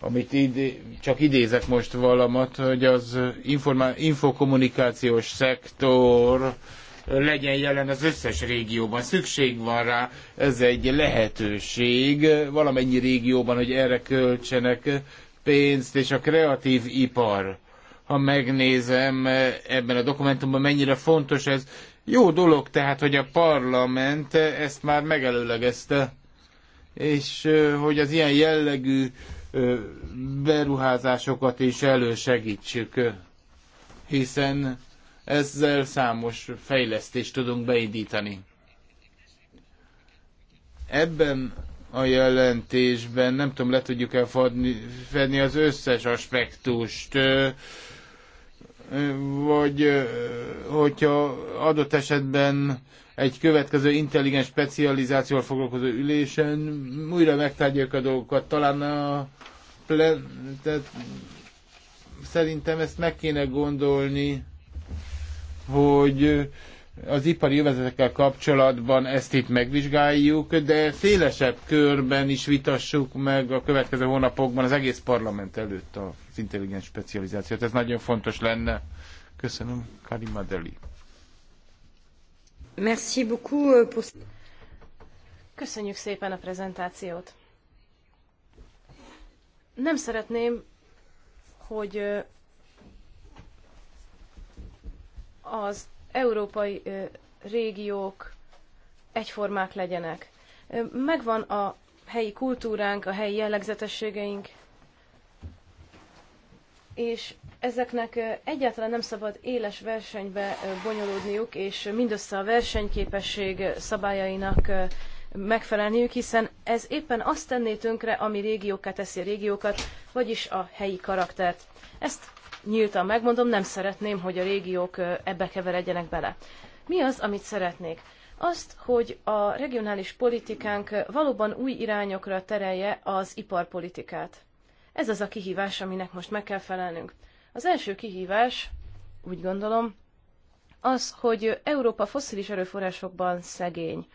amit idé, csak idézek most valamat, hogy az informá- infokommunikációs szektor legyen jelen az összes régióban. Szükség van rá, ez egy lehetőség valamennyi régióban, hogy erre költsenek pénzt, és a kreatív ipar, ha megnézem ebben a dokumentumban, mennyire fontos ez. Jó dolog tehát, hogy a parlament ezt már megelőlegezte, és hogy az ilyen jellegű beruházásokat is elősegítsük, hiszen ezzel számos fejlesztést tudunk beindítani. Ebben a jelentésben nem tudom, le tudjuk elfedni az összes aspektust, vagy hogyha adott esetben egy következő intelligens specializációval foglalkozó ülésen újra megtárgyaljuk a dolgokat. Talán a plen, tehát szerintem ezt meg kéne gondolni, hogy az ipari jövezetekkel kapcsolatban ezt itt megvizsgáljuk, de szélesebb körben is vitassuk meg a következő hónapokban az egész parlament előtt az intelligens specializációt. Ez nagyon fontos lenne. Köszönöm, Karim Adeli. Merci beaucoup euh, pour... Köszönjük szépen a prezentációt. Nem szeretném, hogy az európai régiók egyformák legyenek. Megvan a helyi kultúránk, a helyi jellegzetességeink, és ezeknek egyáltalán nem szabad éles versenybe bonyolódniuk, és mindössze a versenyképesség szabályainak megfelelniük, hiszen ez éppen azt tenné tönkre, ami régiókká teszi a régiókat, vagyis a helyi karaktert. Ezt nyíltan megmondom, nem szeretném, hogy a régiók ebbe keveredjenek bele. Mi az, amit szeretnék? Azt, hogy a regionális politikánk valóban új irányokra terelje az iparpolitikát. Ez az a kihívás, aminek most meg kell felelnünk. Az első kihívás, úgy gondolom, az, hogy Európa fosszilis erőforrásokban szegény.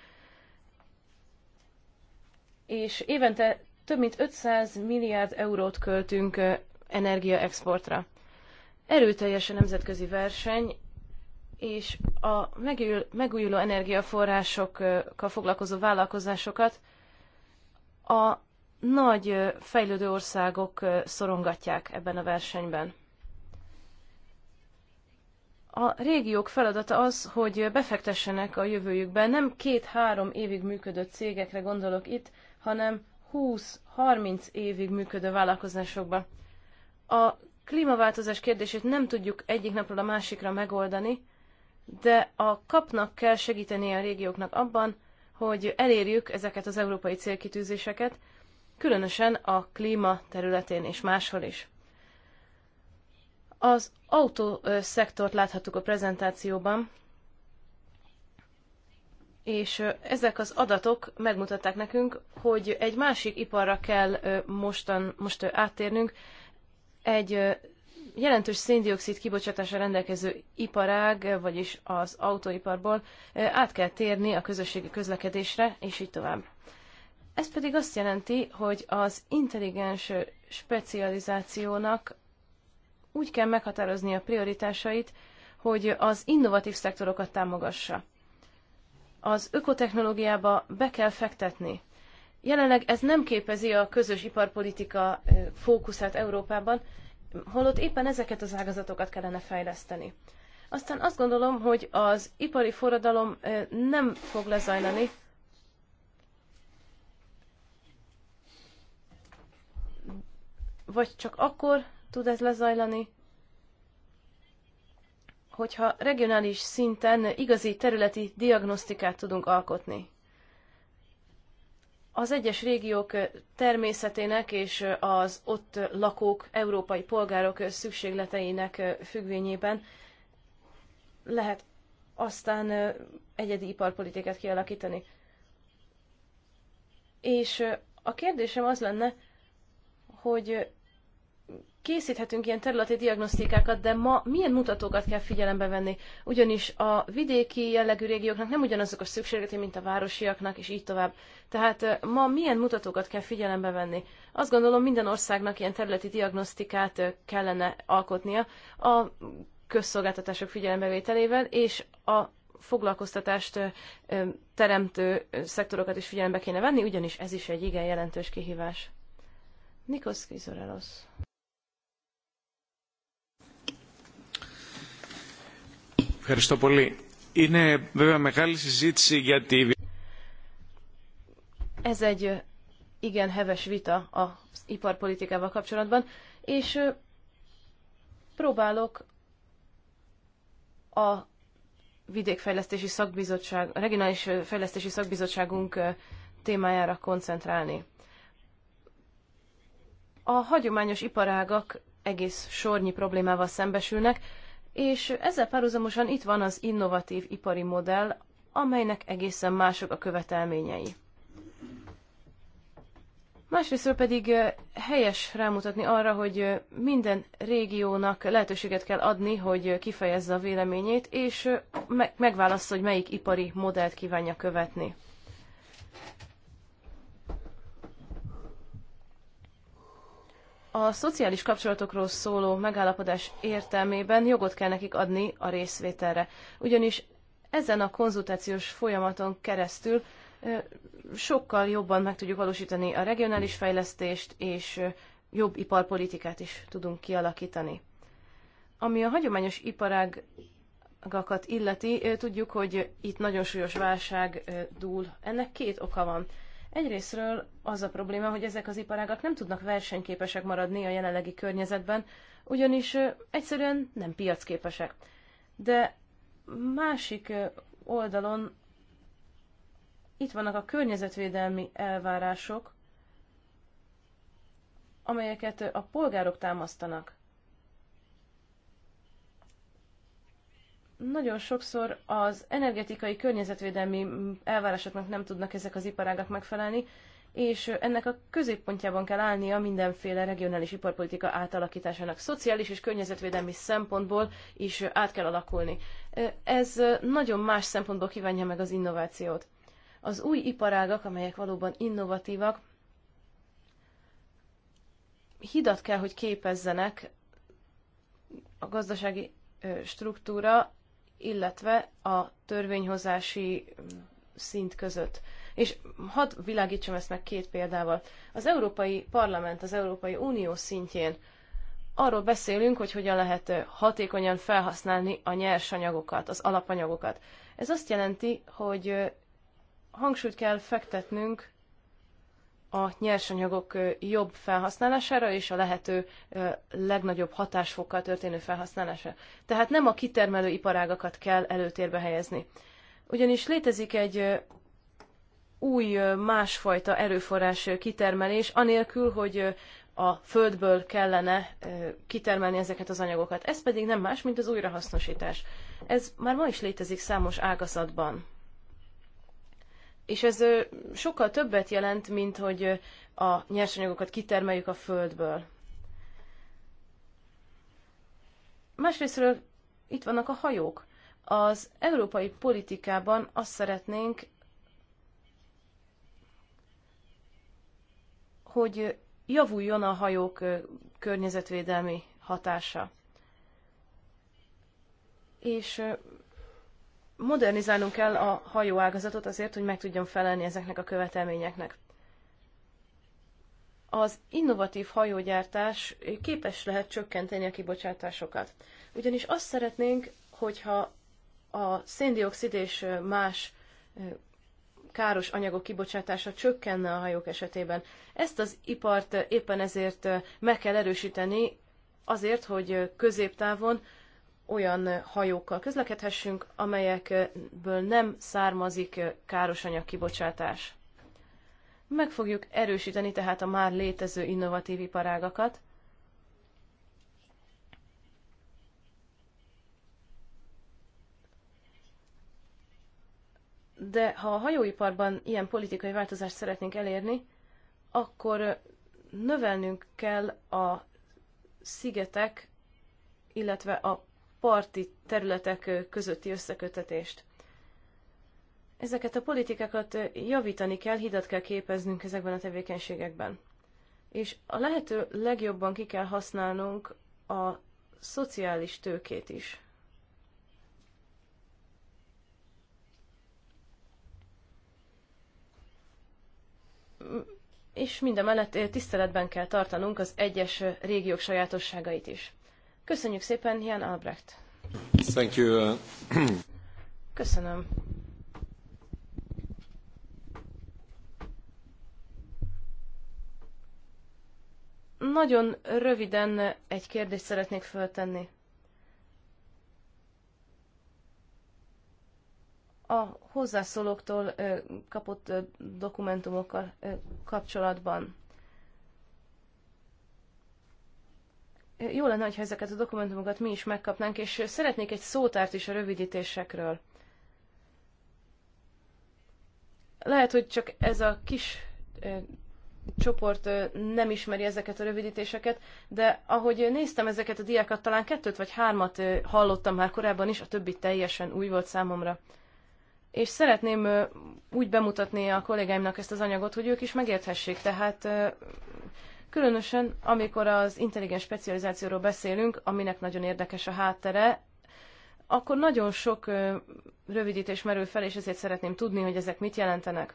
És évente több mint 500 milliárd eurót költünk energiaexportra. Erőteljes a nemzetközi verseny, és a megújuló energiaforrásokkal foglalkozó vállalkozásokat a nagy fejlődő országok szorongatják ebben a versenyben. A régiók feladata az, hogy befektessenek a jövőjükbe. Nem két-három évig működő cégekre gondolok itt, hanem 20-30 évig működő vállalkozásokba. A klímaváltozás kérdését nem tudjuk egyik napról a másikra megoldani, de a kapnak kell segíteni a régióknak abban, hogy elérjük ezeket az európai célkitűzéseket, különösen a klíma területén és máshol is. Az autószektort láthattuk a prezentációban, és ezek az adatok megmutatták nekünk, hogy egy másik iparra kell mostan, most áttérnünk, egy jelentős széndiokszid kibocsátásra rendelkező iparág, vagyis az autóiparból át kell térni a közösségi közlekedésre, és így tovább. Ez pedig azt jelenti, hogy az intelligens specializációnak úgy kell meghatározni a prioritásait, hogy az innovatív szektorokat támogassa. Az ökotechnológiába be kell fektetni. Jelenleg ez nem képezi a közös iparpolitika eh, fókuszát Európában, holott éppen ezeket az ágazatokat kellene fejleszteni. Aztán azt gondolom, hogy az ipari forradalom eh, nem fog lezajlani, vagy csak akkor, tud ez lezajlani? Hogyha regionális szinten igazi területi diagnosztikát tudunk alkotni. Az egyes régiók természetének és az ott lakók, európai polgárok szükségleteinek függvényében lehet aztán egyedi iparpolitikát kialakítani. És a kérdésem az lenne, hogy készíthetünk ilyen területi diagnosztikákat, de ma milyen mutatókat kell figyelembe venni? Ugyanis a vidéki jellegű régióknak nem ugyanazok a szükségletei, mint a városiaknak, és így tovább. Tehát ma milyen mutatókat kell figyelembe venni? Azt gondolom, minden országnak ilyen területi diagnosztikát kellene alkotnia a közszolgáltatások figyelembevételével, és a foglalkoztatást teremtő szektorokat is figyelembe kéne venni, ugyanis ez is egy igen jelentős kihívás. Nikos Krizorelos. Ευχαριστώ πολύ. Είναι βέβαια μεγάλη συζήτηση για τη... Ez egy igen heves vita az iparpolitikával kapcsolatban, és próbálok a vidékfejlesztési szakbizottság, a regionális fejlesztési szakbizottságunk témájára koncentrálni. A hagyományos iparágak egész sornyi problémával szembesülnek, és ezzel párhuzamosan itt van az innovatív ipari modell, amelynek egészen mások a követelményei. Másrészt pedig helyes rámutatni arra, hogy minden régiónak lehetőséget kell adni, hogy kifejezze a véleményét, és megválaszza, hogy melyik ipari modellt kívánja követni. A szociális kapcsolatokról szóló megállapodás értelmében jogot kell nekik adni a részvételre, ugyanis ezen a konzultációs folyamaton keresztül sokkal jobban meg tudjuk valósítani a regionális fejlesztést, és jobb iparpolitikát is tudunk kialakítani. Ami a hagyományos iparágakat illeti, tudjuk, hogy itt nagyon súlyos válság dúl. Ennek két oka van. Egyrésztről az a probléma, hogy ezek az iparágak nem tudnak versenyképesek maradni a jelenlegi környezetben, ugyanis egyszerűen nem piacképesek. De másik oldalon itt vannak a környezetvédelmi elvárások, amelyeket a polgárok támasztanak. nagyon sokszor az energetikai környezetvédelmi elvárásoknak nem tudnak ezek az iparágak megfelelni, és ennek a középpontjában kell állnia mindenféle regionális iparpolitika átalakításának. Szociális és környezetvédelmi szempontból is át kell alakulni. Ez nagyon más szempontból kívánja meg az innovációt. Az új iparágak, amelyek valóban innovatívak, hidat kell, hogy képezzenek a gazdasági struktúra illetve a törvényhozási szint között. És hadd világítsam ezt meg két példával. Az Európai Parlament, az Európai Unió szintjén arról beszélünk, hogy hogyan lehet hatékonyan felhasználni a nyersanyagokat, az alapanyagokat. Ez azt jelenti, hogy hangsúlyt kell fektetnünk a nyersanyagok jobb felhasználására és a lehető legnagyobb hatásfokkal történő felhasználására. Tehát nem a kitermelő iparágakat kell előtérbe helyezni. Ugyanis létezik egy új, másfajta erőforrás kitermelés, anélkül, hogy a földből kellene kitermelni ezeket az anyagokat. Ez pedig nem más, mint az újrahasznosítás. Ez már ma is létezik számos ágazatban és ez sokkal többet jelent, mint hogy a nyersanyagokat kitermeljük a földből. Másrésztről itt vannak a hajók. Az európai politikában azt szeretnénk, hogy javuljon a hajók környezetvédelmi hatása. És modernizálnunk kell a hajóágazatot azért, hogy meg tudjon felelni ezeknek a követelményeknek. Az innovatív hajógyártás képes lehet csökkenteni a kibocsátásokat. Ugyanis azt szeretnénk, hogyha a széndiokszid és más káros anyagok kibocsátása csökkenne a hajók esetében. Ezt az ipart éppen ezért meg kell erősíteni, azért, hogy középtávon olyan hajókkal közlekedhessünk, amelyekből nem származik káros anyagkibocsátás. Meg fogjuk erősíteni tehát a már létező innovatív iparágakat, de ha a hajóiparban ilyen politikai változást szeretnénk elérni, akkor növelnünk kell a szigetek, illetve a parti területek közötti összekötetést. Ezeket a politikákat javítani kell, hidat kell képeznünk ezekben a tevékenységekben. És a lehető legjobban ki kell használnunk a szociális tőkét is. És mindemellett tiszteletben kell tartanunk az egyes régiók sajátosságait is. Köszönjük szépen, Jan Albrecht. Thank you. Uh, (clears throat) Köszönöm. Nagyon röviden egy kérdést szeretnék föltenni. A hozzászólóktól kapott dokumentumokkal kapcsolatban jó lenne, ha ezeket a dokumentumokat mi is megkapnánk, és szeretnék egy szótárt is a rövidítésekről. Lehet, hogy csak ez a kis csoport nem ismeri ezeket a rövidítéseket, de ahogy néztem ezeket a diákat, talán kettőt vagy hármat hallottam már korábban is, a többi teljesen új volt számomra. És szeretném úgy bemutatni a kollégáimnak ezt az anyagot, hogy ők is megérthessék, tehát Különösen, amikor az intelligens specializációról beszélünk, aminek nagyon érdekes a háttere, akkor nagyon sok rövidítés merül fel, és ezért szeretném tudni, hogy ezek mit jelentenek.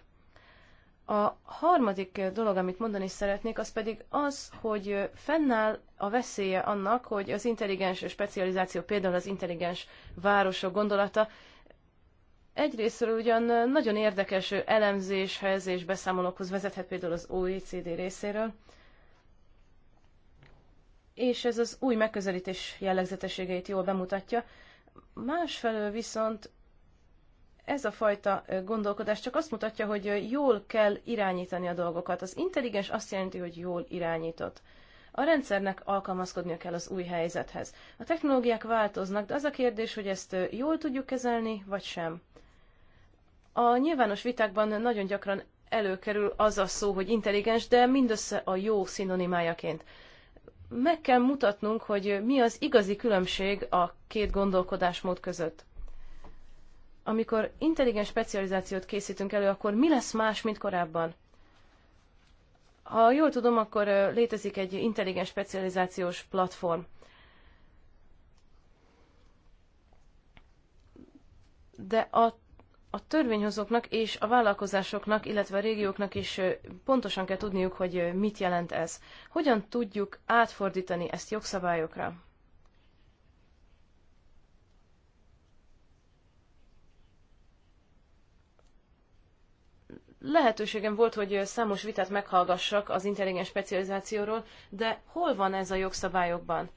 A harmadik dolog, amit mondani szeretnék, az pedig az, hogy fennáll a veszélye annak, hogy az intelligens specializáció, például az intelligens városok gondolata, egyrésztről ugyan nagyon érdekes elemzéshez és beszámolókhoz vezethet például az OECD részéről, és ez az új megközelítés jellegzetességeit jól bemutatja. Másfelől viszont ez a fajta gondolkodás csak azt mutatja, hogy jól kell irányítani a dolgokat. Az intelligens azt jelenti, hogy jól irányított. A rendszernek alkalmazkodnia kell az új helyzethez. A technológiák változnak, de az a kérdés, hogy ezt jól tudjuk kezelni, vagy sem. A nyilvános vitákban nagyon gyakran előkerül az a szó, hogy intelligens, de mindössze a jó szinonimájaként meg kell mutatnunk, hogy mi az igazi különbség a két gondolkodásmód között. Amikor intelligens specializációt készítünk elő, akkor mi lesz más, mint korábban? Ha jól tudom, akkor létezik egy intelligens specializációs platform. De a a törvényhozóknak és a vállalkozásoknak, illetve a régióknak is pontosan kell tudniuk, hogy mit jelent ez. Hogyan tudjuk átfordítani ezt jogszabályokra? Lehetőségem volt, hogy számos vitát meghallgassak az intelligens specializációról, de hol van ez a jogszabályokban?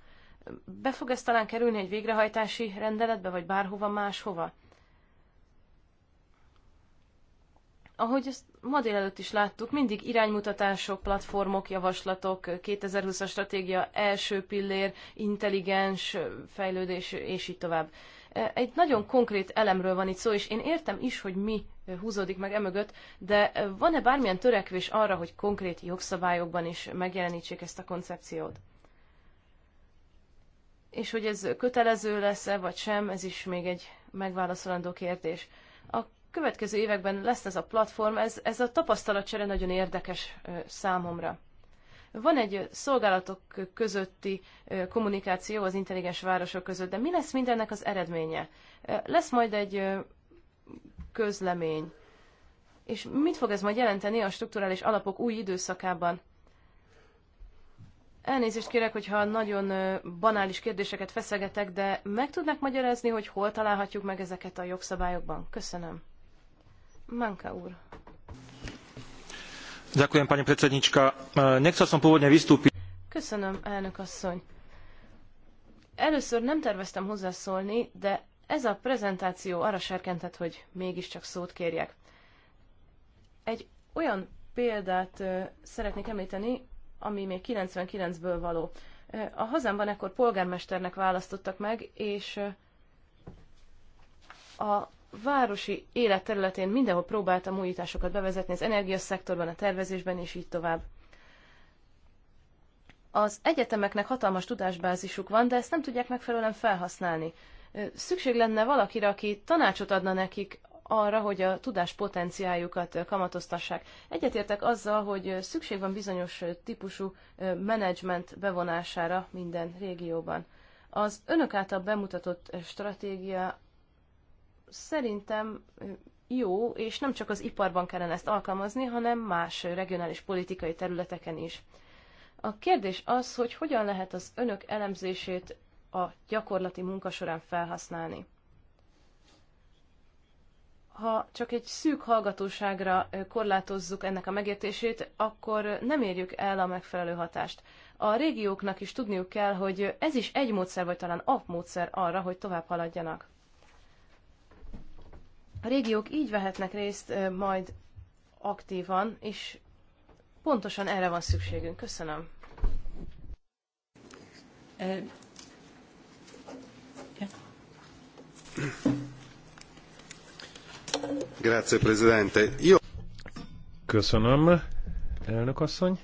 Be fog ez talán kerülni egy végrehajtási rendeletbe, vagy bárhova máshova? ahogy ezt ma délelőtt is láttuk, mindig iránymutatások, platformok, javaslatok, 2020-as stratégia, első pillér, intelligens fejlődés, és így tovább. E, egy nagyon konkrét elemről van itt szó, és én értem is, hogy mi húzódik meg emögött, de van-e bármilyen törekvés arra, hogy konkrét jogszabályokban is megjelenítsék ezt a koncepciót? És hogy ez kötelező lesz-e, vagy sem, ez is még egy megválaszolandó kérdés következő években lesz ez a platform, ez, ez a tapasztalatcsere nagyon érdekes számomra. Van egy szolgálatok közötti kommunikáció az intelligens városok között, de mi lesz mindennek az eredménye? Lesz majd egy közlemény. És mit fog ez majd jelenteni a strukturális alapok új időszakában? Elnézést kérek, hogyha nagyon banális kérdéseket feszegetek, de meg tudnak magyarázni, hogy hol találhatjuk meg ezeket a jogszabályokban? Köszönöm. Manka úr. Ďakujem, pani predsednička. E, nechcel som pôvodne vystúpiť. Köszönöm, elnök asszony. Először nem terveztem hozzászólni, de ez a prezentáció arra serkentett, hogy mégiscsak szót kérjek. Egy olyan példát szeretnék említeni, ami még 99-ből való. A hazámban ekkor polgármesternek választottak meg, és a városi élet területén mindenhol próbáltam újításokat bevezetni az energiaszektorban, a tervezésben és így tovább. Az egyetemeknek hatalmas tudásbázisuk van, de ezt nem tudják megfelelően felhasználni. Szükség lenne valakire, aki tanácsot adna nekik arra, hogy a tudás potenciáljukat kamatoztassák. Egyetértek azzal, hogy szükség van bizonyos típusú menedzsment bevonására minden régióban. Az önök által bemutatott stratégia szerintem jó, és nem csak az iparban kellene ezt alkalmazni, hanem más regionális politikai területeken is. A kérdés az, hogy hogyan lehet az önök elemzését a gyakorlati munka során felhasználni. Ha csak egy szűk hallgatóságra korlátozzuk ennek a megértését, akkor nem érjük el a megfelelő hatást. A régióknak is tudniuk kell, hogy ez is egy módszer, vagy talán a módszer arra, hogy tovább haladjanak. A régiók így vehetnek részt majd aktívan, és pontosan erre van szükségünk. Köszönöm. Grazie, Presidente. Io... Köszönöm, elnök asszony.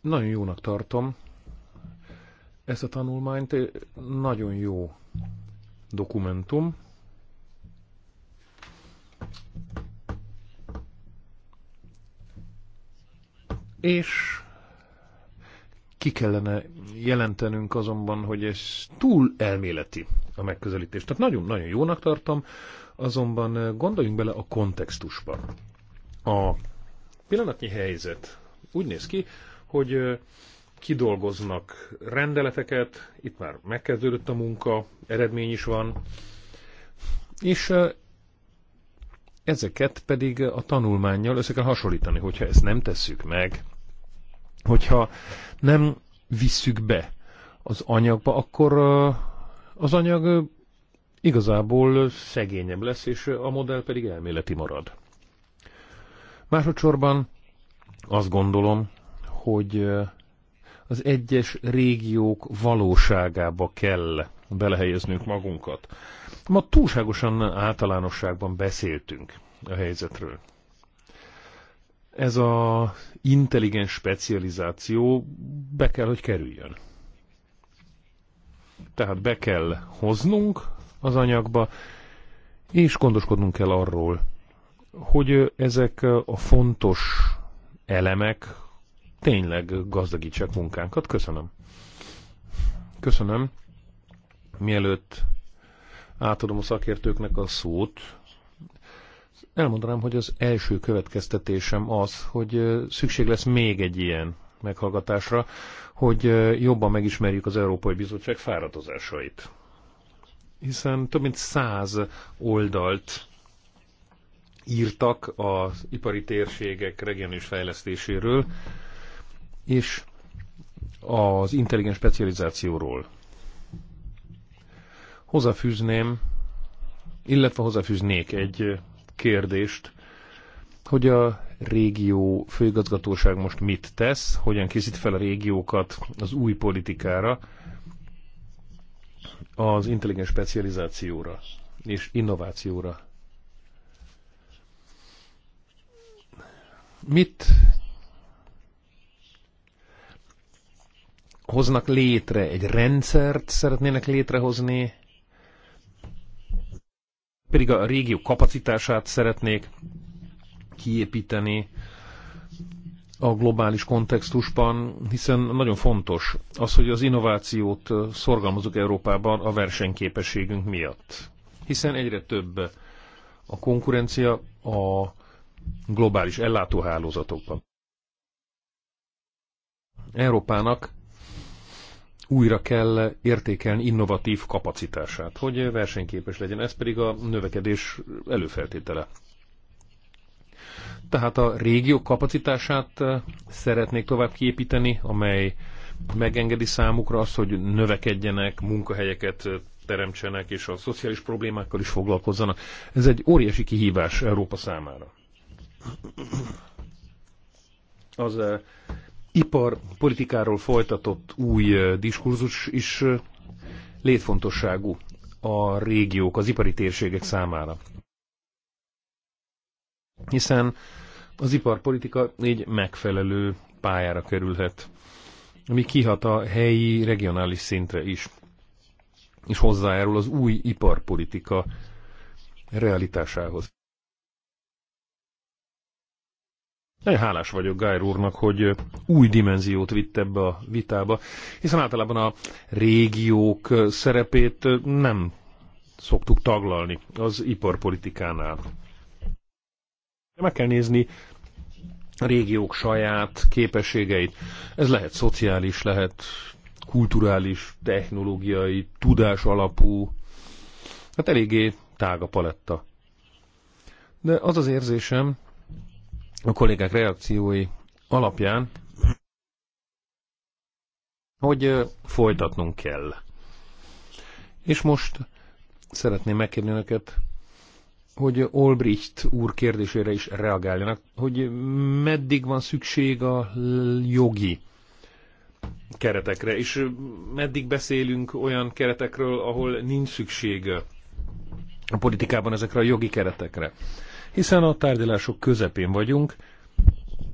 Nagyon jónak tartom ezt a tanulmányt, nagyon jó dokumentum. És ki kellene jelentenünk azonban, hogy ez túl elméleti a megközelítés. Tehát nagyon-nagyon jónak tartom, azonban gondoljunk bele a kontextusba. A pillanatnyi helyzet úgy néz ki, hogy kidolgoznak rendeleteket, itt már megkezdődött a munka, eredmény is van, és ezeket pedig a tanulmányjal össze kell hasonlítani, hogyha ezt nem tesszük meg, hogyha nem visszük be az anyagba, akkor az anyag igazából szegényebb lesz, és a modell pedig elméleti marad. Másodszorban azt gondolom, hogy az egyes régiók valóságába kell belehelyeznünk magunkat. Ma túlságosan általánosságban beszéltünk a helyzetről. Ez a intelligens specializáció be kell, hogy kerüljön. Tehát be kell hoznunk az anyagba, és gondoskodnunk kell arról, hogy ezek a fontos elemek, tényleg gazdagítsák munkánkat. Köszönöm. Köszönöm. Mielőtt átadom a szakértőknek a szót, elmondanám, hogy az első következtetésem az, hogy szükség lesz még egy ilyen meghallgatásra, hogy jobban megismerjük az Európai Bizottság fáradozásait. Hiszen több mint száz oldalt írtak az ipari térségek regionális fejlesztéséről, és az intelligens specializációról. Hozzáfűzném, illetve hozzáfűznék egy kérdést, hogy a régió főigazgatóság most mit tesz, hogyan készít fel a régiókat az új politikára, az intelligens specializációra és innovációra. Mit hoznak létre? Egy rendszert szeretnének létrehozni? Pedig a régió kapacitását szeretnék kiépíteni a globális kontextusban, hiszen nagyon fontos az, hogy az innovációt szorgalmazunk Európában a versenyképességünk miatt. Hiszen egyre több a konkurencia a globális ellátóhálózatokban. Európának újra kell értékelni innovatív kapacitását, hogy versenyképes legyen. Ez pedig a növekedés előfeltétele. Tehát a régió kapacitását eh, szeretnék tovább kiépíteni, amely megengedi számukra azt, hogy növekedjenek, munkahelyeket eh, teremtsenek, és a szociális problémákkal is foglalkozzanak. Ez egy óriási kihívás Európa számára. Az eh, iparpolitikáról folytatott új diskurzus is létfontosságú a régiók, az ipari térségek számára. Hiszen az iparpolitika egy megfelelő pályára kerülhet, ami kihat a helyi, regionális szintre is, és hozzájárul az új iparpolitika realitásához. Nagyon hálás vagyok Gájr úrnak, hogy új dimenziót vitt ebbe a vitába, hiszen általában a régiók szerepét nem szoktuk taglalni az iparpolitikánál. Meg kell nézni a régiók saját képességeit. Ez lehet szociális, lehet kulturális, technológiai, tudás alapú. Hát eléggé tág a paletta. De az az érzésem, a kollégák reakciói alapján, hogy folytatnunk kell. És most szeretném megkérni önöket, hogy Olbricht úr kérdésére is reagáljanak, hogy meddig van szükség a jogi keretekre, és meddig beszélünk olyan keretekről, ahol nincs szükség a politikában ezekre a jogi keretekre hiszen a tárgyalások közepén vagyunk,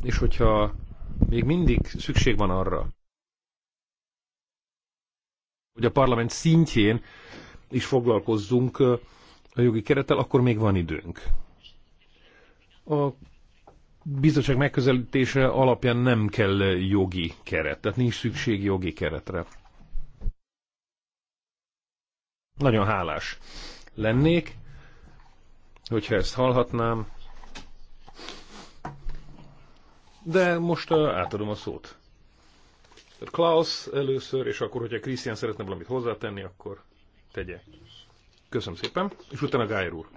és hogyha még mindig szükség van arra, hogy a parlament szintjén is foglalkozzunk a jogi kerettel, akkor még van időnk. A bizottság megközelítése alapján nem kell jogi keret, tehát nincs szükség jogi keretre. Nagyon hálás lennék, hogyha ezt hallhatnám. De most átadom a szót. Klaus először, és akkor, hogyha Krisztián szeretne valamit hozzátenni, akkor tegye. Köszönöm szépen, és utána Gájer úr.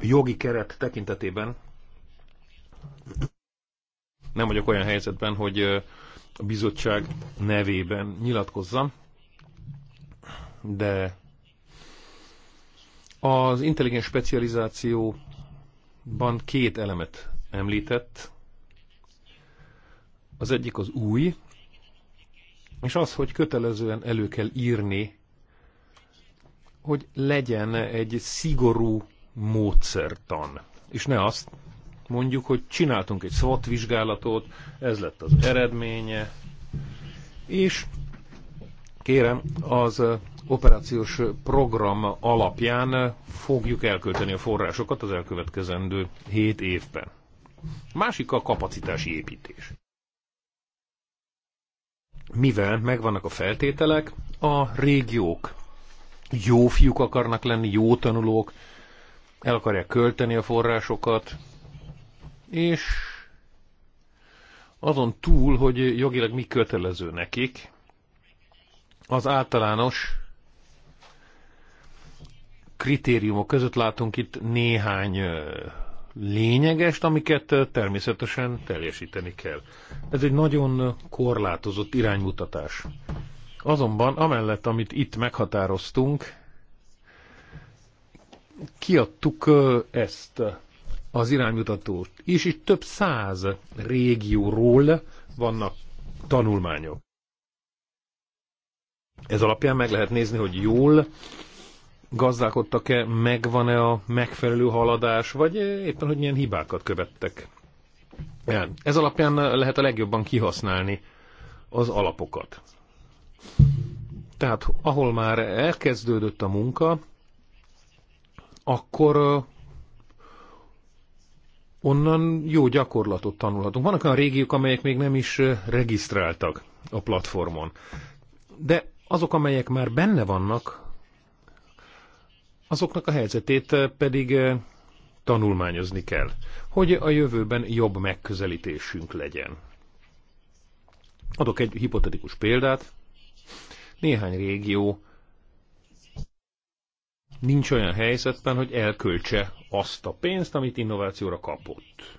Jogi keret tekintetében nem vagyok olyan helyzetben, hogy a bizottság nevében nyilatkozzam, de az intelligens specializációban két elemet említett. Az egyik az új, és az, hogy kötelezően elő kell írni, hogy legyen egy szigorú módszertan. És ne azt mondjuk, hogy csináltunk egy SWOT vizsgálatot, ez lett az eredménye, és kérem, az operációs program alapján fogjuk elkölteni a forrásokat az elkövetkezendő 7 évben. Másik a kapacitási építés. Mivel megvannak a feltételek, a régiók jó fiúk akarnak lenni, jó tanulók, el akarják költeni a forrásokat, és azon túl, hogy jogilag mi kötelező nekik, az általános kritériumok között látunk itt néhány lényeges, amiket természetesen teljesíteni kell. Ez egy nagyon korlátozott iránymutatás. Azonban amellett, amit itt meghatároztunk, kiadtuk ezt az iránymutatót, és itt több száz régióról vannak tanulmányok. Ez alapján meg lehet nézni, hogy jól gazdálkodtak-e, megvan-e a megfelelő haladás, vagy éppen, hogy milyen hibákat követtek. Ez alapján lehet a legjobban kihasználni az alapokat. Tehát ahol már elkezdődött a munka, akkor onnan jó gyakorlatot tanulhatunk. Vannak olyan régiók, amelyek még nem is regisztráltak a platformon. De azok, amelyek már benne vannak azoknak a helyzetét eh, pedig eh, tanulmányozni kell, hogy a jövőben jobb megközelítésünk legyen. Adok egy hipotetikus példát. Néhány régió nincs olyan helyzetben, hogy elköltse azt a pénzt, amit innovációra kapott.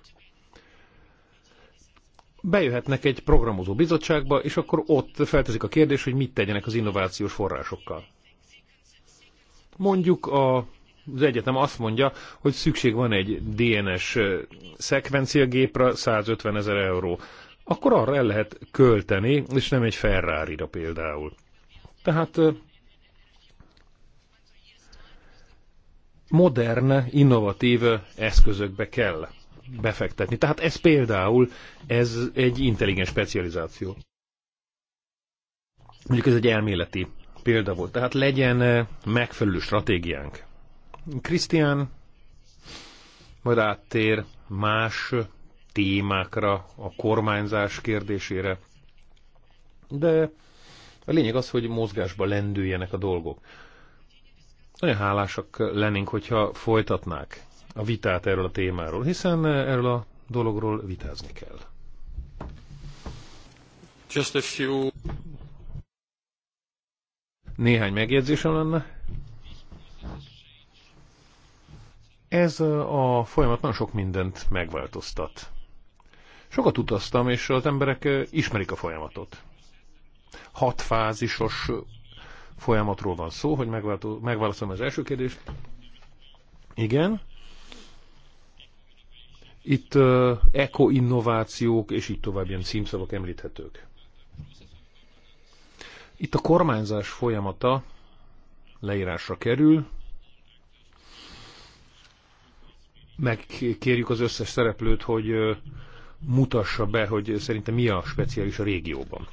Bejöhetnek egy programozó bizottságba, és akkor ott feltezik a kérdés, hogy mit tegyenek az innovációs forrásokkal. Mondjuk a az egyetem azt mondja, hogy szükség van egy DNS szekvenciagépre 150 ezer euró. Akkor arra el lehet költeni, és nem egy ferrari például. Tehát modern, innovatív eszközökbe kell befektetni. Tehát ez például, ez egy intelligens specializáció. Mondjuk ez egy elméleti példa volt. Tehát legyen eh, megfelelő stratégiánk. Krisztián majd áttér más témákra, a kormányzás kérdésére, de a lényeg az, hogy mozgásba lendüljenek a dolgok. Nagyon hálásak lennénk, hogyha folytatnák a vitát erről a témáról, hiszen erről a dologról vitázni kell. Just a few... Néhány megjegyzésem lenne. Ez a folyamat nagyon sok mindent megváltoztat. Sokat utaztam, és az emberek ismerik a folyamatot. Hatfázisos folyamatról van szó, hogy megválaszolom az első kérdést. Igen. Itt uh, eko-innovációk, és így tovább ilyen címszavak említhetők. Itt a kormányzás folyamata leírásra kerül, megkérjük az összes szereplőt, hogy mutassa be, hogy szerintem mi a speciális a régióban.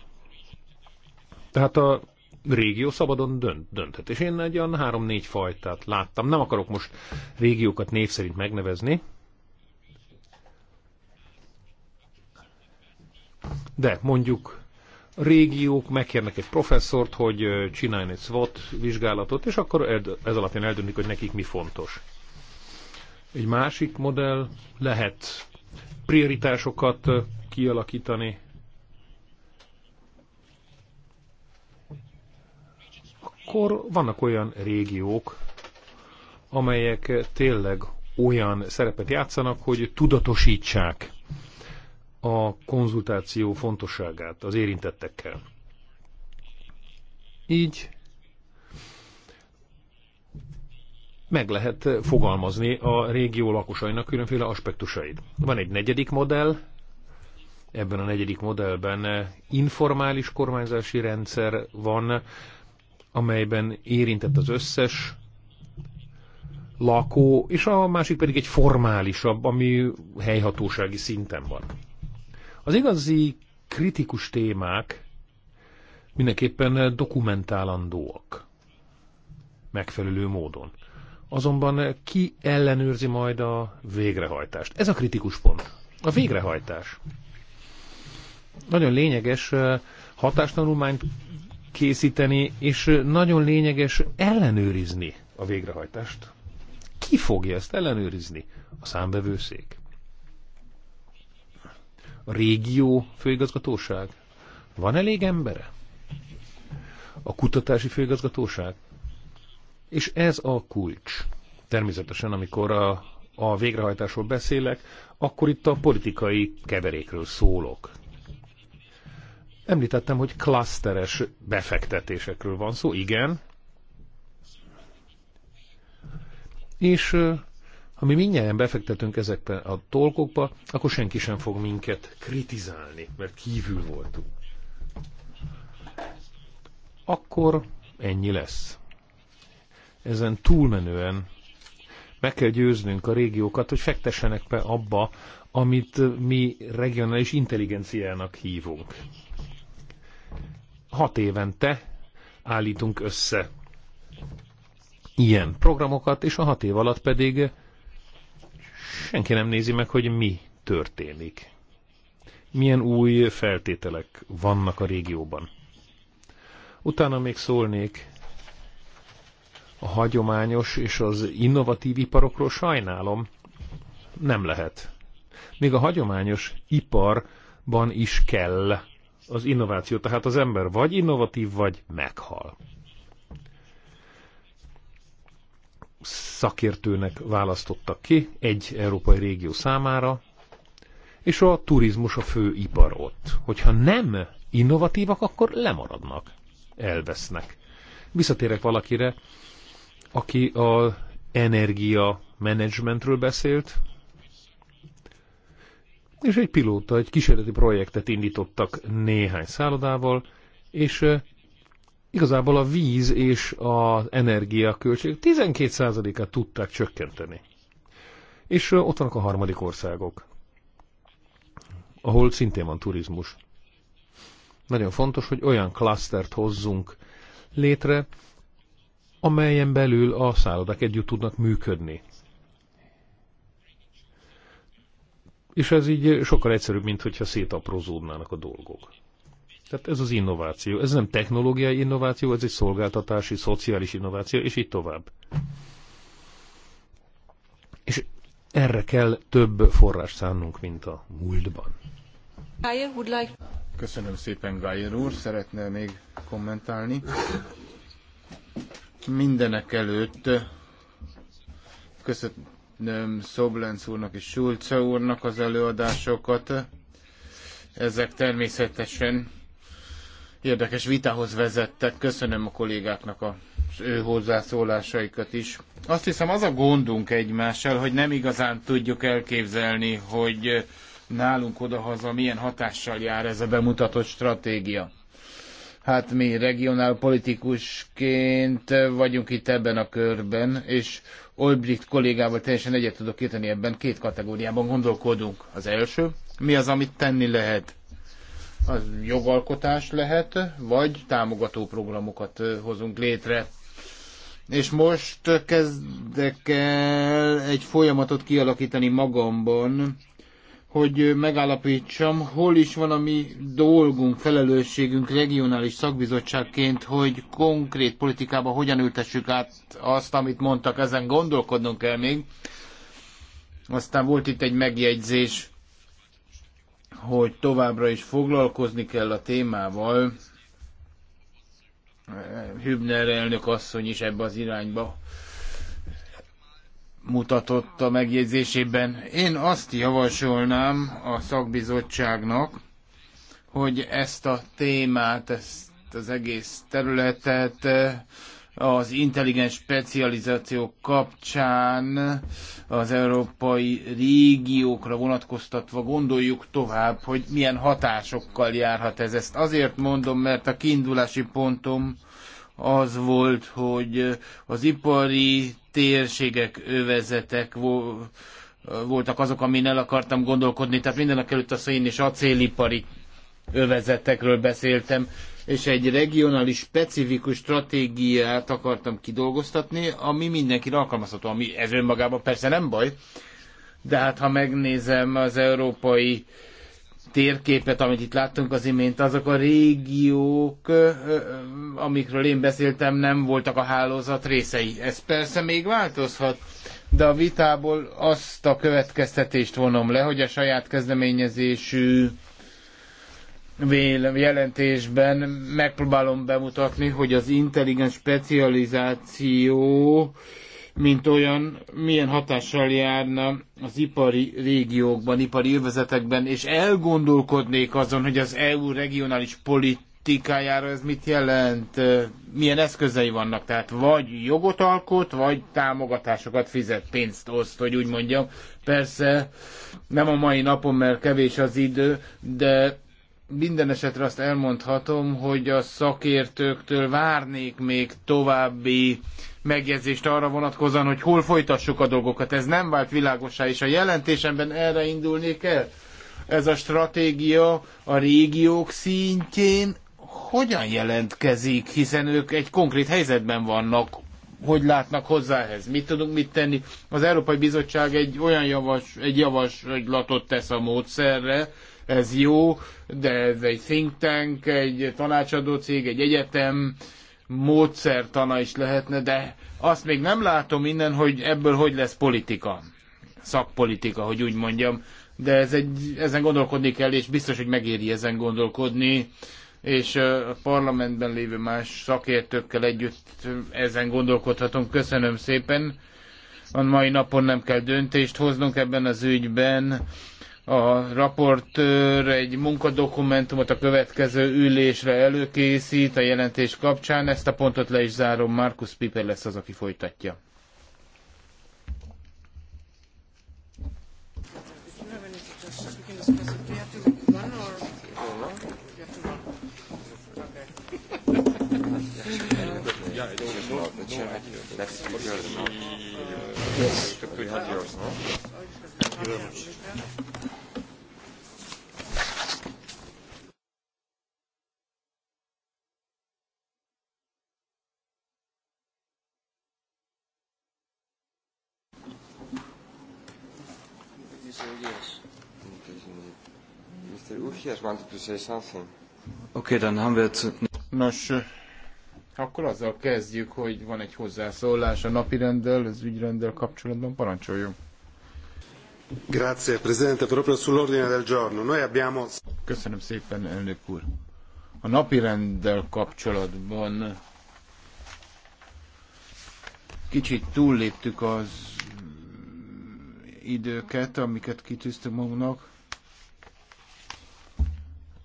Tehát a régió szabadon dönt, dönthet. És én egy olyan három-négy fajtát láttam. Nem akarok most régiókat név szerint megnevezni. De mondjuk régiók megkérnek egy professzort, hogy csináljon egy SWOT vizsgálatot, és akkor ez alapján eldöntik, hogy nekik mi fontos. Egy másik modell lehet prioritásokat kialakítani. Akkor vannak olyan régiók, amelyek tényleg olyan szerepet játszanak, hogy tudatosítsák a konzultáció fontosságát az érintettekkel. Így meg lehet fogalmazni a régió lakosainak különféle aspektusait. Van egy negyedik modell, ebben a negyedik modellben informális kormányzási rendszer van, amelyben érintett az összes lakó, és a másik pedig egy formálisabb, ami helyhatósági szinten van. Az igazi kritikus témák mindenképpen dokumentálandóak megfelelő módon. Azonban ki ellenőrzi majd a végrehajtást? Ez a kritikus pont. A végrehajtás. Nagyon lényeges eh, hatástanulmányt készíteni, és eh, nagyon lényeges ellenőrizni a végrehajtást. Ki fogja ezt ellenőrizni? A számbevőszék. A régió főigazgatóság? Van elég embere? A kutatási főigazgatóság? És ez a kulcs. Természetesen, amikor a, a végrehajtásról beszélek, akkor itt a politikai keverékről szólok. Említettem, hogy klaszteres befektetésekről van szó, igen. És ha mi mindjárt befektetünk ezekbe a tolkokba, akkor senki sem fog minket kritizálni, mert kívül voltunk. Akkor ennyi lesz. Ezen túlmenően meg kell győznünk a régiókat, hogy fektessenek be abba, amit mi regionális intelligenciának hívunk. Hat évente állítunk össze ilyen programokat, és a hat év alatt pedig senki nem nézi meg, hogy mi történik. Milyen új feltételek vannak a régióban. Utána még szólnék a hagyományos és az innovatív iparokról sajnálom, nem lehet. Még a hagyományos iparban is kell az innováció, tehát az ember vagy innovatív, vagy meghal. szakértőnek választottak ki egy európai régió számára, és a turizmus a fő ipar ott. Hogyha nem innovatívak, akkor lemaradnak, elvesznek. Visszatérek valakire, aki a energia menedzsmentről beszélt, és egy pilóta, egy kísérleti projektet indítottak néhány szállodával, és igazából a víz és az energia költség 12%-át tudták csökkenteni. És ott vannak a harmadik országok, ahol szintén van turizmus. Nagyon fontos, hogy olyan klasztert hozzunk létre, amelyen belül a szállodák együtt tudnak működni. És ez így sokkal egyszerűbb, mint hogyha szétaprózódnának a dolgok. Tehát ez az innováció. Ez nem technológiai innováció, ez egy szolgáltatási, szociális innováció, és így tovább. És erre kell több forrás szánnunk, mint a múltban. Köszönöm szépen, Gájer úr. Szeretne még kommentálni? Mindenek előtt köszönöm Szoblenc úrnak és Sulce úrnak az előadásokat. Ezek természetesen érdekes vitához vezettek. Köszönöm a kollégáknak a ő hozzászólásaikat is. Azt hiszem az a gondunk egymással, hogy nem igazán tudjuk elképzelni, hogy nálunk odahaza milyen hatással jár ez a bemutatott stratégia. Hát mi regionál politikusként vagyunk itt ebben a körben, és Olbricht kollégával teljesen egyet tudok érteni ebben, két kategóriában gondolkodunk. Az első, mi az, amit tenni lehet az jogalkotás lehet, vagy támogató programokat hozunk létre. És most kezdek el egy folyamatot kialakítani magamban, hogy megállapítsam, hol is van a mi dolgunk, felelősségünk regionális szakbizottságként, hogy konkrét politikába hogyan ültessük át azt, amit mondtak, ezen gondolkodnunk kell még. Aztán volt itt egy megjegyzés hogy továbbra is foglalkozni kell a témával. Hübner elnök asszony is ebbe az irányba mutatott a megjegyzésében. Én azt javasolnám a szakbizottságnak, hogy ezt a témát, ezt az egész területet az intelligens specializáció kapcsán az európai régiókra vonatkoztatva gondoljuk tovább, hogy milyen hatásokkal járhat ez. Ezt azért mondom, mert a kiindulási pontom az volt, hogy az ipari térségek, övezetek voltak azok, amin el akartam gondolkodni, tehát mindenek előtt a szén és acélipari övezetekről beszéltem, és egy regionális specifikus stratégiát akartam kidolgoztatni, ami mindenkire alkalmazható, ami ez önmagában persze nem baj, de hát ha megnézem az európai térképet, amit itt láttunk az imént, azok a régiók, amikről én beszéltem, nem voltak a hálózat részei. Ez persze még változhat, de a vitából azt a következtetést vonom le, hogy a saját kezdeményezésű vélem jelentésben megpróbálom bemutatni, hogy az intelligens specializáció mint olyan, milyen hatással járna az ipari régiókban, ipari övezetekben, és elgondolkodnék azon, hogy az EU regionális politikájára ez mit jelent, milyen eszközei vannak, tehát vagy jogot alkot, vagy támogatásokat fizet, pénzt oszt, hogy úgy mondjam. Persze nem a mai napon, mert kevés az idő, de minden esetre azt elmondhatom, hogy a szakértőktől várnék még további megjegyzést arra vonatkozóan, hogy hol folytassuk a dolgokat. Ez nem vált világosá, és a jelentésemben erre indulni kell. Ez a stratégia a régiók szintjén hogyan jelentkezik, hiszen ők egy konkrét helyzetben vannak, hogy látnak hozzá ehhez, mit tudunk mit tenni. Az Európai Bizottság egy olyan javas, egy javaslatot tesz a módszerre, ez jó, de ez egy think tank, egy tanácsadó cég, egy egyetem, módszertana is lehetne, de azt még nem látom innen, hogy ebből hogy lesz politika, szakpolitika, hogy úgy mondjam, de ez egy, ezen gondolkodni kell, és biztos, hogy megéri ezen gondolkodni, és a parlamentben lévő más szakértőkkel együtt ezen gondolkodhatunk. Köszönöm szépen. A mai napon nem kell döntést hoznunk ebben az ügyben a raportőr egy munkadokumentumot a következő ülésre előkészít a jelentés kapcsán. Ezt a pontot le is zárom. Markus Piper lesz az, aki folytatja. Yes. Mr. Ufias wanted to say something. Okay, then haben wir zu... Nos, akkor azzal kezdjük, hogy van egy hozzászólás a napi rendel, az ügyrenddel kapcsolatban. Parancsoljon. Grazie, Presidente. Proprio sull'ordine del giorno. Noi abbiamo... Köszönöm szépen, elnök úr. A napi rendel kapcsolatban kicsit túlléptük az időket, amiket kitűztünk magunknak.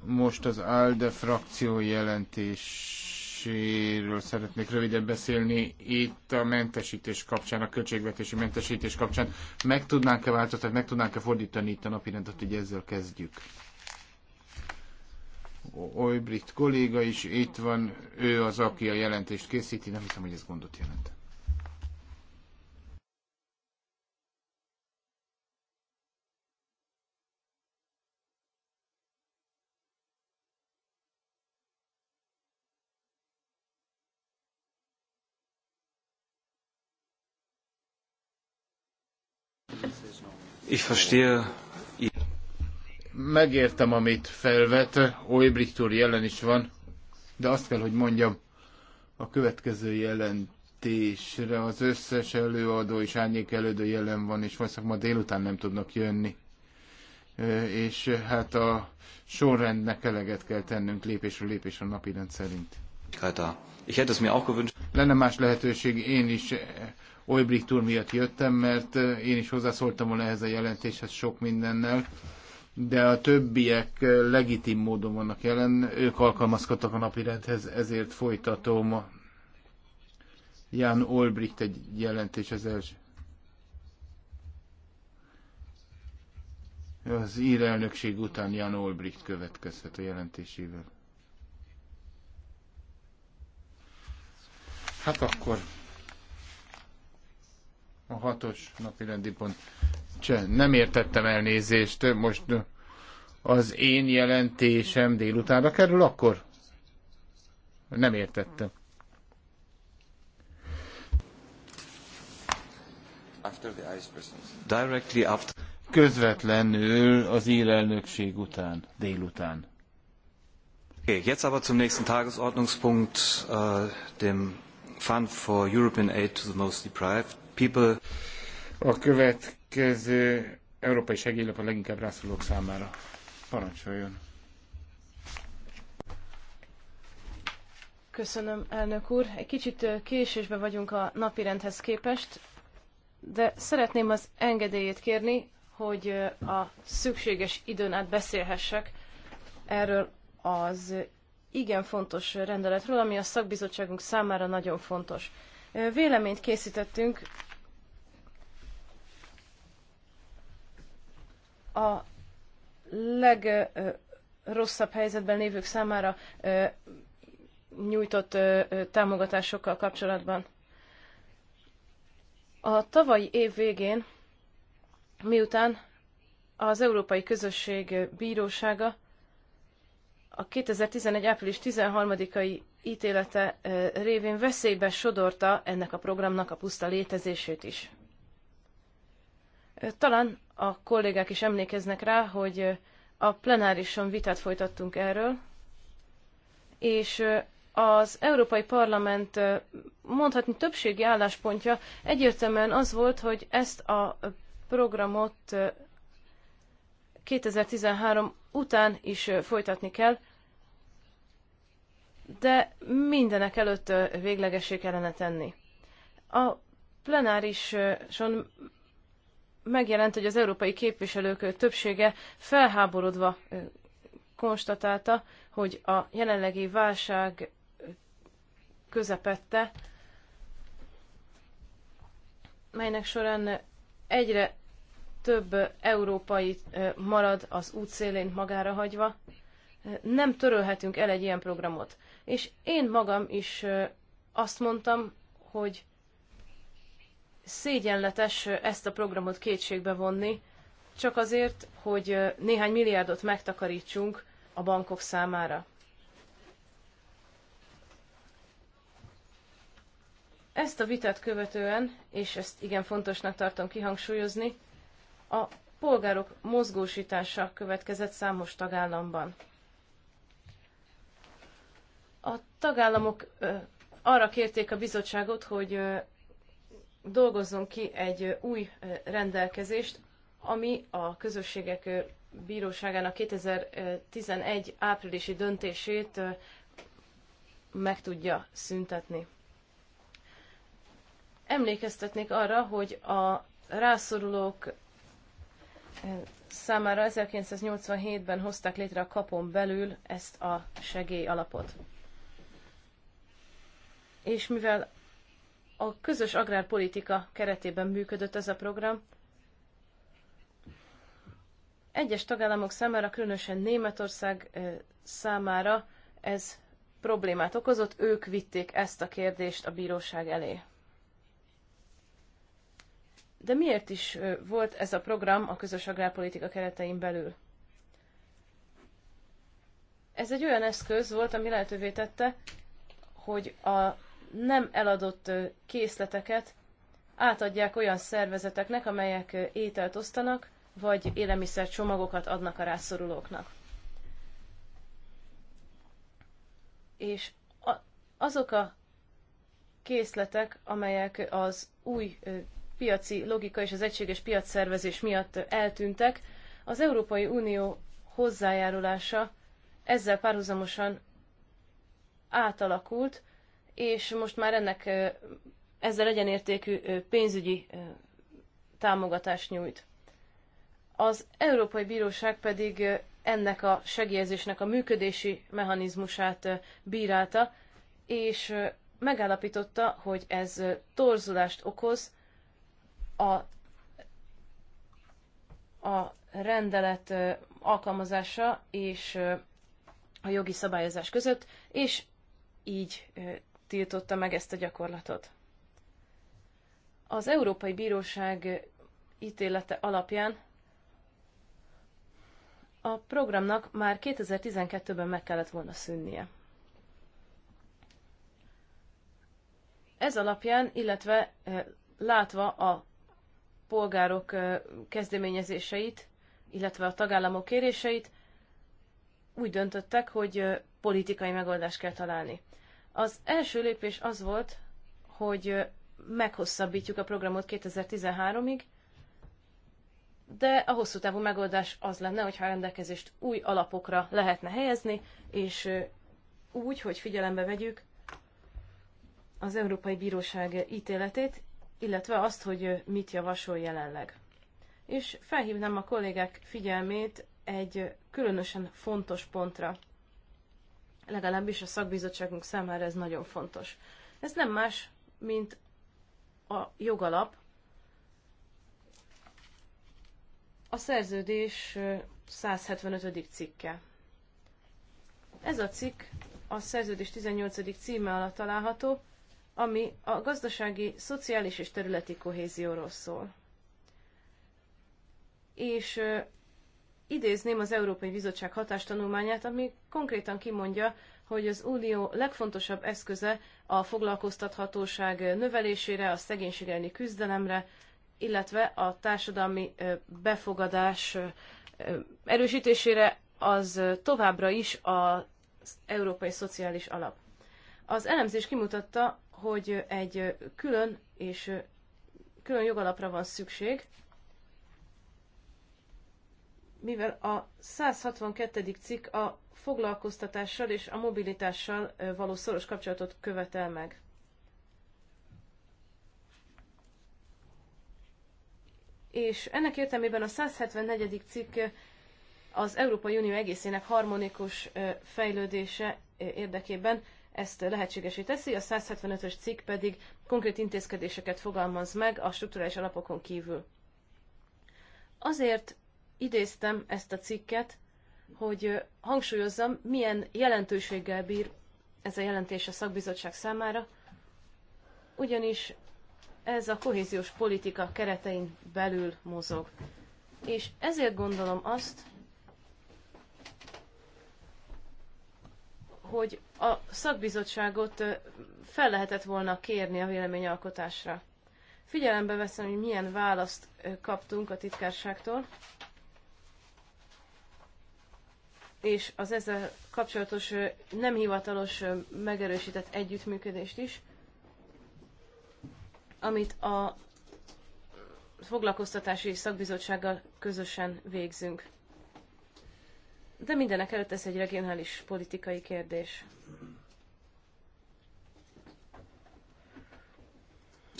Most az ALDE frakció jelentéséről szeretnék röviden beszélni. Itt a mentesítés kapcsán, a költségvetési mentesítés kapcsán meg tudnánk-e változtatni, meg tudnánk-e fordítani itt a rendet, hogy ezzel kezdjük. Oly brit kolléga is itt van, ő az, aki a jelentést készíti, nem hiszem, hogy ez gondot jelent. Ich verstehe. Megértem, amit felvet, Olbricht úr jelen is van, de azt kell, hogy mondjam, a következő jelentésre az összes előadó és árnyék elődő jelen van, és valószínűleg ma délután nem tudnak jönni. És hát a sorrendnek eleget kell tennünk lépésről lépésre a napi rend szerint. Lenne más lehetőség, én is Olbricht úr miatt jöttem, mert eh, én is hozzászóltam volna ehhez a jelentéshez sok mindennel, de a többiek eh, legitim módon vannak jelen, ők alkalmazkodtak a napirendhez, ezért folytatom. Jan Olbricht egy jelentés az első. Az ír elnökség után Jan Olbricht következhet a jelentésével. Hát akkor a hatos napi rendi pont. Cseh, nem értettem elnézést. Most az én jelentésem délutánra kerül, akkor? Nem értettem. After the ice Directly after. Közvetlenül az élelnökség után, délután. Okay, jetzt aber zum nächsten Tagesordnungspunkt, uh, dem Fund for European Aid to the Most Deprived people. A következő európai segélylap a leginkább rászorulók számára. Parancsoljon! Köszönöm, elnök úr. Egy kicsit késésben vagyunk a napirendhez képest, de szeretném az engedélyét kérni, hogy a szükséges időn át beszélhessek erről az igen fontos rendeletről, ami a szakbizottságunk számára nagyon fontos. Véleményt készítettünk a legrosszabb helyzetben lévők számára nyújtott támogatásokkal kapcsolatban. A tavalyi év végén, miután az Európai Közösség Bírósága a 2011. április 13-ai ítélete révén veszélybe sodorta ennek a programnak a puszta létezését is. Talán a kollégák is emlékeznek rá, hogy a plenárison vitát folytattunk erről, és az Európai Parlament mondhatni többségi álláspontja egyértelműen az volt, hogy ezt a programot 2013 után is folytatni kell, de mindenek előtt véglegessé kellene tenni. A plenárison megjelent, hogy az európai képviselők többsége felháborodva konstatálta, hogy a jelenlegi válság közepette, melynek során egyre több európai marad az útszélén magára hagyva. Nem törölhetünk el egy ilyen programot. És én magam is azt mondtam, hogy Szégyenletes ezt a programot kétségbe vonni, csak azért, hogy néhány milliárdot megtakarítsunk a bankok számára. Ezt a vitát követően, és ezt igen fontosnak tartom kihangsúlyozni, a polgárok mozgósítása következett számos tagállamban. A tagállamok arra kérték a bizottságot, hogy dolgozzon ki egy új rendelkezést, ami a közösségek bíróságának 2011 áprilisi döntését meg tudja szüntetni. Emlékeztetnék arra, hogy a rászorulók számára 1987-ben hozták létre a kapon belül ezt a segély alapot. És mivel a közös agrárpolitika keretében működött ez a program. Egyes tagállamok számára, különösen Németország számára ez problémát okozott, ők vitték ezt a kérdést a bíróság elé. De miért is volt ez a program a közös agrárpolitika keretein belül? Ez egy olyan eszköz volt, ami lehetővé tette, hogy a nem eladott készleteket átadják olyan szervezeteknek, amelyek ételt osztanak, vagy élelmiszer csomagokat adnak a rászorulóknak. És azok a készletek, amelyek az új piaci logika és az egységes piacszervezés miatt eltűntek, az Európai Unió hozzájárulása ezzel párhuzamosan átalakult, és most már ennek ezzel egyenértékű pénzügyi támogatást nyújt. Az Európai Bíróság pedig ennek a segélyezésnek a működési mechanizmusát bírálta, és megállapította, hogy ez torzulást okoz a, a rendelet alkalmazása és a jogi szabályozás között, és így tiltotta meg ezt a gyakorlatot. Az Európai Bíróság ítélete alapján a programnak már 2012-ben meg kellett volna szűnnie. Ez alapján, illetve eh, látva a polgárok eh, kezdeményezéseit, illetve a tagállamok kéréseit, úgy döntöttek, hogy eh, politikai megoldást kell találni. Az első lépés az volt, hogy meghosszabbítjuk a programot 2013-ig, de a hosszú távú megoldás az lenne, hogyha a rendelkezést új alapokra lehetne helyezni, és úgy, hogy figyelembe vegyük az Európai Bíróság ítéletét, illetve azt, hogy mit javasol jelenleg. És felhívnám a kollégák figyelmét egy különösen fontos pontra legalábbis a szakbizottságunk számára ez nagyon fontos. Ez nem más, mint a jogalap, a szerződés 175. cikke. Ez a cikk a szerződés 18. címe alatt található, ami a gazdasági, szociális és területi kohézióról szól. És idézném az Európai Bizottság hatástanulmányát, ami konkrétan kimondja, hogy az unió legfontosabb eszköze a foglalkoztathatóság növelésére, a szegénység elleni küzdelemre, illetve a társadalmi befogadás erősítésére az továbbra is az Európai Szociális Alap. Az elemzés kimutatta, hogy egy külön és külön jogalapra van szükség, mivel a 162. cikk a foglalkoztatással és a mobilitással való szoros kapcsolatot követel meg. És ennek értelmében a 174. cikk az Európai Unió egészének harmonikus fejlődése érdekében ezt lehetségesé teszi, a 175-ös cikk pedig konkrét intézkedéseket fogalmaz meg a strukturális alapokon kívül. Azért idéztem ezt a cikket, hogy hangsúlyozzam, milyen jelentőséggel bír ez a jelentés a szakbizottság számára, ugyanis ez a kohéziós politika keretein belül mozog. És ezért gondolom azt, hogy a szakbizottságot fel lehetett volna kérni a véleményalkotásra. Figyelembe veszem, hogy milyen választ kaptunk a titkárságtól, és az ezzel kapcsolatos nem hivatalos megerősített együttműködést is, amit a foglalkoztatási szakbizottsággal közösen végzünk. De mindenek előtt ez egy regionális politikai kérdés.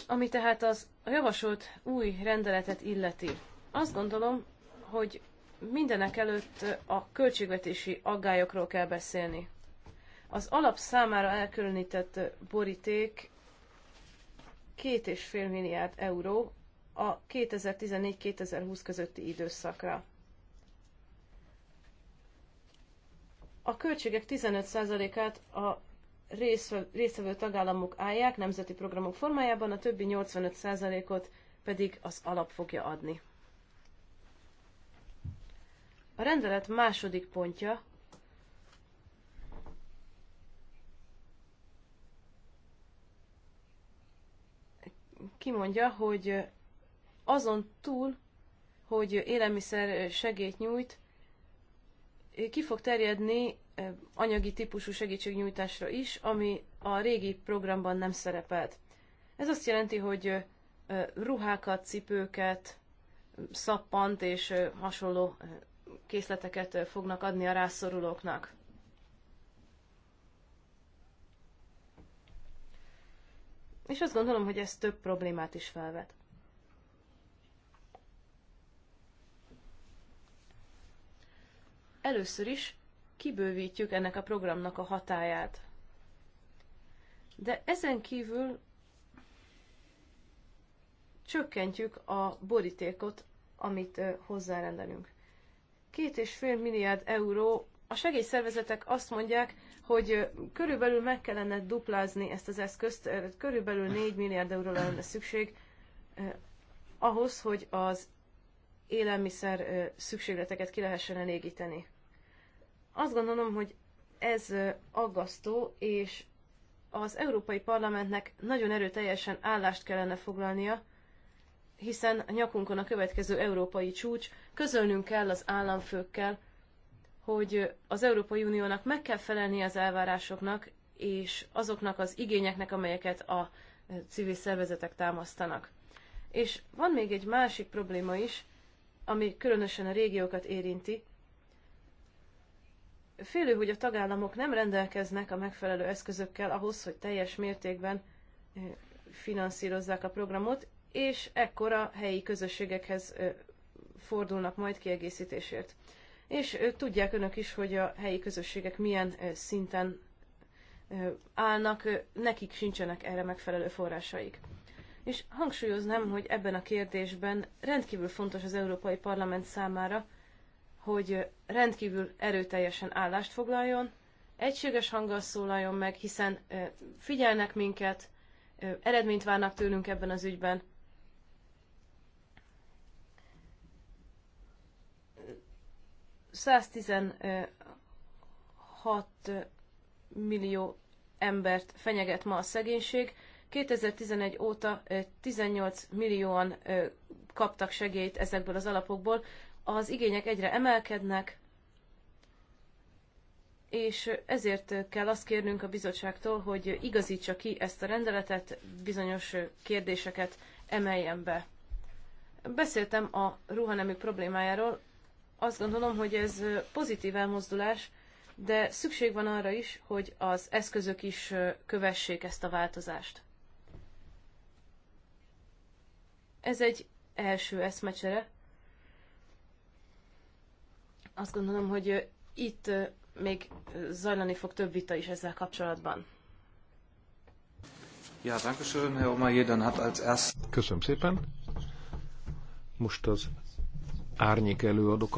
Ami tehát az a javasolt új rendeletet illeti. Azt gondolom, hogy mindenek előtt a költségvetési aggályokról kell beszélni. Az alap számára elkülönített boríték 2,5 milliárd euró a 2014-2020 közötti időszakra. A költségek 15%-át a résztvevő tagállamok állják nemzeti programok formájában, a többi 85%-ot pedig az alap fogja adni. A rendelet második pontja kimondja, hogy azon túl, hogy élelmiszer segélyt nyújt, ki fog terjedni anyagi típusú segítségnyújtásra is, ami a régi programban nem szerepelt. Ez azt jelenti, hogy ruhákat, cipőket, szappant és hasonló készleteket fognak adni a rászorulóknak. És azt gondolom, hogy ez több problémát is felvet. Először is kibővítjük ennek a programnak a hatáját. De ezen kívül csökkentjük a borítékot, amit hozzárendelünk. Két és fél milliárd euró. A segélyszervezetek azt mondják, hogy körülbelül meg kellene duplázni ezt az eszközt, körülbelül 4 milliárd euró lenne szükség ahhoz, hogy az élelmiszer szükségleteket ki lehessen elégíteni. Azt gondolom, hogy ez aggasztó, és az Európai Parlamentnek nagyon erőteljesen állást kellene foglalnia, hiszen a nyakunkon a következő európai csúcs, közölnünk kell az államfőkkel, hogy az Európai Uniónak meg kell felelni az elvárásoknak, és azoknak az igényeknek, amelyeket a civil szervezetek támasztanak. És van még egy másik probléma is, ami különösen a régiókat érinti. Félő, hogy a tagállamok nem rendelkeznek a megfelelő eszközökkel ahhoz, hogy teljes mértékben eh, finanszírozzák a programot, és ekkor a helyi közösségekhez fordulnak majd kiegészítésért. És tudják önök is, hogy a helyi közösségek milyen szinten állnak, nekik sincsenek erre megfelelő forrásaik. És hangsúlyoznám, hogy ebben a kérdésben rendkívül fontos az Európai Parlament számára, hogy rendkívül erőteljesen állást foglaljon, egységes hanggal szólaljon meg, hiszen figyelnek minket, eredményt várnak tőlünk ebben az ügyben, 116 millió embert fenyeget ma a szegénység. 2011 óta 18 millióan kaptak segélyt ezekből az alapokból. Az igények egyre emelkednek, és ezért kell azt kérnünk a bizottságtól, hogy igazítsa ki ezt a rendeletet, bizonyos kérdéseket emeljen be. Beszéltem a ruhanemű problémájáról, azt gondolom, hogy ez pozitív elmozdulás, de szükség van arra is, hogy az eszközök is kövessék ezt a változást. Ez egy első eszmecsere. Azt gondolom, hogy itt még zajlani fog több vita is ezzel kapcsolatban. Ja, danke schön, Herr Omayer, dann hat als erst... Köszönöm szépen. Most az árnyék előadó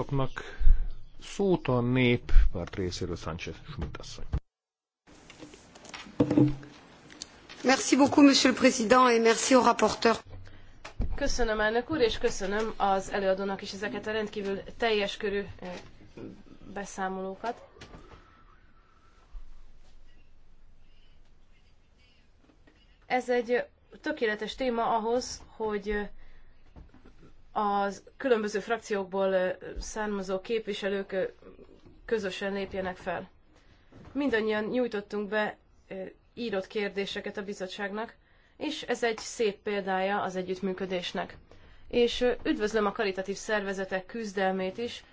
szót a nép párt részéről Sánchez Schmidt asszony. Merci beaucoup, monsieur le président, et merci au rapporteur. Köszönöm elnök úr, és köszönöm az előadónak is ezeket a rendkívül teljes körű eh, beszámolókat. Ez egy tökéletes téma ahhoz, hogy eh, a különböző frakciókból származó képviselők közösen lépjenek fel. Mindannyian nyújtottunk be írott kérdéseket a bizottságnak, és ez egy szép példája az együttműködésnek. És üdvözlöm a karitatív szervezetek küzdelmét is,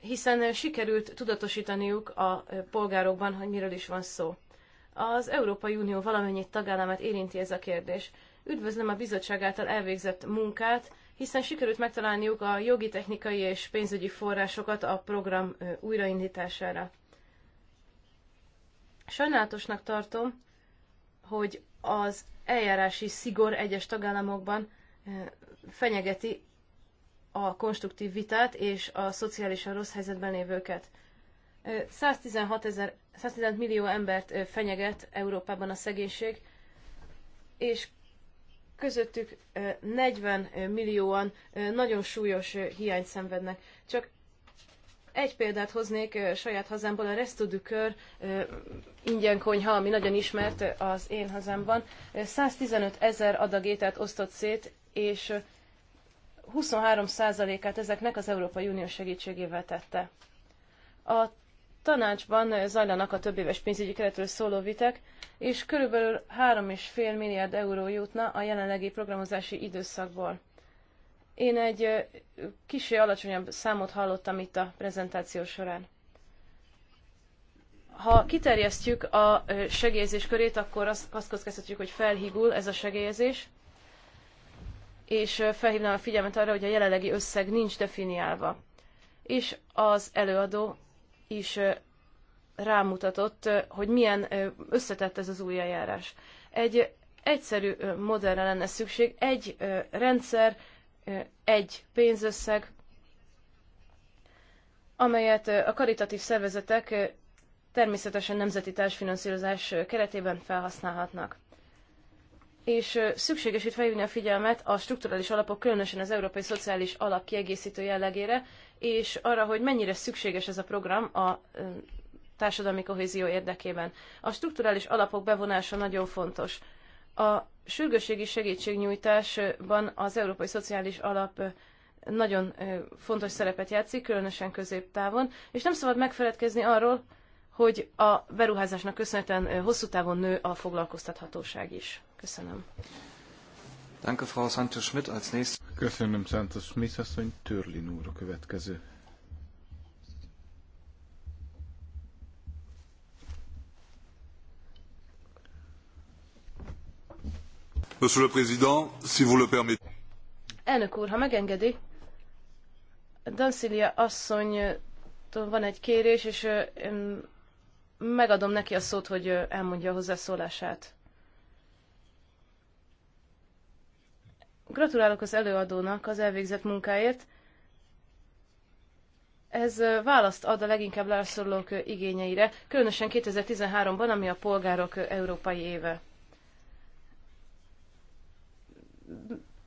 hiszen sikerült tudatosítaniuk a polgárokban, hogy miről is van szó. Az Európai Unió valamennyi tagállamát érinti ez a kérdés. Üdvözlöm a bizottság által elvégzett munkát, hiszen sikerült megtalálniuk a jogi, technikai és pénzügyi forrásokat a program újraindítására. Sajnálatosnak tartom, hogy az eljárási szigor egyes tagállamokban fenyegeti a konstruktív vitát és a szociálisan rossz helyzetben lévőket. 116, 000 116 millió embert fenyeget Európában a szegénység, és közöttük 40 millióan nagyon súlyos hiányt szenvednek. Csak egy példát hoznék saját hazámból, a resto Restudükör ingyen konyha, ami nagyon ismert az én hazámban. 115 ezer adag ételt osztott szét, és 23%-át ezeknek az Európai Unió segítségével tette. A tanácsban eh, zajlanak a több éves pénzügyi keretről szóló vitek, és körülbelül 3,5 milliárd euró jutna a jelenlegi programozási időszakból. Én egy eh, kicsi alacsonyabb számot hallottam itt a prezentáció során. Ha kiterjesztjük a eh, segélyezés körét, akkor azt, azt kockáztatjuk, hogy felhígul ez a segélyezés, és felhívnám a figyelmet arra, hogy a jelenlegi összeg nincs definiálva. És az előadó is rámutatott, hogy milyen összetett ez az új eljárás. Egy egyszerű modellre lenne szükség, egy rendszer, egy pénzösszeg, amelyet a karitatív szervezetek természetesen nemzeti társfinanszírozás keretében felhasználhatnak és szükséges itt felhívni a figyelmet a strukturális alapok, különösen az Európai Szociális Alap kiegészítő jellegére, és arra, hogy mennyire szükséges ez a program a társadalmi kohézió érdekében. A strukturális alapok bevonása nagyon fontos. A sürgősségi segítségnyújtásban az Európai Szociális Alap nagyon fontos szerepet játszik, különösen középtávon, és nem szabad megfeledkezni arról, hogy a beruházásnak köszönhetően hosszú távon nő a foglalkoztathatóság is. Köszönöm. Danke, Frau Santos Schmidt, als nächstes. Köszönöm, Santos Schmidt, asszony, Törlin úr a következő. Monsieur le Président, si vous le permettez. Elnök úr, ha megengedi, Dancilia asszony van egy kérés, és megadom neki a szót, hogy elmondja a hozzászólását. Gratulálok az előadónak az elvégzett munkáért. Ez választ ad a leginkább rászorulók igényeire, különösen 2013-ban, ami a polgárok európai éve.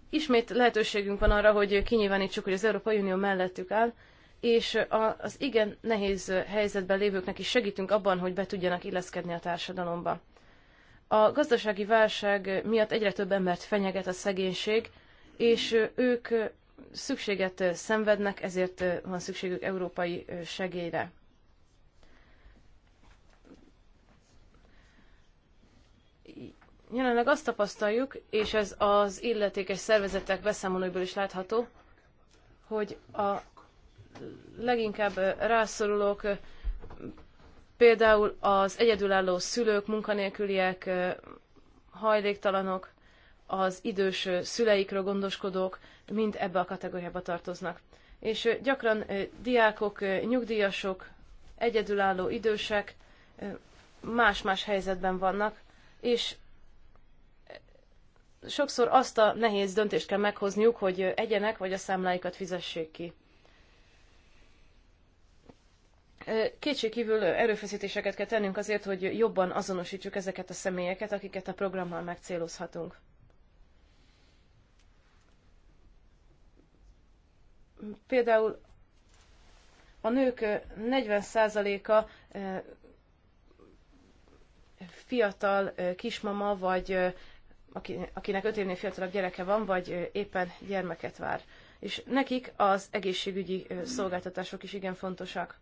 Ismét lehetőségünk van arra, hogy kinyilvánítsuk, hogy az Európai Unió mellettük áll, és az igen nehéz helyzetben lévőknek is segítünk abban, hogy be tudjanak illeszkedni a társadalomba. A gazdasági válság miatt egyre több embert fenyeget a szegénység, és ők szükséget szenvednek, ezért van szükségük európai segélyre. Jelenleg azt tapasztaljuk, és ez az illetékes szervezetek beszámolóiból is látható, hogy a leginkább rászorulók Például az egyedülálló szülők, munkanélküliek, hajléktalanok, az idős szüleikről gondoskodók mind ebbe a kategóriába tartoznak. És gyakran diákok, nyugdíjasok, egyedülálló idősek más-más helyzetben vannak, és sokszor azt a nehéz döntést kell meghozniuk, hogy egyenek, vagy a számláikat fizessék ki. Kétségkívül erőfeszítéseket kell tennünk azért, hogy jobban azonosítsuk ezeket a személyeket, akiket a programmal megcélozhatunk. Például a nők 40%-a fiatal kismama, vagy akinek 5 évnél fiatalabb gyereke van, vagy éppen gyermeket vár. És nekik az egészségügyi szolgáltatások is igen fontosak.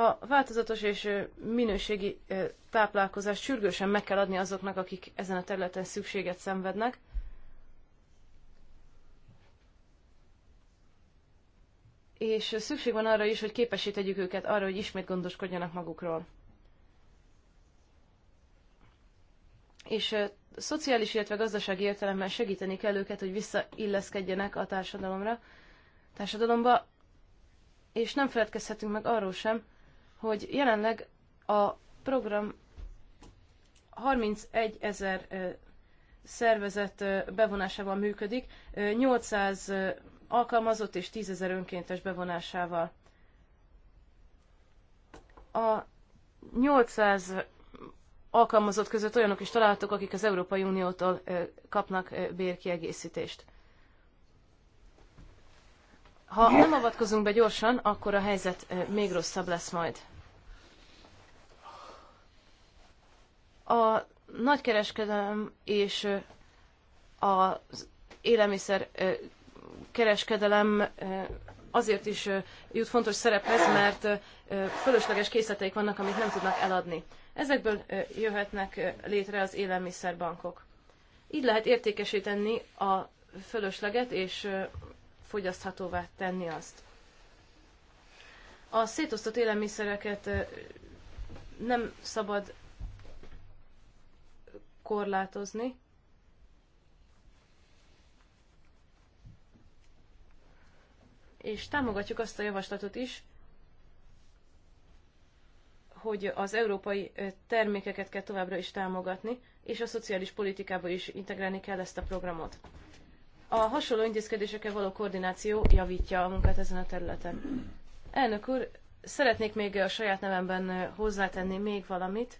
A változatos és minőségi táplálkozást sürgősen meg kell adni azoknak, akik ezen a területen szükséget szenvednek. És szükség van arra is, hogy képessé tegyük őket arra, hogy ismét gondoskodjanak magukról. És szociális, illetve gazdasági értelemben segíteni kell őket, hogy visszailleszkedjenek a társadalomra, társadalomba, és nem feledkezhetünk meg arról sem, hogy jelenleg a program 31 ezer szervezet bevonásával működik, 800 alkalmazott és 10 ezer önkéntes bevonásával. A 800 alkalmazott között olyanok is találtak, akik az Európai Uniótól kapnak bérkiegészítést. Ha nem avatkozunk be gyorsan, akkor a helyzet még rosszabb lesz majd. A nagykereskedelem és az élelmiszer kereskedelem azért is jut fontos szerephez, mert fölösleges készleteik vannak, amit nem tudnak eladni. Ezekből jöhetnek létre az élelmiszerbankok. Így lehet értékesíteni a fölösleget, és fogyaszthatóvá tenni azt. A szétosztott élelmiszereket nem szabad korlátozni. És támogatjuk azt a javaslatot is, hogy az európai termékeket kell továbbra is támogatni, és a szociális politikába is integrálni kell ezt a programot. A hasonló intézkedésekkel való koordináció javítja a munkát ezen a területen. Elnök úr, szeretnék még a saját nevemben hozzátenni még valamit.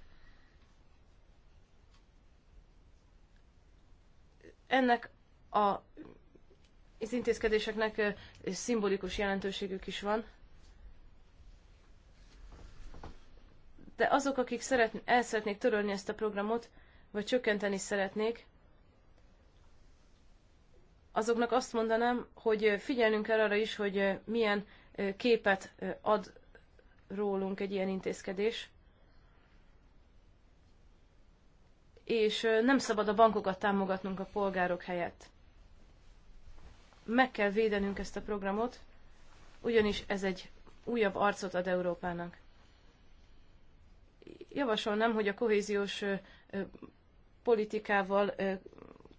Ennek a, az intézkedéseknek szimbolikus jelentőségük is van. De azok, akik szeretn- el szeretnék törölni ezt a programot, vagy csökkenteni szeretnék, azoknak azt mondanám, hogy figyelnünk kell arra is, hogy milyen képet ad rólunk egy ilyen intézkedés. És nem szabad a bankokat támogatnunk a polgárok helyett. Meg kell védenünk ezt a programot, ugyanis ez egy újabb arcot ad Európának. Javasolnám, hogy a kohéziós politikával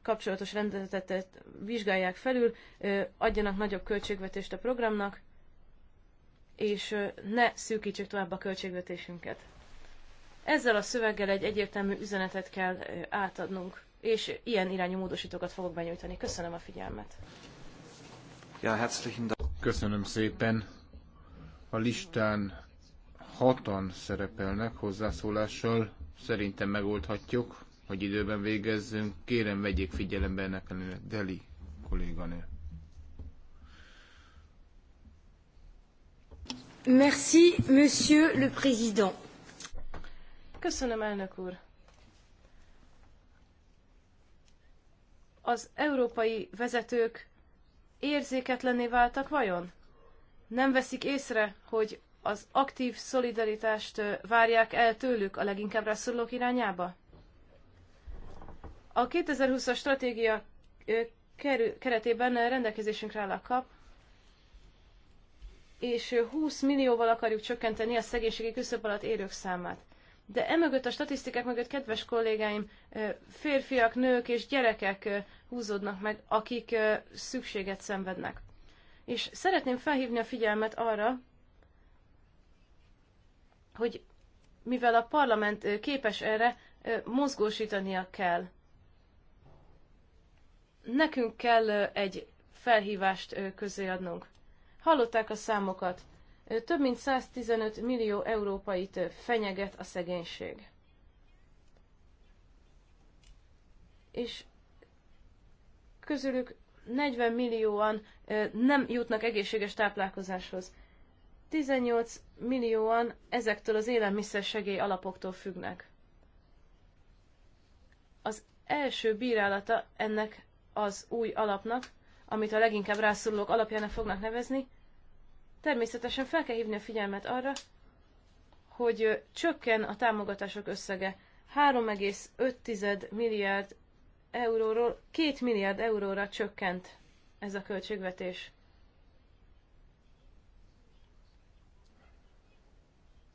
kapcsolatos rendezetet vizsgálják felül, adjanak nagyobb költségvetést a programnak, és ne szűkítsük tovább a költségvetésünket. Ezzel a szöveggel egy egyértelmű üzenetet kell átadnunk, és ilyen irányú módosítókat fogok benyújtani. Köszönöm a figyelmet. Ja, herzlichen Dank. Köszönöm szépen. A listán hatan szerepelnek hozzászólással. Szerintem megoldhatjuk hogy időben végezzünk. Kérem, vegyék figyelembe ennek a Deli kolléganő. Merci, monsieur le président. Köszönöm, elnök úr. Az európai vezetők érzéketlenné váltak vajon? Nem veszik észre, hogy az aktív szolidaritást várják el tőlük a leginkább rászorulók irányába? A 2020-as stratégia keretében rendelkezésünkre áll a kap, és 20 millióval akarjuk csökkenteni a szegénységi küszöb alatt élők számát. De emögött a statisztikák mögött, kedves kollégáim, férfiak, nők és gyerekek húzódnak meg, akik szükséget szenvednek. És szeretném felhívni a figyelmet arra, hogy mivel a parlament képes erre, mozgósítania kell nekünk kell egy felhívást közé adnunk. Hallották a számokat. Több mint 115 millió európait fenyeget a szegénység. És közülük 40 millióan nem jutnak egészséges táplálkozáshoz. 18 millióan ezektől az élelmiszersegély alapoktól függnek. Az első bírálata ennek az új alapnak, amit a leginkább rászorulók alapjának fognak nevezni, természetesen fel kell hívni a figyelmet arra, hogy csökken a támogatások összege. 3,5 milliárd euróról 2 milliárd euróra csökkent ez a költségvetés.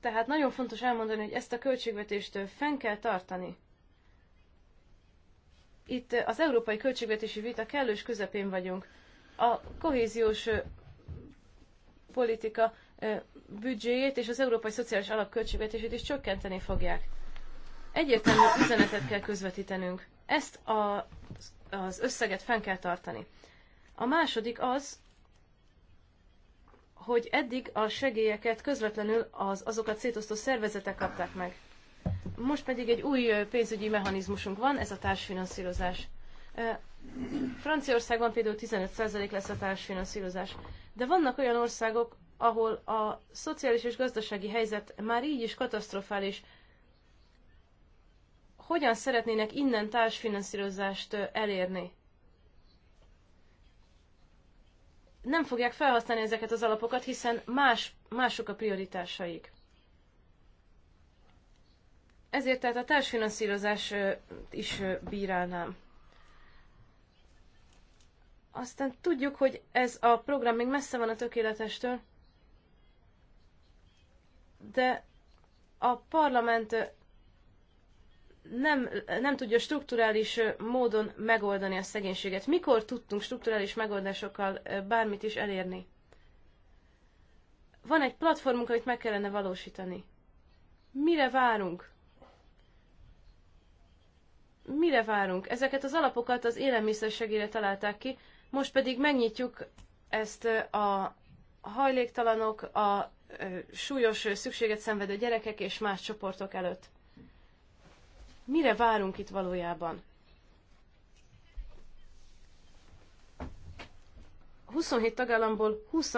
Tehát nagyon fontos elmondani, hogy ezt a költségvetést fenn kell tartani. Itt az európai költségvetési vita kellős közepén vagyunk. A kohéziós politika büdzséjét és az Európai Szociális Alap költségvetését is csökkenteni fogják. Egyértelmű üzenetet kell közvetítenünk. Ezt a, az összeget fenn kell tartani. A második az, hogy eddig a segélyeket közvetlenül az azokat szétosztó szervezetek kapták meg. Most pedig egy új pénzügyi mechanizmusunk van, ez a társfinanszírozás. Franciaországban például 15% lesz a társfinanszírozás. De vannak olyan országok, ahol a szociális és gazdasági helyzet már így is katasztrofális. Hogyan szeretnének innen társfinanszírozást elérni? Nem fogják felhasználni ezeket az alapokat, hiszen más, mások a prioritásaik. Ezért tehát a társfinanszírozás is bírálnám. Aztán tudjuk, hogy ez a program még messze van a tökéletestől, de a parlament nem, nem tudja strukturális módon megoldani a szegénységet. Mikor tudtunk strukturális megoldásokkal bármit is elérni? Van egy platformunk, amit meg kellene valósítani. Mire várunk? mire várunk? Ezeket az alapokat az élelmiszersegére találták ki, most pedig megnyitjuk ezt a hajléktalanok, a súlyos szükséget szenvedő gyerekek és más csoportok előtt. Mire várunk itt valójában? 27 tagállamból 20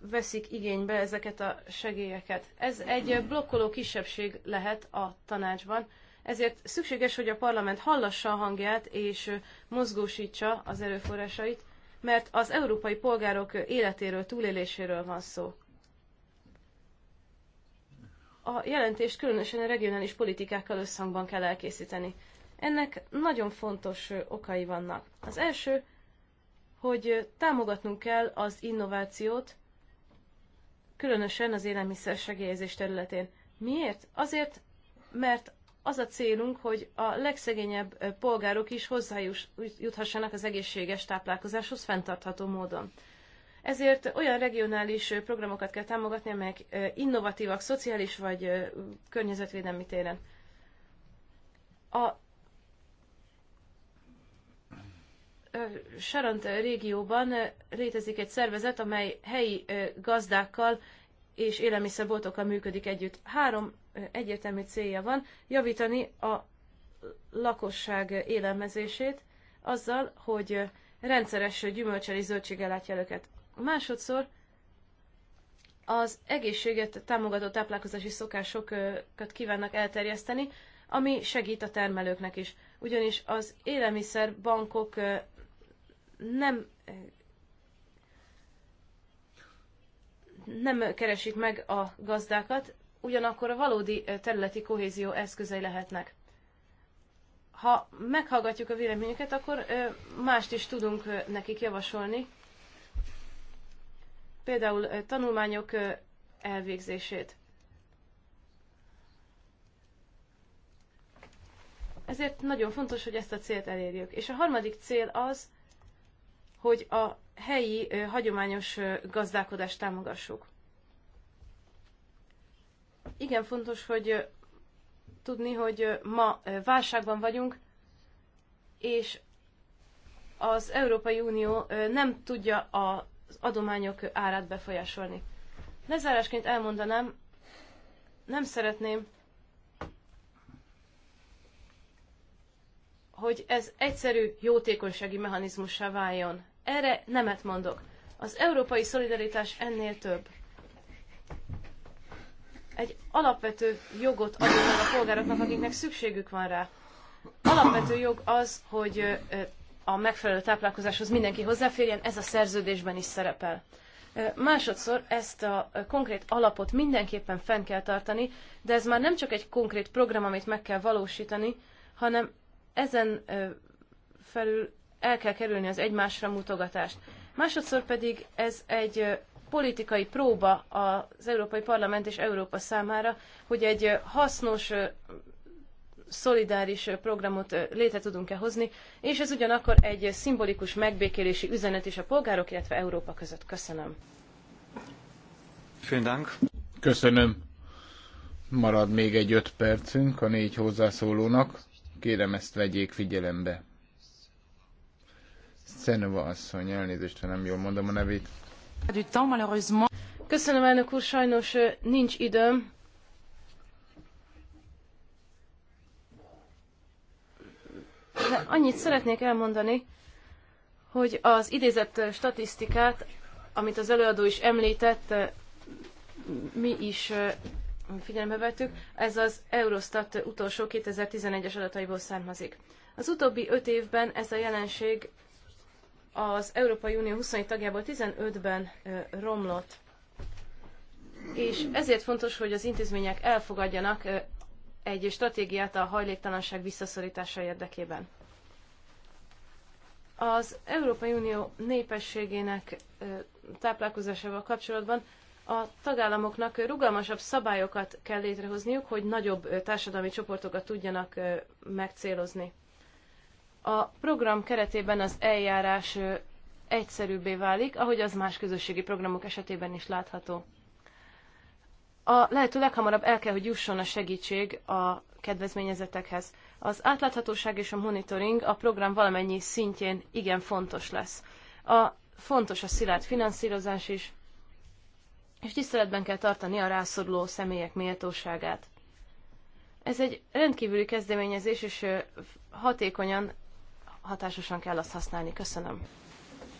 veszik igénybe ezeket a segélyeket. Ez egy blokkoló kisebbség lehet a tanácsban, ezért szükséges, hogy a parlament hallassa a hangját és mozgósítsa az erőforrásait, mert az európai polgárok életéről, túléléséről van szó. A jelentést különösen a regionális politikákkal összhangban kell elkészíteni. Ennek nagyon fontos okai vannak. Az első, hogy támogatnunk kell az innovációt, különösen az élelmiszer segélyezés területén. Miért? Azért, mert az a célunk, hogy a legszegényebb polgárok is hozzájuthassanak az egészséges táplálkozáshoz fenntartható módon. Ezért olyan regionális programokat kell támogatni, amelyek innovatívak, szociális vagy környezetvédelmi téren. A Sarant régióban létezik egy szervezet, amely helyi gazdákkal és élelmiszerboltokkal működik együtt. Három egyértelmű célja van, javítani a lakosság élelmezését azzal, hogy rendszeres gyümölcseli zöldséggel látja őket. Másodszor az egészséget támogató táplálkozási szokásokat kívánnak elterjeszteni, ami segít a termelőknek is. Ugyanis az élelmiszerbankok nem nem keresik meg a gazdákat, ugyanakkor a valódi területi kohézió eszközei lehetnek. Ha meghallgatjuk a véleményüket, akkor mást is tudunk nekik javasolni. Például tanulmányok elvégzését. Ezért nagyon fontos, hogy ezt a célt elérjük. És a harmadik cél az, hogy a helyi hagyományos gazdálkodást támogassuk. Igen fontos, hogy tudni, hogy ma válságban vagyunk, és az Európai Unió nem tudja az adományok árát befolyásolni. Lezárásként elmondanám, nem szeretném, hogy ez egyszerű jótékonysági mechanizmussá váljon. Erre nemet mondok. Az európai szolidaritás ennél több. Egy alapvető jogot adunk a polgároknak, akiknek szükségük van rá. Alapvető jog az, hogy a megfelelő táplálkozáshoz mindenki hozzáférjen, ez a szerződésben is szerepel. Másodszor ezt a konkrét alapot mindenképpen fenn kell tartani, de ez már nem csak egy konkrét program, amit meg kell valósítani, hanem ezen felül el kell kerülni az egymásra mutogatást. Másodszor pedig ez egy politikai próba az Európai Parlament és Európa számára, hogy egy hasznos, szolidáris programot létre tudunk-e hozni, és ez ugyanakkor egy szimbolikus megbékélési üzenet is a polgárok, illetve Európa között. Köszönöm. Köszönöm. Marad még egy öt percünk a négy hozzászólónak. Kérem ezt vegyék figyelembe. Szenova asszony, elnézést, ha nem jól mondom a nevét. Köszönöm, elnök úr, sajnos nincs időm. De annyit szeretnék elmondani, hogy az idézett statisztikát, amit az előadó is említett, mi is figyelembe vettük, ez az Eurostat utolsó 2011-es adataiból származik. Az utóbbi öt évben ez a jelenség az Európai Unió 27 tagjából 15-ben romlott. És ezért fontos, hogy az intézmények elfogadjanak egy stratégiát a hajléktalanság visszaszorítása érdekében. Az Európai Unió népességének táplálkozásával kapcsolatban a tagállamoknak rugalmasabb szabályokat kell létrehozniuk, hogy nagyobb társadalmi csoportokat tudjanak megcélozni. A program keretében az eljárás egyszerűbbé válik, ahogy az más közösségi programok esetében is látható. A lehető leghamarabb el kell, hogy jusson a segítség a kedvezményezetekhez. Az átláthatóság és a monitoring a program valamennyi szintjén igen fontos lesz. A fontos a szilárd finanszírozás is, és tiszteletben kell tartani a rászoruló személyek méltóságát. Ez egy rendkívüli kezdeményezés, és hatékonyan hatásosan kell azt használni. Köszönöm.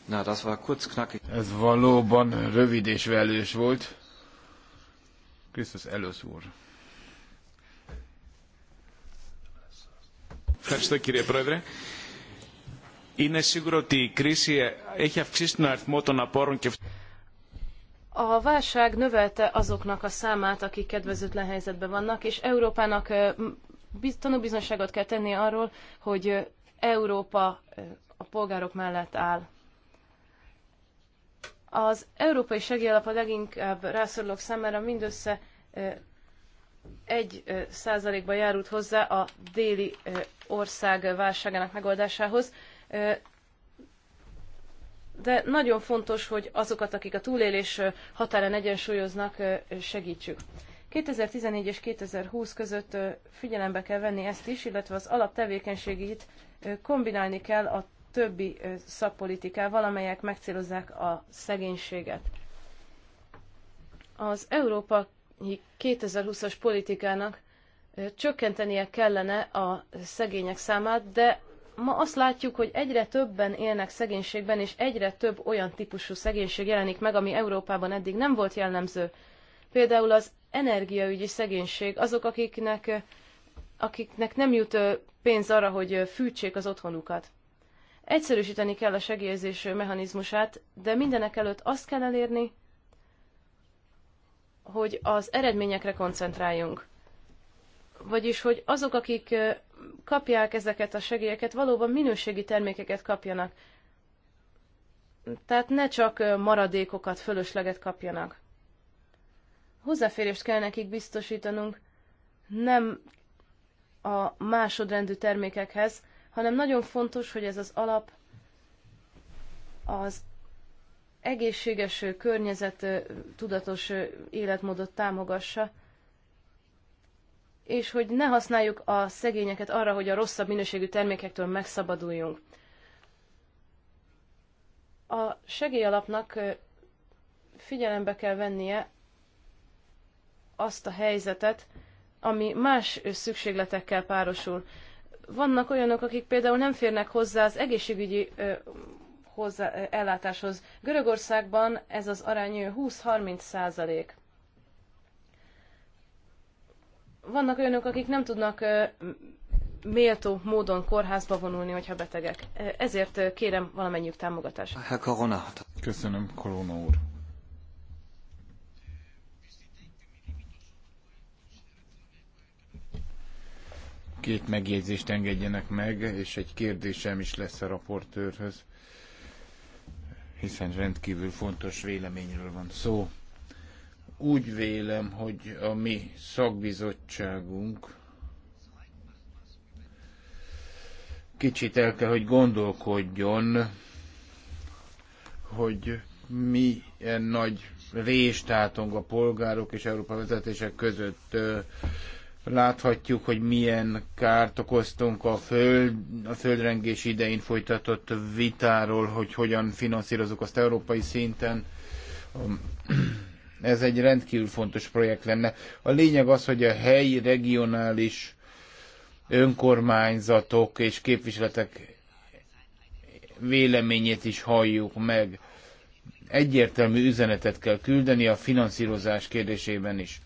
Na, das war kurz knackig. Ez valóban rövid és velős volt. Krisztus előszúr. úr. Ευχαριστώ κύριε Πρόεδρε. Είναι σίγουρο ότι η κρίση έχει αυξήσει τον αριθμό των απόρων και... A válság növelte azoknak a számát, akik kedvezőtlen helyzetben vannak, és Európának tanúbizonyságot kell tenni arról, hogy Európa a polgárok mellett áll. Az európai segélyalap a leginkább rászorulók számára mindössze egy százalékban járult hozzá a déli ország válságának megoldásához, de nagyon fontos, hogy azokat, akik a túlélés határán egyensúlyoznak, segítsük. 2014 és 2020 között figyelembe kell venni ezt is, illetve az alaptevékenységét kombinálni kell a többi szakpolitikával, amelyek megcélozzák a szegénységet. Az Európa 2020-as politikának csökkentenie kellene a szegények számát, de ma azt látjuk, hogy egyre többen élnek szegénységben, és egyre több olyan típusú szegénység jelenik meg, ami Európában eddig nem volt jellemző. Például az energiaügyi szegénység, azok, akiknek, akiknek nem jut pénz arra, hogy fűtsék az otthonukat. Egyszerűsíteni kell a segélyezés mechanizmusát, de mindenek előtt azt kell elérni, hogy az eredményekre koncentráljunk. Vagyis, hogy azok, akik kapják ezeket a segélyeket, valóban minőségi termékeket kapjanak. Tehát ne csak maradékokat, fölösleget kapjanak. Hozzáférést kell nekik biztosítanunk nem a másodrendű termékekhez, hanem nagyon fontos, hogy ez az alap az egészséges környezet tudatos életmódot támogassa, és hogy ne használjuk a szegényeket arra, hogy a rosszabb minőségű termékektől megszabaduljunk. A segélyalapnak figyelembe kell vennie azt a helyzetet, ami más szükségletekkel párosul. Vannak olyanok, akik például nem férnek hozzá az egészségügyi ö, hozzá, ö, ellátáshoz. Görögországban ez az arány 20-30 százalék. Vannak olyanok, akik nem tudnak ö, méltó módon kórházba vonulni, hogyha betegek. Ezért kérem valamennyiük támogatást. Köszönöm, Korona úr. Két megjegyzést engedjenek meg, és egy kérdésem is lesz a raportőrhöz, hiszen rendkívül fontos véleményről van szó. Úgy vélem, hogy a mi szakbizottságunk kicsit el kell, hogy gondolkodjon, hogy milyen nagy rést átong a polgárok és Európa vezetések között Láthatjuk, hogy milyen kárt okoztunk a, föld, a földrengés idején folytatott vitáról, hogy hogyan finanszírozunk azt európai szinten. Ez egy rendkívül fontos projekt lenne. A lényeg az, hogy a helyi, regionális önkormányzatok és képviseletek véleményét is halljuk meg. Egyértelmű üzenetet kell küldeni a finanszírozás kérdésében is.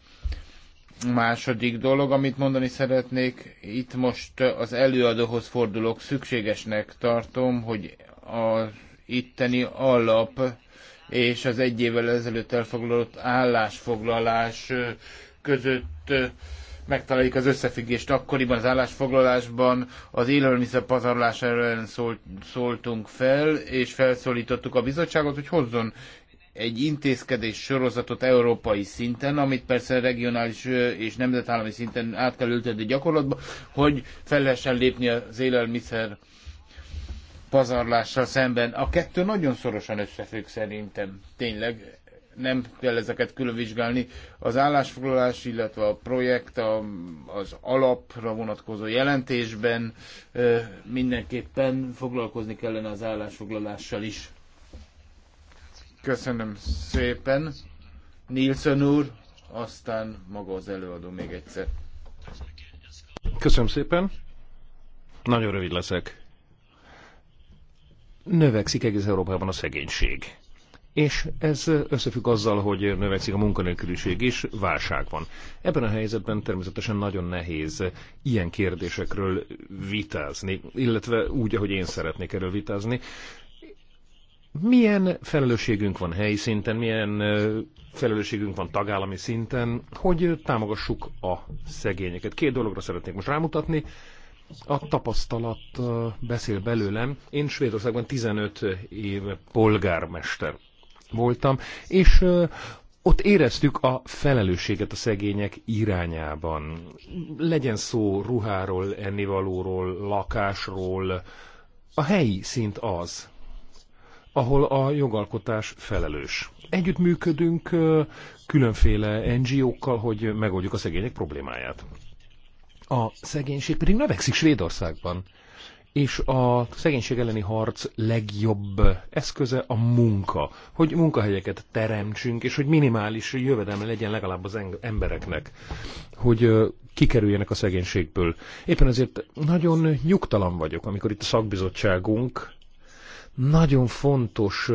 Második dolog, amit mondani szeretnék, itt most az előadóhoz fordulok, szükségesnek tartom, hogy az itteni alap és az egy évvel ezelőtt elfoglalott állásfoglalás között megtaláljuk az összefüggést. Akkoriban az állásfoglalásban az élelmiszer pazarlás ellen szólt, szóltunk fel, és felszólítottuk a bizottságot, hogy hozzon egy intézkedés sorozatot európai szinten, amit persze regionális és nemzetállami szinten át kell ültetni gyakorlatba, hogy fel lehessen lépni az élelmiszer pazarlással szemben. A kettő nagyon szorosan összefügg szerintem, tényleg nem kell ezeket külön vizsgálni. Az állásfoglalás, illetve a projekt a, az alapra vonatkozó jelentésben mindenképpen foglalkozni kellene az állásfoglalással is. Köszönöm szépen. Nilsson úr, aztán maga az előadó még egyszer. Köszönöm szépen. Nagyon rövid leszek. Növekszik egész Európában a szegénység. És ez összefügg azzal, hogy növekszik a munkanélküliség is, válság van. Ebben a helyzetben természetesen nagyon nehéz ilyen kérdésekről vitázni, illetve úgy, ahogy én szeretnék erről vitázni, milyen felelősségünk van helyi szinten, milyen felelősségünk van tagállami szinten, hogy támogassuk a szegényeket. Két dologra szeretnék most rámutatni. A tapasztalat beszél belőlem. Én Svédországban 15 év polgármester voltam, és ott éreztük a felelősséget a szegények irányában. Legyen szó ruháról, ennivalóról, lakásról. A helyi szint az, ahol a jogalkotás felelős. Együttműködünk különféle NGO-kkal, hogy megoldjuk a szegények problémáját. A szegénység pedig növekszik Svédországban, és a szegénység elleni harc legjobb eszköze a munka, hogy munkahelyeket teremtsünk, és hogy minimális jövedelme legyen legalább az embereknek, hogy kikerüljenek a szegénységből. Éppen ezért nagyon nyugtalan vagyok, amikor itt a szakbizottságunk nagyon fontos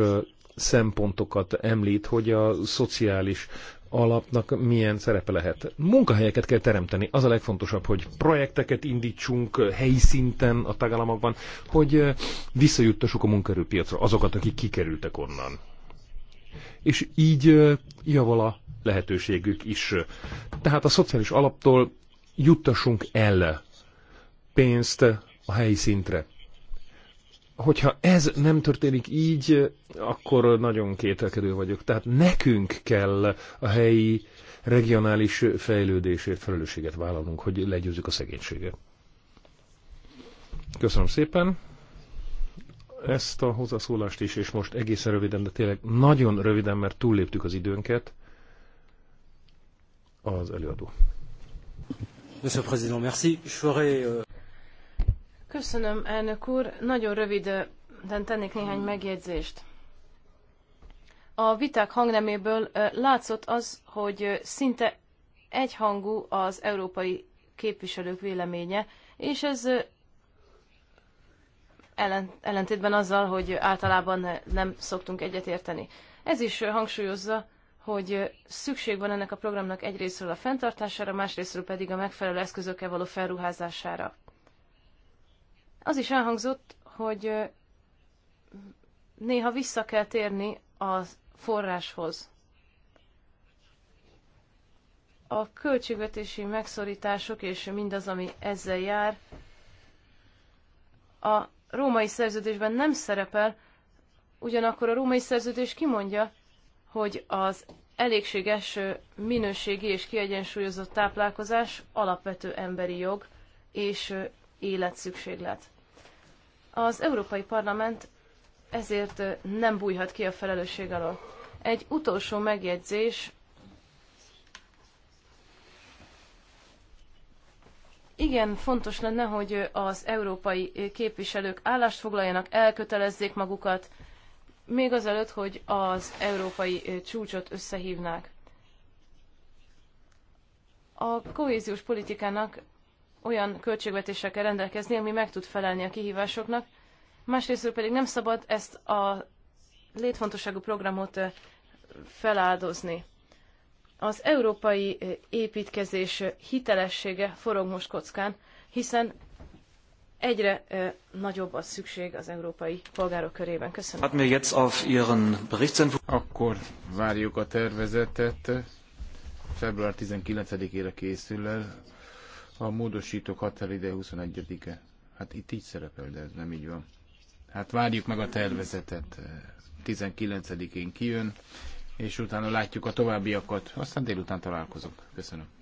szempontokat említ, hogy a szociális alapnak milyen szerepe lehet. Munkahelyeket kell teremteni. Az a legfontosabb, hogy projekteket indítsunk helyi szinten a tagállamokban, hogy visszajuttassuk a munkaerőpiacra azokat, akik kikerültek onnan. És így javala lehetőségük is. Tehát a szociális alaptól juttassunk el pénzt a helyi szintre hogyha ez nem történik így, akkor nagyon kételkedő vagyok. Tehát nekünk kell a helyi regionális fejlődésért felelősséget vállalnunk, hogy legyőzzük a szegénységet. Köszönöm szépen ezt a hozzászólást is, és most egészen röviden, de tényleg nagyon röviden, mert túlléptük az időnket. Az előadó. Monsieur le Président, merci. Je ferai, euh, Köszönöm, elnök úr. Nagyon röviden tennék néhány megjegyzést. A viták hangneméből látszott az, hogy szinte egyhangú az európai képviselők véleménye, és ez ellentétben azzal, hogy általában nem szoktunk egyetérteni. Ez is hangsúlyozza, hogy szükség van ennek a programnak egyrésztről a fenntartására, másrésztről pedig a megfelelő eszközökkel való felruházására. Az is elhangzott, hogy néha vissza kell térni a forráshoz. A költségvetési megszorítások és mindaz, ami ezzel jár, a római szerződésben nem szerepel, ugyanakkor a római szerződés kimondja, hogy az elégséges minőségi és kiegyensúlyozott táplálkozás alapvető emberi jog és életszükséglet. Az Európai Parlament ezért nem bújhat ki a felelősség alól. Egy utolsó megjegyzés. Igen, fontos lenne, hogy az európai képviselők állást foglaljanak, elkötelezzék magukat, még azelőtt, hogy az európai csúcsot összehívnák. A kohéziós politikának olyan költségvetéssel kell rendelkezni, ami meg tud felelni a kihívásoknak, Másrészt pedig nem szabad ezt a létfontosságú programot feláldozni. Az európai építkezés hitelessége forog most kockán, hiszen egyre nagyobb a szükség az európai polgárok körében. Köszönöm. Hát még jetzt auf Ihren Berichtsentwurf. Akkor várjuk a tervezetet. Február 19-ére készül el a módosítók határideje 21-e. Hát itt így szerepel, de ez nem így van. Hát várjuk meg a tervezetet. 19-én kijön, és utána látjuk a továbbiakat. Aztán délután találkozunk. Köszönöm.